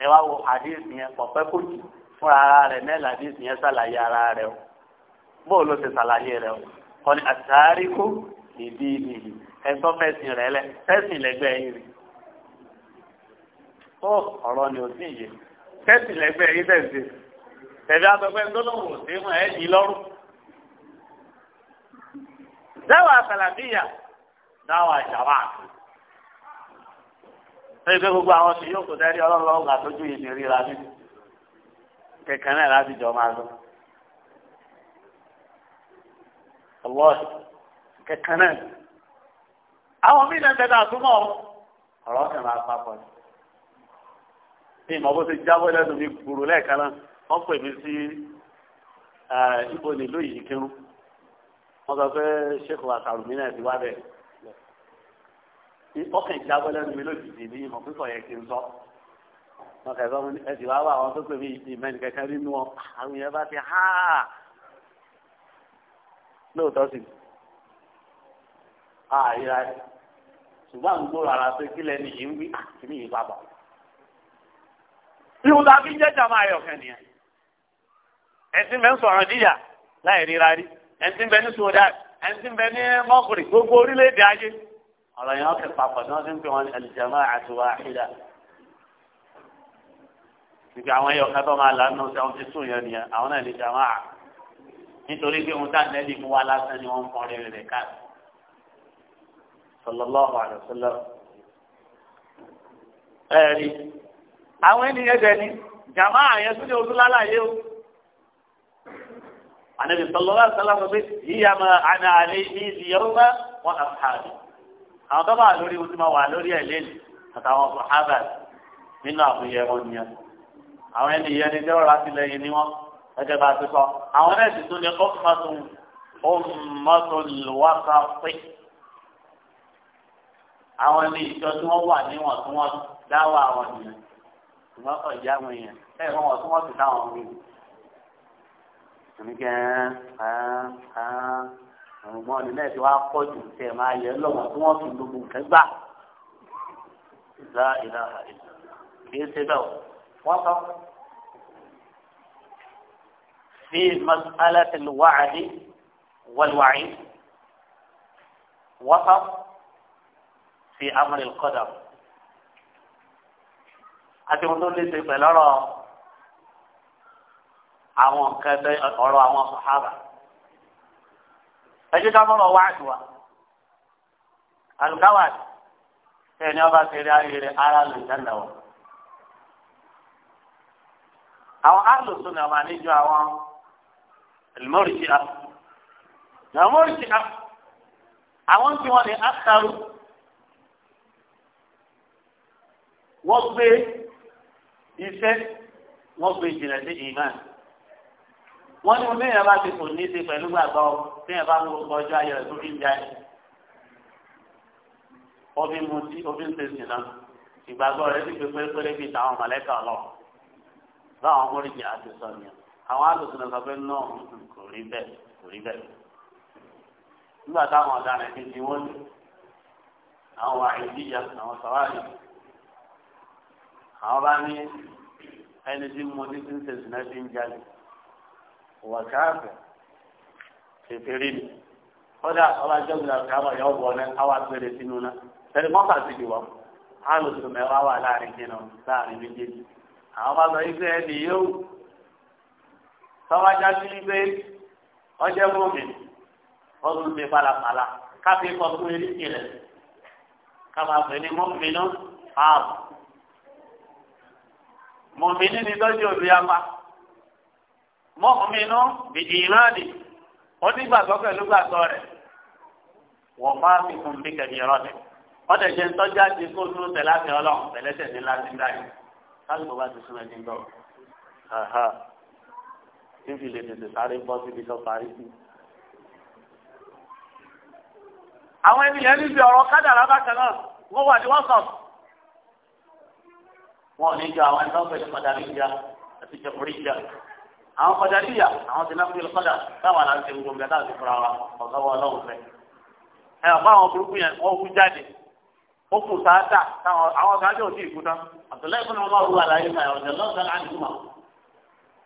ẹ wá wo hadith yẹn pọ̀pẹ́ kò jù fúnra ara rẹ̀ náà hadith yẹn ṣàlàyé ara rẹ̀ o bóò ló ṣe ṣàlàyé rẹ̀ o kò ní àtàrí kó ìdí ìdí ẹ̀sọ́ fẹ́sìn rẹ̀ lẹ̀ fẹ́sìn lẹ́gbẹ́ yín rí tó ọ̀rọ̀ ni ò sí iye fẹ́sìn lẹ́gbẹ́ yín tẹ̀sí tẹ̀sí àtọ́fẹ́ gbólóhùn sí fún ẹ̀ yìí lọ́rùn. dáwà àtàlàbíyà dáwà àjàwà ṣé ibi gbogbo àwọn ṣe yóò kó sẹ́rí ọlọ́run gbà tójú yìí ní ríra bí kẹ̀kẹ́ náà láti jọ máa lọ. ọlọ́ọ̀ṣì kẹ̀kẹ́ náà àwọn míì náà tẹ̀lé àtúmọ̀ ọ̀rọ̀ kan máa papọ̀ ni. bí ìmọ̀ bó ti jábọ́ lẹ́nu mi gbòòrò lẹ́ẹ̀kan náà wọ́n pè mí sí ibo nílùú yìí kírun wọ́n sọ pé ṣéèkù náà ti wá bẹ́ẹ̀. ọkàn ìjábọ̀ lẹ́nu mi lójijì ní ìmọ̀ pípọ̀ yẹn kí n sọ wọn kẹsọ fún mi ẹsì wàá wà wọn tó pè mí ìmẹ́ni kẹkẹ nínú ọ àwọn yẹn bá ti há lóòótọ́ sí àyíra ṣùgbọ́n àwọn gbòòrò ara pé kílẹ̀ ni ń wí àkíní ah, yìí bá bọ̀ ihun la fi jẹ́ jàmá ayọ̀kẹ́ nìyẹn ẹ̀sìn bẹ́ẹ̀ ń sọ̀rọ̀ díyà láì ríra rí ẹ̀sìn bẹ́ẹ̀ ní sudan ẹ̀sìn bẹ́ẹ̀ ní mọ́kùnrin gbogbo orílẹ̀-èdè ayé ọ̀rọ̀ yẹn wọ́n fi papọ̀ tí wọ́n fi ń pè wọ́n ní al-jama'atu wahida nígbà àwọn ẹyọ kẹtọ́ máa lánà seventy two yẹn nìyẹn àwọn náà ní jama'a nítorí pé wọn dá nẹ́ẹ̀lì mú wa lásán ni wọ́n ń kọ́ rere rẹ̀ káàdì sallallahu alaihi wasallam ẹ̀rí àwọn ènìyàn dẹ̀ ni jama'a yẹn tún ní o ànábì sallallahu alaihi àná àlẹ́ yìí àwọn tó bá wà lórí ohun tí wọ́n wà lórí ẹ̀ lẹ́nu àtàwọn sàhábà nínú àbúyẹ wọn ni àwọn ẹni yẹn ni dẹ́rọ̀lá ti lẹ́yìn ní wọn ẹgbẹ́ bá ti sọ àwọn náà sì tún ní ọmọtún ọmọtún lùwàkà pé àwọn ní ìjọ tí wọ́n wà níwọ̀n tí wọ́n dáwọ́ àwọn nìyẹn ṣùgbọ́n kọ̀ ìyá àwọn èèyàn ẹ̀ wọ́n wọ̀ tí wọ́n ti dáwọn wí àwọn ọmọ ọ̀nì náà ti wá pọ̀ jù tẹ̀ máa yẹ lọ́wọ́ tí wọ́n fi gbogbo nǹkan gbà. ìlà ìlà kìí ṣe bẹ́ẹ̀ wọ́n sọ. fi mas'alati al-wa'di wal wọ́n sọ. fi amri al àti wọn tó lè ṣe pẹ̀lú ọ̀rọ̀ àwọn nǹkan ọ̀rọ̀ àwọn sàhábà ẹjẹ ká mọ̀rọ̀ wá àdùá alùkáwàd ẹni ọba ṣeré ayé ara lè dáná wọ. àwọn alùsùn náà máa níjọ àwọn lùmọ́rìṣì á àwọn tí wọ́n lè ákàrú wọ́n gbé iṣẹ́ wọ́n gbé jìnnà sí ìmáà wọ́n ní omi ìyẹn bá ti kò ní ti pẹ̀lú gbàgbọ́ tí ìyẹn bá ń gbogbo ọjọ́ ayọ̀ ẹ̀ tó fi ń jẹ omi mu tí omi ń tẹ̀sí náà ìgbàgbọ́ rẹ̀ ti fi pérépéré bíi tàwọn mọ̀lẹ́kà lọ báwọn mọ́rìjì àti sọ̀nìyàn àwọn àlùsùn náà sọ pé náà kò rí bẹ́ẹ̀ kò rí bẹ́ẹ̀ nígbà táwọn ọ̀daràn ti di wọ́n ní àwọn àìdíyà àwọn sọ̀rọ̀ àwọn bá ní ẹni tí mo ní ti ń tẹ̀sí náà ti ń jalè wọ̀káàfẹ̀ kékeré ni kódà ọba jọ́gbìnà káàmọ̀ yọ wọ̀ ní awa péré sínú náà tẹ̀lé mọ́fà sí ìwà alùpùpù mẹ́wàá wà láàrin kí náà láàrin méjèèjì àwọn bá sọ ife ẹni yóò tọ́wájá sí ife ọjọ́ mọ́mì ọdún ti palapala káfí kọ́kú eréjì rẹ̀ káfá pè ní mọ́mì náà ààbò mọ́mì ní ni tọ́jú òbí apá mọ́ọ̀mínú bìdì ìmáàdì wọ́n ti gbàgbọ́ pẹ̀lú gbàgbọ́ rẹ̀ wọ́n máa fi kún bí kẹ̀mí ọ̀rọ̀ rẹ̀ wọ́n tẹ̀ ṣe ń tọ́jú àti kó dúró tẹ̀ láti ọlọ́run tẹ̀lẹ́sẹ̀ ní láti gbà yìí káàkiri bá ti súnmọ́ ẹni gbọ́ kí n fi lè tètè sáré bọ́ síbi tó parí sí. àwọn ènìyàn níbi ọ̀rọ̀ kádàrá bákan náà wọ́n wà ní wọ́sọ̀t wọn ò ní jọ àwọn ẹni tó àwọn kọjáríyà àwọn ti náà fi kọjá táwọn àlàyé ti gbogbo nǹkan àti fúra wa ọ̀gáwọ́ ọlọ́run fẹ́. ẹ ọ̀pá àwọn burúkú yẹn wọ́n kú jáde ó kù sáátà táwọn àwọn sáátà ò tí ì kú tán àtúnlẹ̀ ìfúnná ọmọ òru àlàyé náà ọ̀jẹ̀ lọ́sàn án ìgbìmọ̀.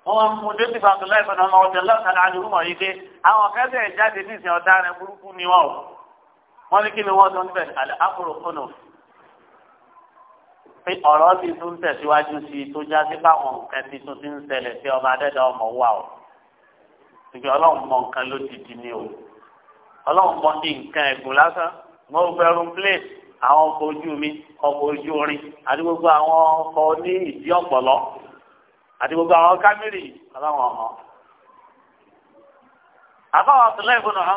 wọ́n wá mú dé sífà àtúnlẹ̀ ìfúnná ọmọ ọ̀jẹ̀ lọ́sàn án ìgbìmọ̀ yìí dé àwọn kẹ́sẹ̀ jáde níìsín ọ̀daràn burúkú ni wọ́n wọ́n ní kí ni wọ́n tó ń àkùrọ̀ kùnú pé ọ̀rọ̀ ti tún ń tẹ̀síwájú sí i tó já sí báwọn nǹkan ti tún ti ń ṣẹlẹ̀ sí ọmọ adẹ́dá ọmọ wa o ṣùgbọ́n ọlọ́run mọ nǹkan ló ti di ni o ọlọ́run mọ nǹkan ẹ̀gùn lásán mo bẹ̀rù plate àwọn ọkọ̀ ojú mi ọkọ̀ ojú orin àti gbogbo àwọn ọkọ̀ ní ìdí ọ̀pọ̀lọ́ àti gbogbo àwọn kámẹ́rì ọlọ́run ọ̀hán. àbáwọ̀ ọ̀sùn lẹ́ẹ̀kùn náà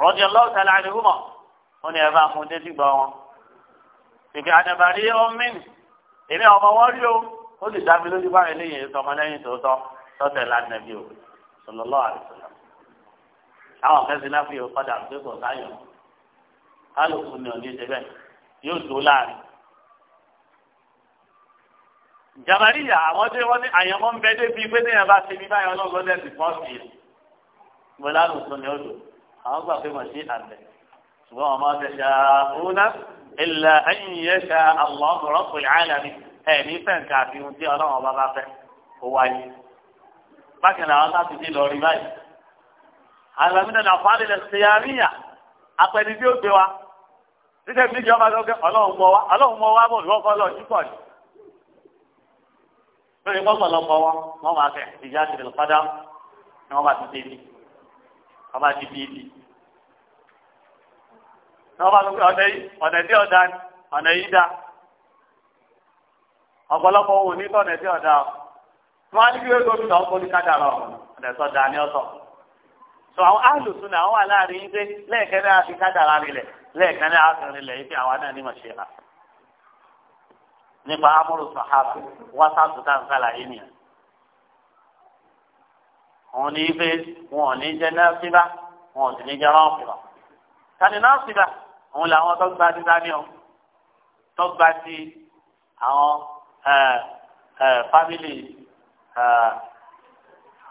rọ́ọ̀dì ọlọ́ọ̀tà láàrin húmọ̀ wọn ni ẹ bá ìgbà àdàbàrí ọmìn èmi ọmọ wọn rí o ó sì dá mi lójú bá rẹ léyìn tọmọ lẹ́yìn tòótọ́ tọtẹ lánàbí o sọlọlọ àdìsọlọ àwọn kẹsì náà fi padà pé kò sáyọ kálukú ni òní ṣe bẹ́ẹ̀ yóò tó láàrin. jàmàríyà àwọn tí wọn ní àyànmọ́ ń bẹ débi pé téèyàn bá ṣe bí báyọ̀ náà lọ́dẹ̀ sí pọ́ọ̀sì yìí mo lálùkù ni ó lò àwọn gbà pé mo ṣe àbẹ̀ ṣùgbọ́n ọmọ ọ̀sẹ̀ ṣáà ó náà. ilà ẹ̀yìn ṣe Allahu Rabbul ẹ̀mí fẹ̀ǹkà àfi ohun tí ọlọ́run ọba bá fẹ́ kó wáyé. bákan náà wọn sáfi dé lọ rí báyìí. àlàmídà náà fàdé lè ṣe àríyà apẹni bí ó gbé wa. títẹ̀ bí ìjọba gbọ́gbẹ́ ọlọ́run mọ wa ọlọ́run mọ wa lọ́wọ́ lọ lórí wọn máa fẹ́ ìjà padà ni wọ́n ti dé wọ́n máa lọ ọ̀pọ̀lọpọ̀ wò ní tọ̀nà tí wọ́n ní kí wọ́n gbóbi dá ní ọ̀tọ̀ sọ àwọn náà wà láàrin rilẹ̀ rilẹ̀ náà ní nípa wásáàtù tá òun ní wọn ò ní jẹ náà síbá wọn ò sì ní jẹ náà síbá òun làwọn tó gba ti dání o tó gba ti àwọn fámìlì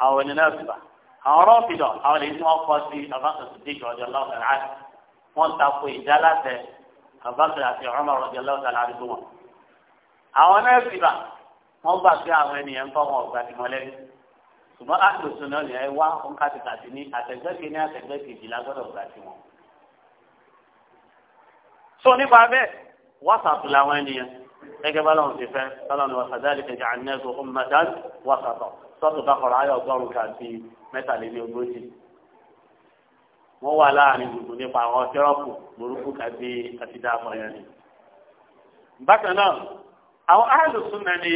àwọn ènìyàn ìgbà àwọn rọ́ọ̀bìdọ̀ àwọn èyí tí wọ́n kọ́ sí abáṣe sídìkì ọjọ́ lọ́wọ́ àti wọ́n tako ìjà látẹ̀ abáṣe àti ọmọ ọjọ́ lọ́wọ́ tàlà àdúgbò wọn. àwọn nẹ́ẹ̀sì bá wọ́n gbà pé àwọn ènìyàn ń tọ́ wọn ọ̀gbà tí wọ́n lẹ́nu ṣùgbọ́n àtòsùn náà ni ẹ wá òǹkàtìkàtì ní àtẹ̀gbẹ́kẹ̀ ní àtẹ̀gbẹ́kẹ̀ ìjìlá gbọ́dọ̀ gbà tí wọ́n so nípa bẹ́ẹ̀ wásàtù làwọn ènìyàn gẹ́gẹ́ bá lọ́wọ́n ti fẹ́ sọ́lọ́ni wa kadhalika ja'alnahu ummatan wasatan sọ́tù Baqara ayé ọgọ́rùn-ún kàti mẹ́tàléní ogójì wọ́n wà láàrin gbogbo nípa àwọn tẹ́rọ̀pù burúkú kàti àti dáàbọ̀ yẹn ni. bákan náà àwọn ahlu sunna ni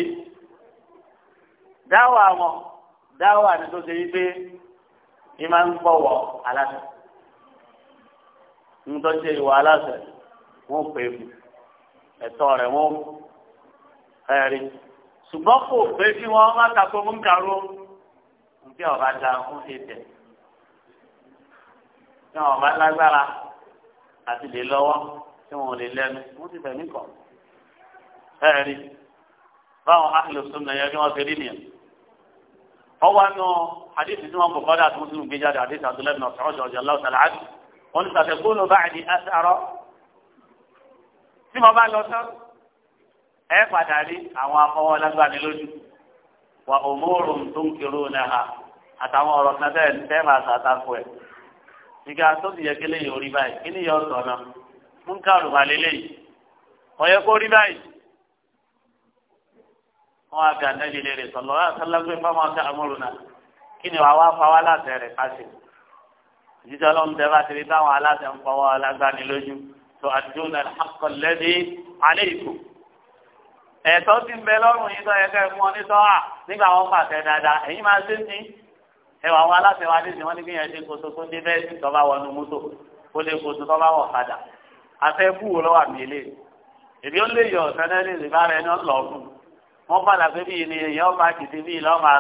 dáwà wọn dáwà ni tó ṣe yí pé ìmáa ń bọ̀wọ̀ aláṣẹ ń tọ́jú ìwà aláṣẹ wọ́n pè é fún ẹ̀tọ́ rẹ̀ wọ́n ẹ̀rí ṣùgbọ́n kò pé kí wọ́n má tako mú kàró nbí ọba da ń ṣe tẹ̀ ní ọba lágbára àti lè lọ́wọ́ tí wọ́n lè lẹ́nu wọ́n ti fẹ̀mí kọ̀ ẹ̀rí báwọn ahlu sunna yẹn kí wọ́n ṣe rí nìyẹn ọwọ́ nù hadith tí wọ́n kò kọ́dà tó ń sún gbé jáde hadith Abdullahi bin Mas'ud ọ̀jọ̀ ọ̀jọ̀ aláwọ̀ sàlàyé wọ́n ti sàtẹ̀kùn ló bá àdì tí mo bá lọ tán ẹ padà rí àwọn afọwọ́lágbani lójú wà òmóòrùn tó ń kiri òun náà àtàwọn ọ̀rọ̀ kan tẹ́ ẹ̀ máa ṣàtàkù ẹ̀ ìgbà tó ti yẹ kí lè yọrí báyìí kí ni yọ sọ náà mú ká òrùba lélẹ́yìí ọ̀yẹ́ kó rí báyìí wọn á ga nẹ́ẹ̀lì lèrè sọ̀lọ́ àtàlágbé bá wọn ká àmúrù náà kí ni wàá wá fa wá láti ẹ̀rẹ̀ ká sí tẹ́ bá ti rí táwọn aláṣẹ ń fọwọ́ alágbani lójú. تؤدون الحق الذي عليكم ẹ̀tọ́ ti ń bẹ lọ́rùn yìí sọyẹ kẹ mú ọ ní sọhà nígbà wọn pàṣẹ dáadáa èyí máa ṣe ní ẹwà àwọn aláṣẹ wa nídìí wọn ní kíyàn ṣe kóso tó dé bẹ́ẹ̀ sì tọba wọnú mọ́tò ó lè kóso tọba wọ padà àfẹ búwo lọ́wọ́ àmì ilé èmi ó lè yọ ọ̀sẹ̀ náà lè rí bára ẹni ọlọ fún wọn padà pé bíi ni èyí ọba kìtì bíi lọ́wọ́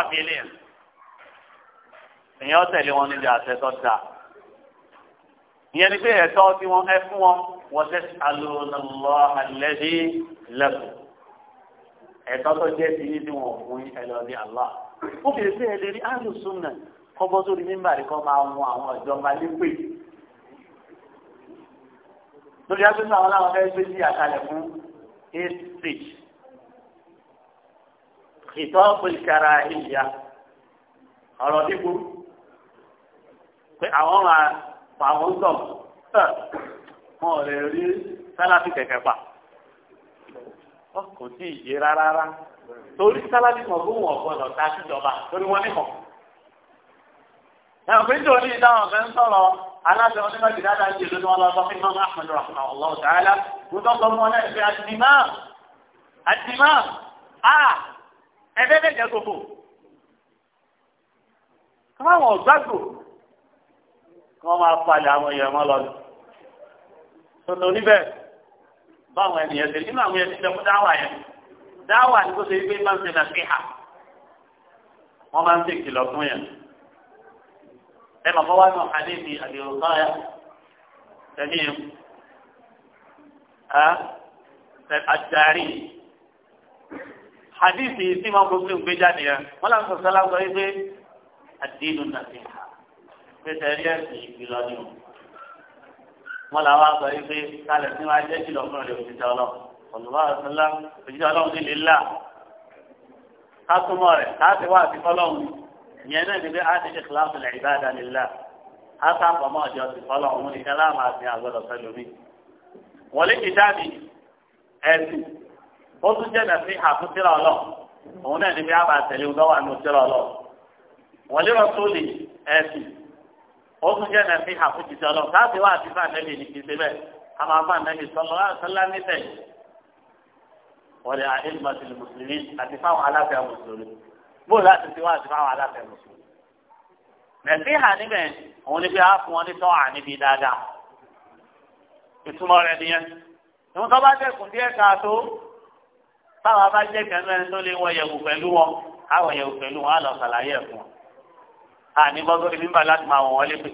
àmì ilé èèyàn tẹ̀lé wọn níbi àṣẹ tó da ìyẹn ni pé ẹ̀tọ́ tí wọ́n ẹ fún wọn wọ́n tẹ́ alùpùpù alẹ́bí lẹ́kùn ẹ̀tọ́ tó jẹ́ ti ní tí wọ́n fún ẹlọ́dí Allah ó fi ṣe ẹ̀lẹ́ rí alùsùn náà kọ́ bọ́ sórí mímbà rí kọ́ máa mú àwọn ọ̀jọ́ máa lé pè lórí agbésọ àwọn làwọn fẹ́ẹ́ gbé sí àkàlẹ̀ fún eight six ìtọ́ pèlìkara ìyá ọ̀rọ̀ dípò pé àwọn máa pa àwọn ń tàn wọn lè rí sálàfì kẹ̀kẹ́ pa kò sí ìyè rárá torí sálàfì kan fún wọn gbọ́dọ̀ ta síjọba torí wọn nìkan ẹ̀ òfin tó ní ìdáhùn fẹ́ ń sọ̀rọ̀ aláṣẹ ọdún bá jìdá dáa jìdá ní wọn lọ sọ fún imam ahmed rahman allah ta'ala mo tọ́ sọ fún wọn náà pé àtìmá àtìmá a ẹgbẹ́ bẹ́ẹ̀ jẹ́ gbogbo káwọn ọ̀gbágbò wọ́n máa palẹ̀ àwọn èèyàn mọ́ lọ. Tòtò níbẹ̀ báwọn ènìyàn ṣe nínú àwọn ènìyàn fún dáwà yẹn. Dáwà ni kò ṣe pé máa ń ṣe nàṣíhà. Wọ́n máa ń ṣe ìkìlọ̀ fún yẹn. Ẹ mọ̀ fọwọ́ náà a ní ibi àdìrò sáyà. Tẹ̀lé Àjàrí. Hadithi tí wọ́n gbé jáde yẹn. Wọ́n làwọn sọ̀rọ̀ sọ́lá sọ wípé àdínú nàṣíhà pèsè rí ẹ̀sìn ìgbìlọ ni o wọn là wá sọ yìí pé kálẹ̀ tí wọ́n á jẹ́ kìlọ̀ fún ọ̀rẹ́ òṣìṣẹ́ ọlọ́run ọ̀lùwà ọ̀sánlá òṣìṣẹ́ ọlọ́run ní lílà kásùmọ̀ rẹ̀ káàtì wà sí fọlọ́run ìyẹn náà ní pé á ti ṣe kìláàsì rẹ̀ ìbáàdà lílà á sáfọmọ́ ọ̀jọ́ sí fọlọ́run ní kálámà àti àgbọ̀dọ̀ sẹ́lómi. wọlé ti ó tún jẹ́ nàfi àfojìsí ọlọ́run káàsì wà àti fún ànẹ́bì ní kìí ṣe bẹ́ẹ̀ a máa fún ànẹ́bì sọlọ sọlá níbẹ̀ wọ́n lè àdé ìmọ̀sí mùsùlùmí àti fáwọn aláfẹ́ mùsùlùmí bó láti ti wá àti fáwọn aláfẹ́ mùsùlùmí. nàfi hà níbẹ̀ òun ni bí a fún wọn ní tọ́ à níbi dáadáa ìtumọ̀ rẹ̀ nìyẹn ìwọ̀n tó bá dẹ̀kùn díẹ̀ káàtó táwọn abájẹ́ kẹ́mẹ́rin tó lè wọ yẹ̀wò pẹ̀lú wọn á wọ yẹ̀wò pẹ̀lú wọn á lọ sàlàyé ẹ̀ àní bọ́sọ̀ ní mímbà láti máa wọ̀n wọlé pé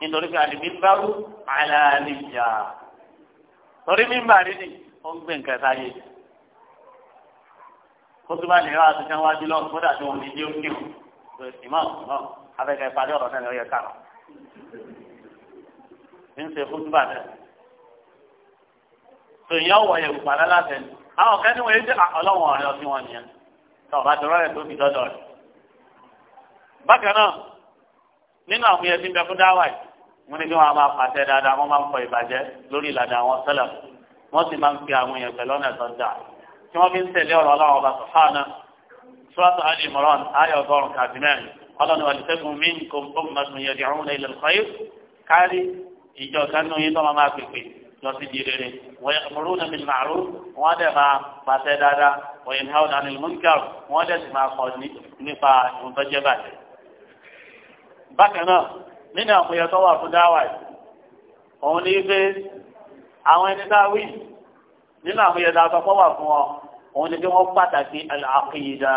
nítorí pé àní mímbà rú àlàníyà torí mímbà rí ni ó ń gbé nǹkan sáyé kó tó bá lè rà àti sẹ́wọ́n wájú lọ́wọ́ kó dàtí wọn ní ilé òkè wọn ìmọ̀ ìmọ̀ afẹ́kẹ́ parí ọ̀rọ̀ náà ni ó yẹ ká ń ṣe fún túbà náà tòyìn ọ̀wọ̀ yẹ̀wò padà láti ẹni àwọn kan ní wọ́n yé jẹ́ ọlọ́wọ̀n ọ̀rẹ́ ọtí wọn nìyẹn tó ọba tó rọ́ọ̀rẹ́ nínú àwọn yẹn tí ń bẹ fún dáwà yìí wọ́n ní kí wọ́n máa pàṣẹ dáadáa wọ́n máa ń kọ ìbàjẹ́ lórí ìlànà àwọn sẹ́lẹ̀ wọ́n sì máa ń fi àwọn èèyàn pẹ̀lú ọ̀nà ìtọ́jà tí wọ́n fi ń tẹ̀lé ọ̀rọ̀ ọlọ́run ọba sọ̀hánà sọ́ọ́tù ali imran ayọ̀ ọgọ́rùn kàbínẹ́ẹ̀ ọlọ́run wà lẹ́sẹ̀kùn mí kò fún mọ́tún yẹn dìrún ní ilẹ̀ lọ́yẹ́ kárí ìjọ kanú yín tó máa máa pèpè lọ sí di rere wọ́n kúrú ní mi màrú bákan náà nínú àmúyẹ tó wà fún dáwà yìí òun ní pé àwọn ẹni tá a wí nínú àmúyẹ tá a sọ pé wà fún ọ òun ní pé wọ́n pàtàkì àkìyídà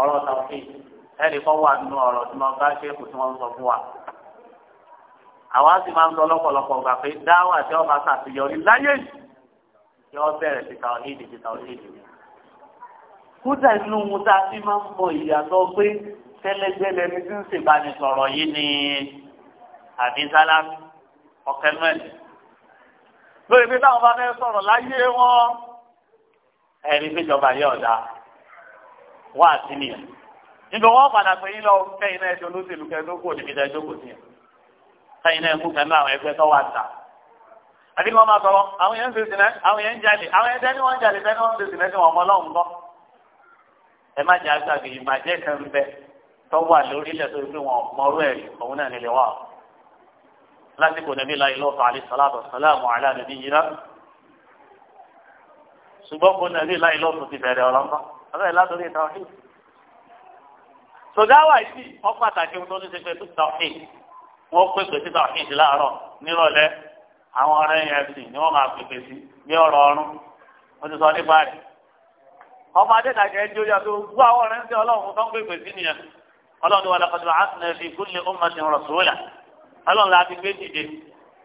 ọ̀rọ̀ tàwọn ẹni kọ́ wà nínú ọ̀rọ̀ tí wọ́n bá ṣe kù tí wọ́n sọ fún wa. àwa sì máa ń lọ lọ́pọ̀lọpọ̀ gbà pé dáwà tí wọ́n bá ṣàṣeyọrí láyé yọ bẹ̀rẹ̀ sí tàwọn ìdí sí tàwọn ìdí. kúta inú mu ta sí máa ń mọ ìyàtọ̀ pé tẹ́lẹ̀gbẹ́ lẹni tí ń ṣèbánisọ̀rọ̀ yìí ni àbí sálámù ọ̀kẹ́ mẹ́rin lórí pé táwọn bá fẹ́ sọ̀rọ̀ láyé wọn ẹ̀rí péjọba yẹ ọ̀dà wá sí ni nígbà wọn padà pé yín lọ kẹ́yìn náà ẹjọ́ olóṣèlú kẹ́yìn kò níbi ìdá ẹjọ́ kò sí kẹ́yìn náà ẹkú kẹ́yìn àwọn ẹgbẹ́ tó wà ta àbí wọn máa sọ̀rọ̀ àwọn yẹn ń ṣe sinẹ àwọn yẹn ń jalè àwọn yẹn tẹ́ni wọ́n ń jalè tẹ́ni wọ́n ń ṣe sinẹ tí wọ́n mọ ọlọ́run kọ́ ẹ má jẹ́ àgbàgbé ìbàjẹ́ kan bẹ́ẹ̀ tọ́wà lórílẹ̀ tó gbé wọn mọ́rú ẹ̀ òun náà nílé wa lásìkò nàbí láyé lọ́fà alẹ́ sàlátù sàlámù alẹ́ nàbí yíra ṣùgbọ́n kò nàbí láyé lọ́fà ti bẹ̀rẹ̀ ọ̀lọ́mọ abẹ́rẹ́ látọ̀rí tàwáhìn. sọdáwà yìí wọ́n pàtàkì ohun tó ní ṣe pé tó tàwáhìn wọ́n pè pé sí tàwáhìn sí láàárọ̀ nírọ̀lẹ́ àwọn ọ̀rẹ́ yẹn sì ni wọ́n máa pè pé sí bí ọ̀rọ̀ ọ̀run wọ́n ti sọ nípa rẹ̀ ọmọ adé ọlọ́run ni wà lọ́kọ̀tù àtúnṣe fi kúlẹ̀ ọmọ ti rọ̀ sóòlà ọlọ́run láti gbé dìde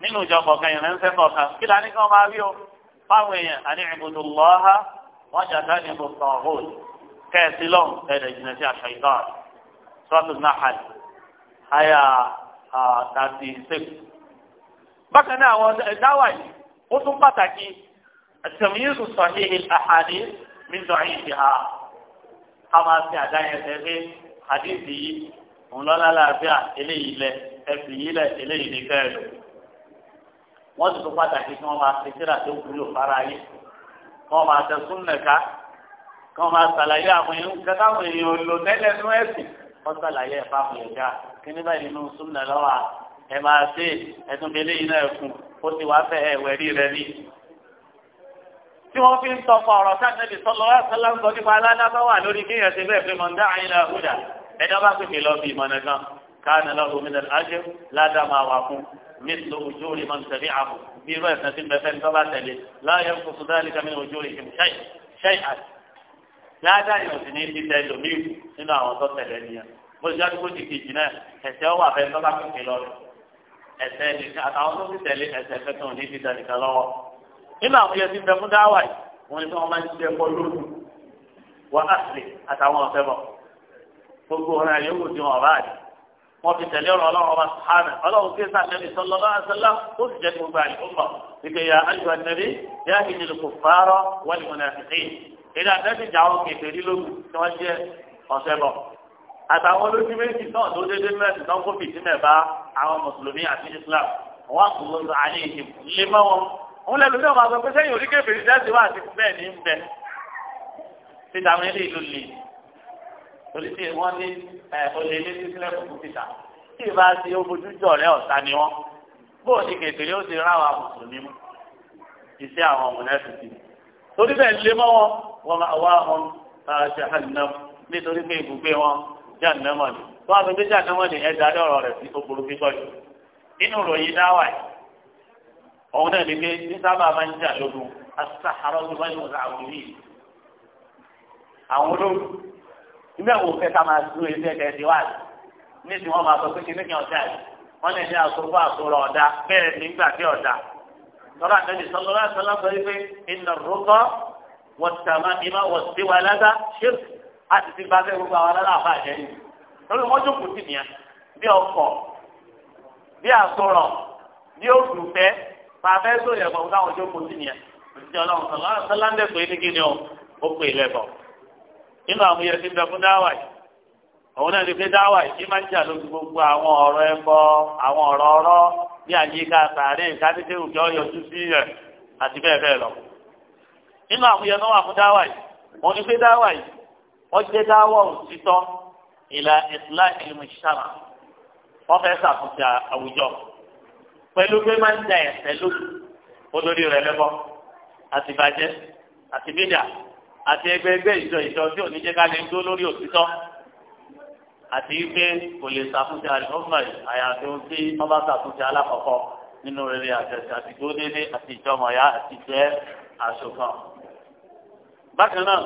nínú ìjọ kọ̀ọ̀kan ìrẹ́nsẹ́ kọ̀ọ̀kan kí la ní kí wọ́n máa rí o fáwọn èèyàn àní ìbùdó lọ́ha wọ́n jàdá ní ibùsọ̀ ọ̀hún kẹ́ẹ̀sì lọ́hùn ẹ̀dẹ̀ jìnnà sí aṣọ ìgbà sọ́ọ̀tù nahal àyà thirty six. bákan náà àwọn ẹ̀dáwà yìí ó tún pàtàkì àtẹ̀míyèsù hadithi yìí òun lọ́la láàbíà eléyìí lẹ ẹ̀sì yìí lẹ eléyìí ní kẹ́ ẹ̀ lò. wọ́n ti tó pàtàkì kí wọ́n máa ṣe síra tó wúlò fara yìí kí wọ́n máa tẹ súnnẹ̀ká kí wọ́n máa ṣàlàyé àwọn èèyàn kẹta àwọn èèyàn lò tẹ́lẹ̀ nú ẹ̀sìn wọ́n ṣàlàyé ẹ̀fà àwọn ẹ̀dá kí ní báyìí nínú súnnẹ̀ lọ́wọ́ ẹ máa ṣe ẹ̀tún náà fún ó ti wá fẹ́ ẹ̀wẹ̀ rẹ ní tí wọ́n fi ń tọpa ọ̀rọ̀ sáà nẹ́bí sọ́lọ́ ẹ̀sọ́lá ń sọ nípa aládàbọ̀ wà lórí kí ẹ̀sìn bẹ́ẹ̀ fi mọ̀ ń dá àyínlá húdà ẹ̀dá bá pèsè lọ bí ìmọ̀nà kan káàní lọ́rùn mi lẹ́nu ajé ládàá máa wà fún mísìlú ojú orí máa ń tẹ̀lé àbò bí irú ẹ̀sìn tí bẹ́ẹ̀ fẹ́ni tó bá tẹ̀lé láyé ń kóso dáálì kàmí ojú orí kìí ṣẹ́yì ṣẹ́yì àti ládàá yóò nínú àwọn yẹn ti bẹ fún dáwà yìí wọn ni wọn máa ń ṣe ẹ̀kọ́ lóru wọn àṣìlè àtàwọn ọ̀fẹ́ bọ̀ gbogbo ọ̀rẹ́ àyẹ̀wò tí wọn bá rí wọn fi tẹ̀lé ọ̀rọ̀ ọlọ́run ọba sàánà ọlọ́run kí sàánà ní sọlọ bá sọlá ó sì jẹ́ gbogbo àyẹ̀wò ìgbé ya ayọ̀ ànẹ́bí yá ìdílé kò fárọ́ wọ́n ni wọn náà fi ìdí àtẹ́sí ìjà àwọn kèfèrí lóru tí wọ́n jẹ́ ọ̀sẹ̀ bọ̀ àtàwọn olójú méjì náà tó dédé mẹ́rin náà kó fìdí mẹ́ bá àwọn mùsùlùmí àti Islam wọ́n á kò lóṣù àlẹ́ ìdìbò lé mọ́ wọn òun lẹ́nu tí wọ́n máa sọ pé sẹ́yìn orí kébèrè jáde wá àti bẹ́ẹ̀ ní bẹ́ títà wọn ilé ìlú lè torí tí wọ́n ní olè ní sísílẹ̀ fún títà tí ìbá ti ojú jọ rẹ ọ̀tá ni wọ́n bóò ní kèfèrè ó ti ráwa mùsùlùmí mú iṣẹ́ àwọn ọmọ náà fìdí torí bẹ́ẹ̀ lé mọ́ wọn wọn máa wá wọn jahannam nítorí pé ibùgbé wọn jahannam ni wọn àgbẹ̀gbẹ̀ jahannam ni ẹ̀dá ọ̀rọ̀ rẹ̀ sí òkúrú fífọ́jú nínú ìròyìn dáwà yìí ọ̀hún náà ni pé ní sábà máa ń jà lóru asáhárọ́ tó bá yóò àwọn yìí àwọn olóòrù nígbà wo kẹta máa dúró ilé ẹgbẹ́ ti wá ní tí wọ́n máa sọ pé kí nìkan ọ̀dà yìí wọ́n lè ní àsopọ̀ àsorọ̀ ọ̀dà bẹ́ẹ̀ nígbà tí ọ̀dà tọ́lá àtẹ́lẹ̀ sọ́lá sọ́lá sọ wípé iná rúkọ́ wọ̀tàmá ìmá wọ̀tíwá lágbá ṣé àti ti bá fẹ́ gbogbo àwọn aláàbà jẹ́ ni lórí wọ́n jókòó fàfẹ́ sọ yẹ kọ́ káwọn jókòó sí ni òtítọ́ ọlọ́run sọlá sọlá ń dẹ́kun etí kíni ọ ó pè lẹ́bọ̀ nínú àwọn yẹn ti bẹ fún dáwà yìí òun náà ti fi dáwà yìí kí máa ń jà lójú gbogbo àwọn ọ̀rọ̀ ẹ̀kọ́ àwọn ọ̀rọ̀ ọ̀rọ̀ bí àyíká sàárè kádídé òkè ọ̀yọ́ tú sí rẹ̀ àti bẹ́ẹ̀ bẹ́ẹ̀ lọ. nínú àwọn yẹn tó wà fún dáwà yìí òun ni fi dáwà yìí wọ́n jẹ́ dáwà òtítọ́ ìlà ìsìlá ìlú wọ́n fẹ́ ṣàkóso àwùjọ pẹ̀lú pé máa ń da ẹ̀sẹ̀ lójú olórí rẹ̀ lẹ́bọ̀ àti bàjẹ́ àti bídà àti ẹgbẹ́ ẹgbẹ́ ìjọ ìjọ tí ò ní jẹ́ ká lè dó lórí òtítọ́ àti pé kò lè ṣàtúnṣe àlùfọ́mọ̀ àyàfi ohun tí wọ́n bá ṣàtúnṣe alákọ̀ọ́kọ́ nínú rere àtẹ̀sẹ̀ àti gbódélé àti ìjọmọ̀yá àti jẹ́ àṣọkan. bákan náà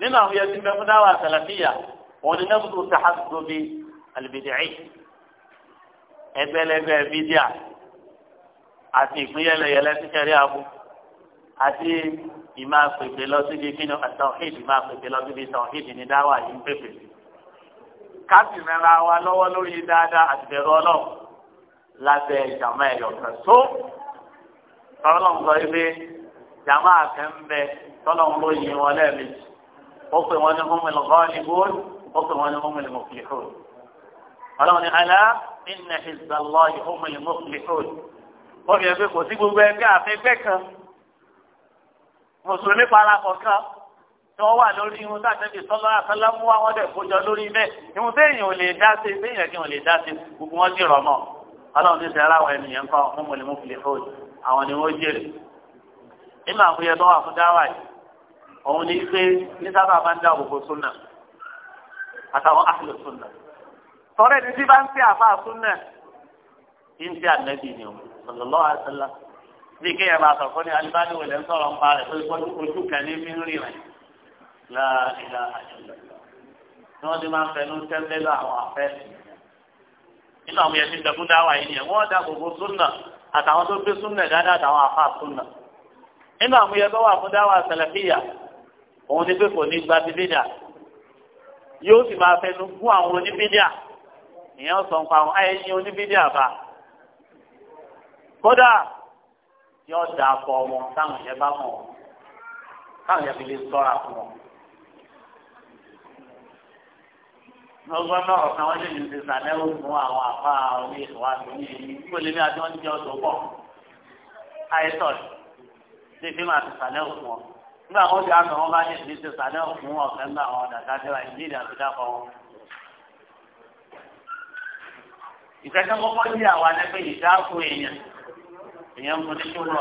nínú àwọn yẹn ti fẹ́ dáwà sàlàfíà òun ni nẹ́bùtù sàhásùtò bíi àlùbìdìrì ẹgbẹ́lẹ́gbẹ́ bídíà àti ìpínyẹlẹyẹlẹ sísẹrí àbú àti ìmá pèpè lọ síbi kínú àtọ̀hídì ìmá pèpè lọ síbi tọ̀hídì ní dáwà yìí ń pèpè sí. káàsì mẹ́ra wa lọ́wọ́ lórí dáadáa àti bẹ̀rù ọlọ́run lábẹ́ ìjàmá ẹ̀yọ̀ kan tó tọ́lọ́n sọ pé jàmá kan bẹ tọ́lọ́n ló yin wọn lẹ́ẹ̀mejì ó pè wọ́n ní humul ghalibun ó pè wọ́n ní humul muflihun ọlọ́run ni alá inna hizballahi humul wọ́n fi hàn pé kò sí gbogbo ẹgbẹ́ àfẹ́gbẹ́ kan mùsùlùmí parapọ̀ kan tí wọ́n wà lórí irun tí àtẹ́bí sọ́lá àtàlá mú wa wọ́n dẹ̀ kójọ lórí bẹ́ẹ̀ irun téèyàn ò lè dá sí téèyàn kí wọ́n lè dá sí gbogbo wọn sì rọ̀ mọ́ ọlọ́run ti sẹ́ra àwọn ènìyàn kan fún mọ̀lẹ́ mú filẹ̀ fóònù àwọn ni wọ́n jèrè nínú àkúyẹ tó wà fún dáwà yìí òun ni pé ní sábà máa ń dá òkòkò súnà àtàwọn àfìlẹ̀ súnà tọ́lẹ̀ ní tí bá ń pè àfáà súnà kí n ṣe ànábì ni o sọlọlọ àṣẹlá bí kéèyàn máa sọ fún ní alibáni wẹlẹ ń sọ̀rọ̀ ń pa rẹ pé ojú kan ní fi ń rìn rẹ láàrin àjọyọ̀ ni wọn ti máa ń fẹnu tẹlẹlọ àwọn afẹ nínú àwọn yẹn ti dẹkun dá wáyé nìyẹn wọn dá gbogbo súnà àtàwọn tó gbé súnà dáadáa àtàwọn afá súnà nínú àwọn yẹn tó wà fún dáwà sẹlẹfìyà òun ni pé kò ní gba bíbélì yóò sì máa fẹnu gún àwọn oníbídíà ìyẹn sọ nǹkan àwọn ẹyin oníbídíà bá kódà yọ da pọ̀ wọn táwọn yẹn bá mọ̀ táwọn yẹn fi lè sọ́ra fún wọn. lọ́gbọ́n náà ọ̀kan lè ní ti sàlẹ́wò àwọn àfa orí ìwà tó ní èyí kó lè ní adé wọn jẹ́ ọ̀dọ́ pọ̀ àìsọ̀rọ̀ ṣe fi máa ti sàlẹ́wò fún nígbà wọn ti àtọ̀ wọn bá ní ti ti sàlẹ́wò fún ọ̀kan náà àwọn dàda tẹ́wà ìdí ìdí àti dákọ̀ wọn. ìfẹsẹ̀kọ́kọ́ yí àwọn anẹ́gbẹ́ yìí dáàbò èèyàn èèyàn mú ní ṣòro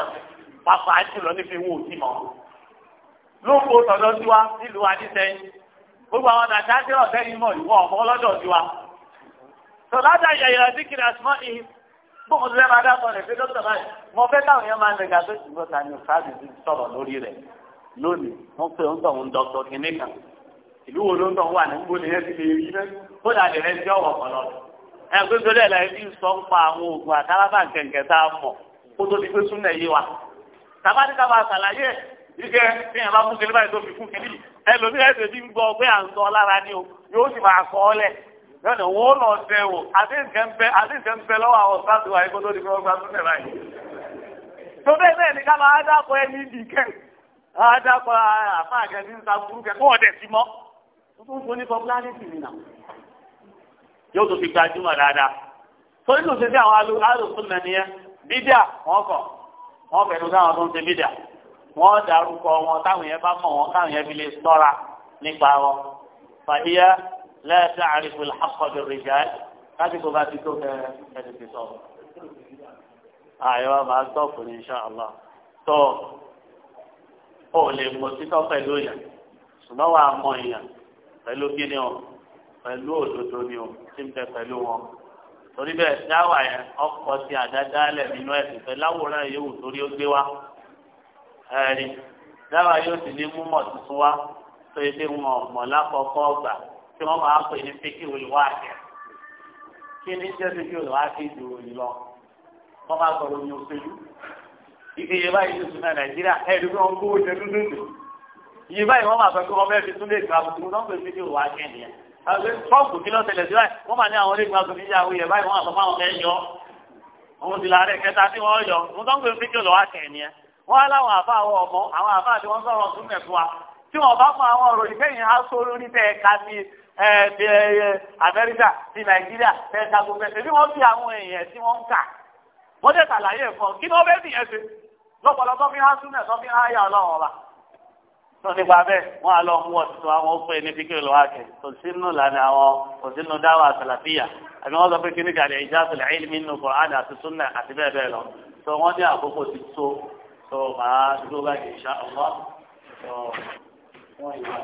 pápá àti lọ nífi wò sí mọ́. ló ń bo tọ̀dọ̀ sí wa nílùú adíṣẹ́yìn gbogbo àwọn dàda tí ọ̀sẹ̀ yìí mọ̀ ìwọ ọ̀mọ́ ọlọ́dọ̀ sí wa. sọ̀láta ìyá ìyá síkìrì àtúmọ̀ ìhì bóun ti lẹ́ẹ̀ma dá sọ̀rọ̀ pé dókítà báyìí mo fẹ́ táwọn yẹn máa ń lẹ̀gà tó ṣùgbọ́n ta ni òṣàbí ti sọ̀rọ̀ lórí rẹ̀ lónìí wọ́n pè ń tọ̀hún dọ́kítọ̀ kìnní kan ìlú wo ló ń tọ̀hún wà ní gbóni yẹn ti lè rí náà ó dà kó tó di pé súnà yé wa tàbátí ká máa ṣàlàyé ike ní ẹ̀ bá fún kiri báyìí tó fi fún kiri ẹlòmí ẹsẹ̀ ti ń gbọ́ pé à ń sọ lára ni o yóò sì máa sọ ọ́ lẹ̀ lọ́nà wo lọ sẹ́ o àti nǹkan bẹ àti nǹkan bẹ lọ́wọ́ àwọn sáàtì wa kó tó di pé wọ́n gba súnà báyìí. tó bẹ́ẹ̀ bẹ́ẹ̀ ni ká máa dákọ̀ ẹni nìkẹ́ àdàpọ̀ àfa àgẹ́ni ń ta burúkú ẹ̀ kó ọ̀dẹ̀ ti mọ́ tó ń fún ní popularity nìyà yóò tó fi gbajúmọ̀ dáadáa torí ló ṣe sí àwọn alùpùpù nìyẹn bídà wọ́n kọ̀ wọ́n fẹ̀nu sáwọn tó ń ṣe bídà wọ́n dárúkọ wọn táwọn yẹn bá mọ̀ wọn káwọn yẹn fi lè sọ́ra nípa wọn. fàdíyà lẹ́ẹ̀sẹ̀ àrífù làkọ̀dù rìjà láti kó bá ti tó fẹ́ ẹni ti sọ. àyọ̀ máa tọ́ fún ní sàlọ́ tó o lè mọ títọ́ pẹ̀lú èèyàn ṣùgbọ́n wàá mọ èèyàn pẹ̀lú kíni o pẹ̀lú òdodo ni o ti ń bẹ pẹ̀lú wọn torí bẹ́ẹ̀ dáwà yẹn ọkọ̀ ti àdádálẹ̀ nínú ẹ̀sìn pẹ̀lú láwòrán yòówù torí ó gbé wa ẹ̀rí dáwà yóò sì ní múmọ̀ tuntun wa tó yẹ pé wọn mọ̀ lákọ̀ọ́kọ́ ọgbà tí wọ́n máa pè ní pékì olùwà àjẹ́ kí ni jẹ́ pékì olùwà àjẹ́ ìdúró yìí lọ wọ́n máa sọ̀rọ̀ oyin òṣèlú ike yẹ báyìí tuntun náà nàìjíríà ẹ̀rí pé wọ́n gbówó jẹ dúdú yìí báyìí wọ́n máa sọ pé wọ́n fẹ́ trump kí ló ṣẹlẹ̀ sí báyìí wọ́n máa ní àwọn onígun aṣọ níjà awuyẹ báyìí wọ́n àtọ́fọ́ àwọn fẹ́ òun ti láàárẹ̀ kẹta tí wọ́n yọ mo tán pé fíjì lọ́wọ́ àtẹ̀ ni ẹ wọ́n á láwọn àfa àwọn ọmọ àwọn àfa àti wọ́n sọ̀rọ̀ tún mẹ̀ fún wa tí wọ́n bá fún àwọn ọ̀rọ̀ ìfẹ́yìn aṣọ lórí tẹ̀ ká ní amẹ́ríkà ti nàìjíríà tẹ̀ ká tó nípa bẹ́ẹ̀ wọ́n á lọ mú ọ̀tún àwọn ọ̀pẹ ní fíkìrì lọ́wọ́ àkẹ́ kò sínú lànà àwọn kò sínú dáwà àtàlàfíà àbí wọ́n sọ pé kíní kàlẹ́ ìjà àtàlà ẹ̀yìn mi nù kọ̀ọ̀án àti súnà àti bẹ́ẹ̀ bẹ́ẹ̀ lọ tó wọ́n ní àkókò ti tó tó màá dúró báyìí ìṣá ọ̀wọ́ tó wọ́n yìí wá.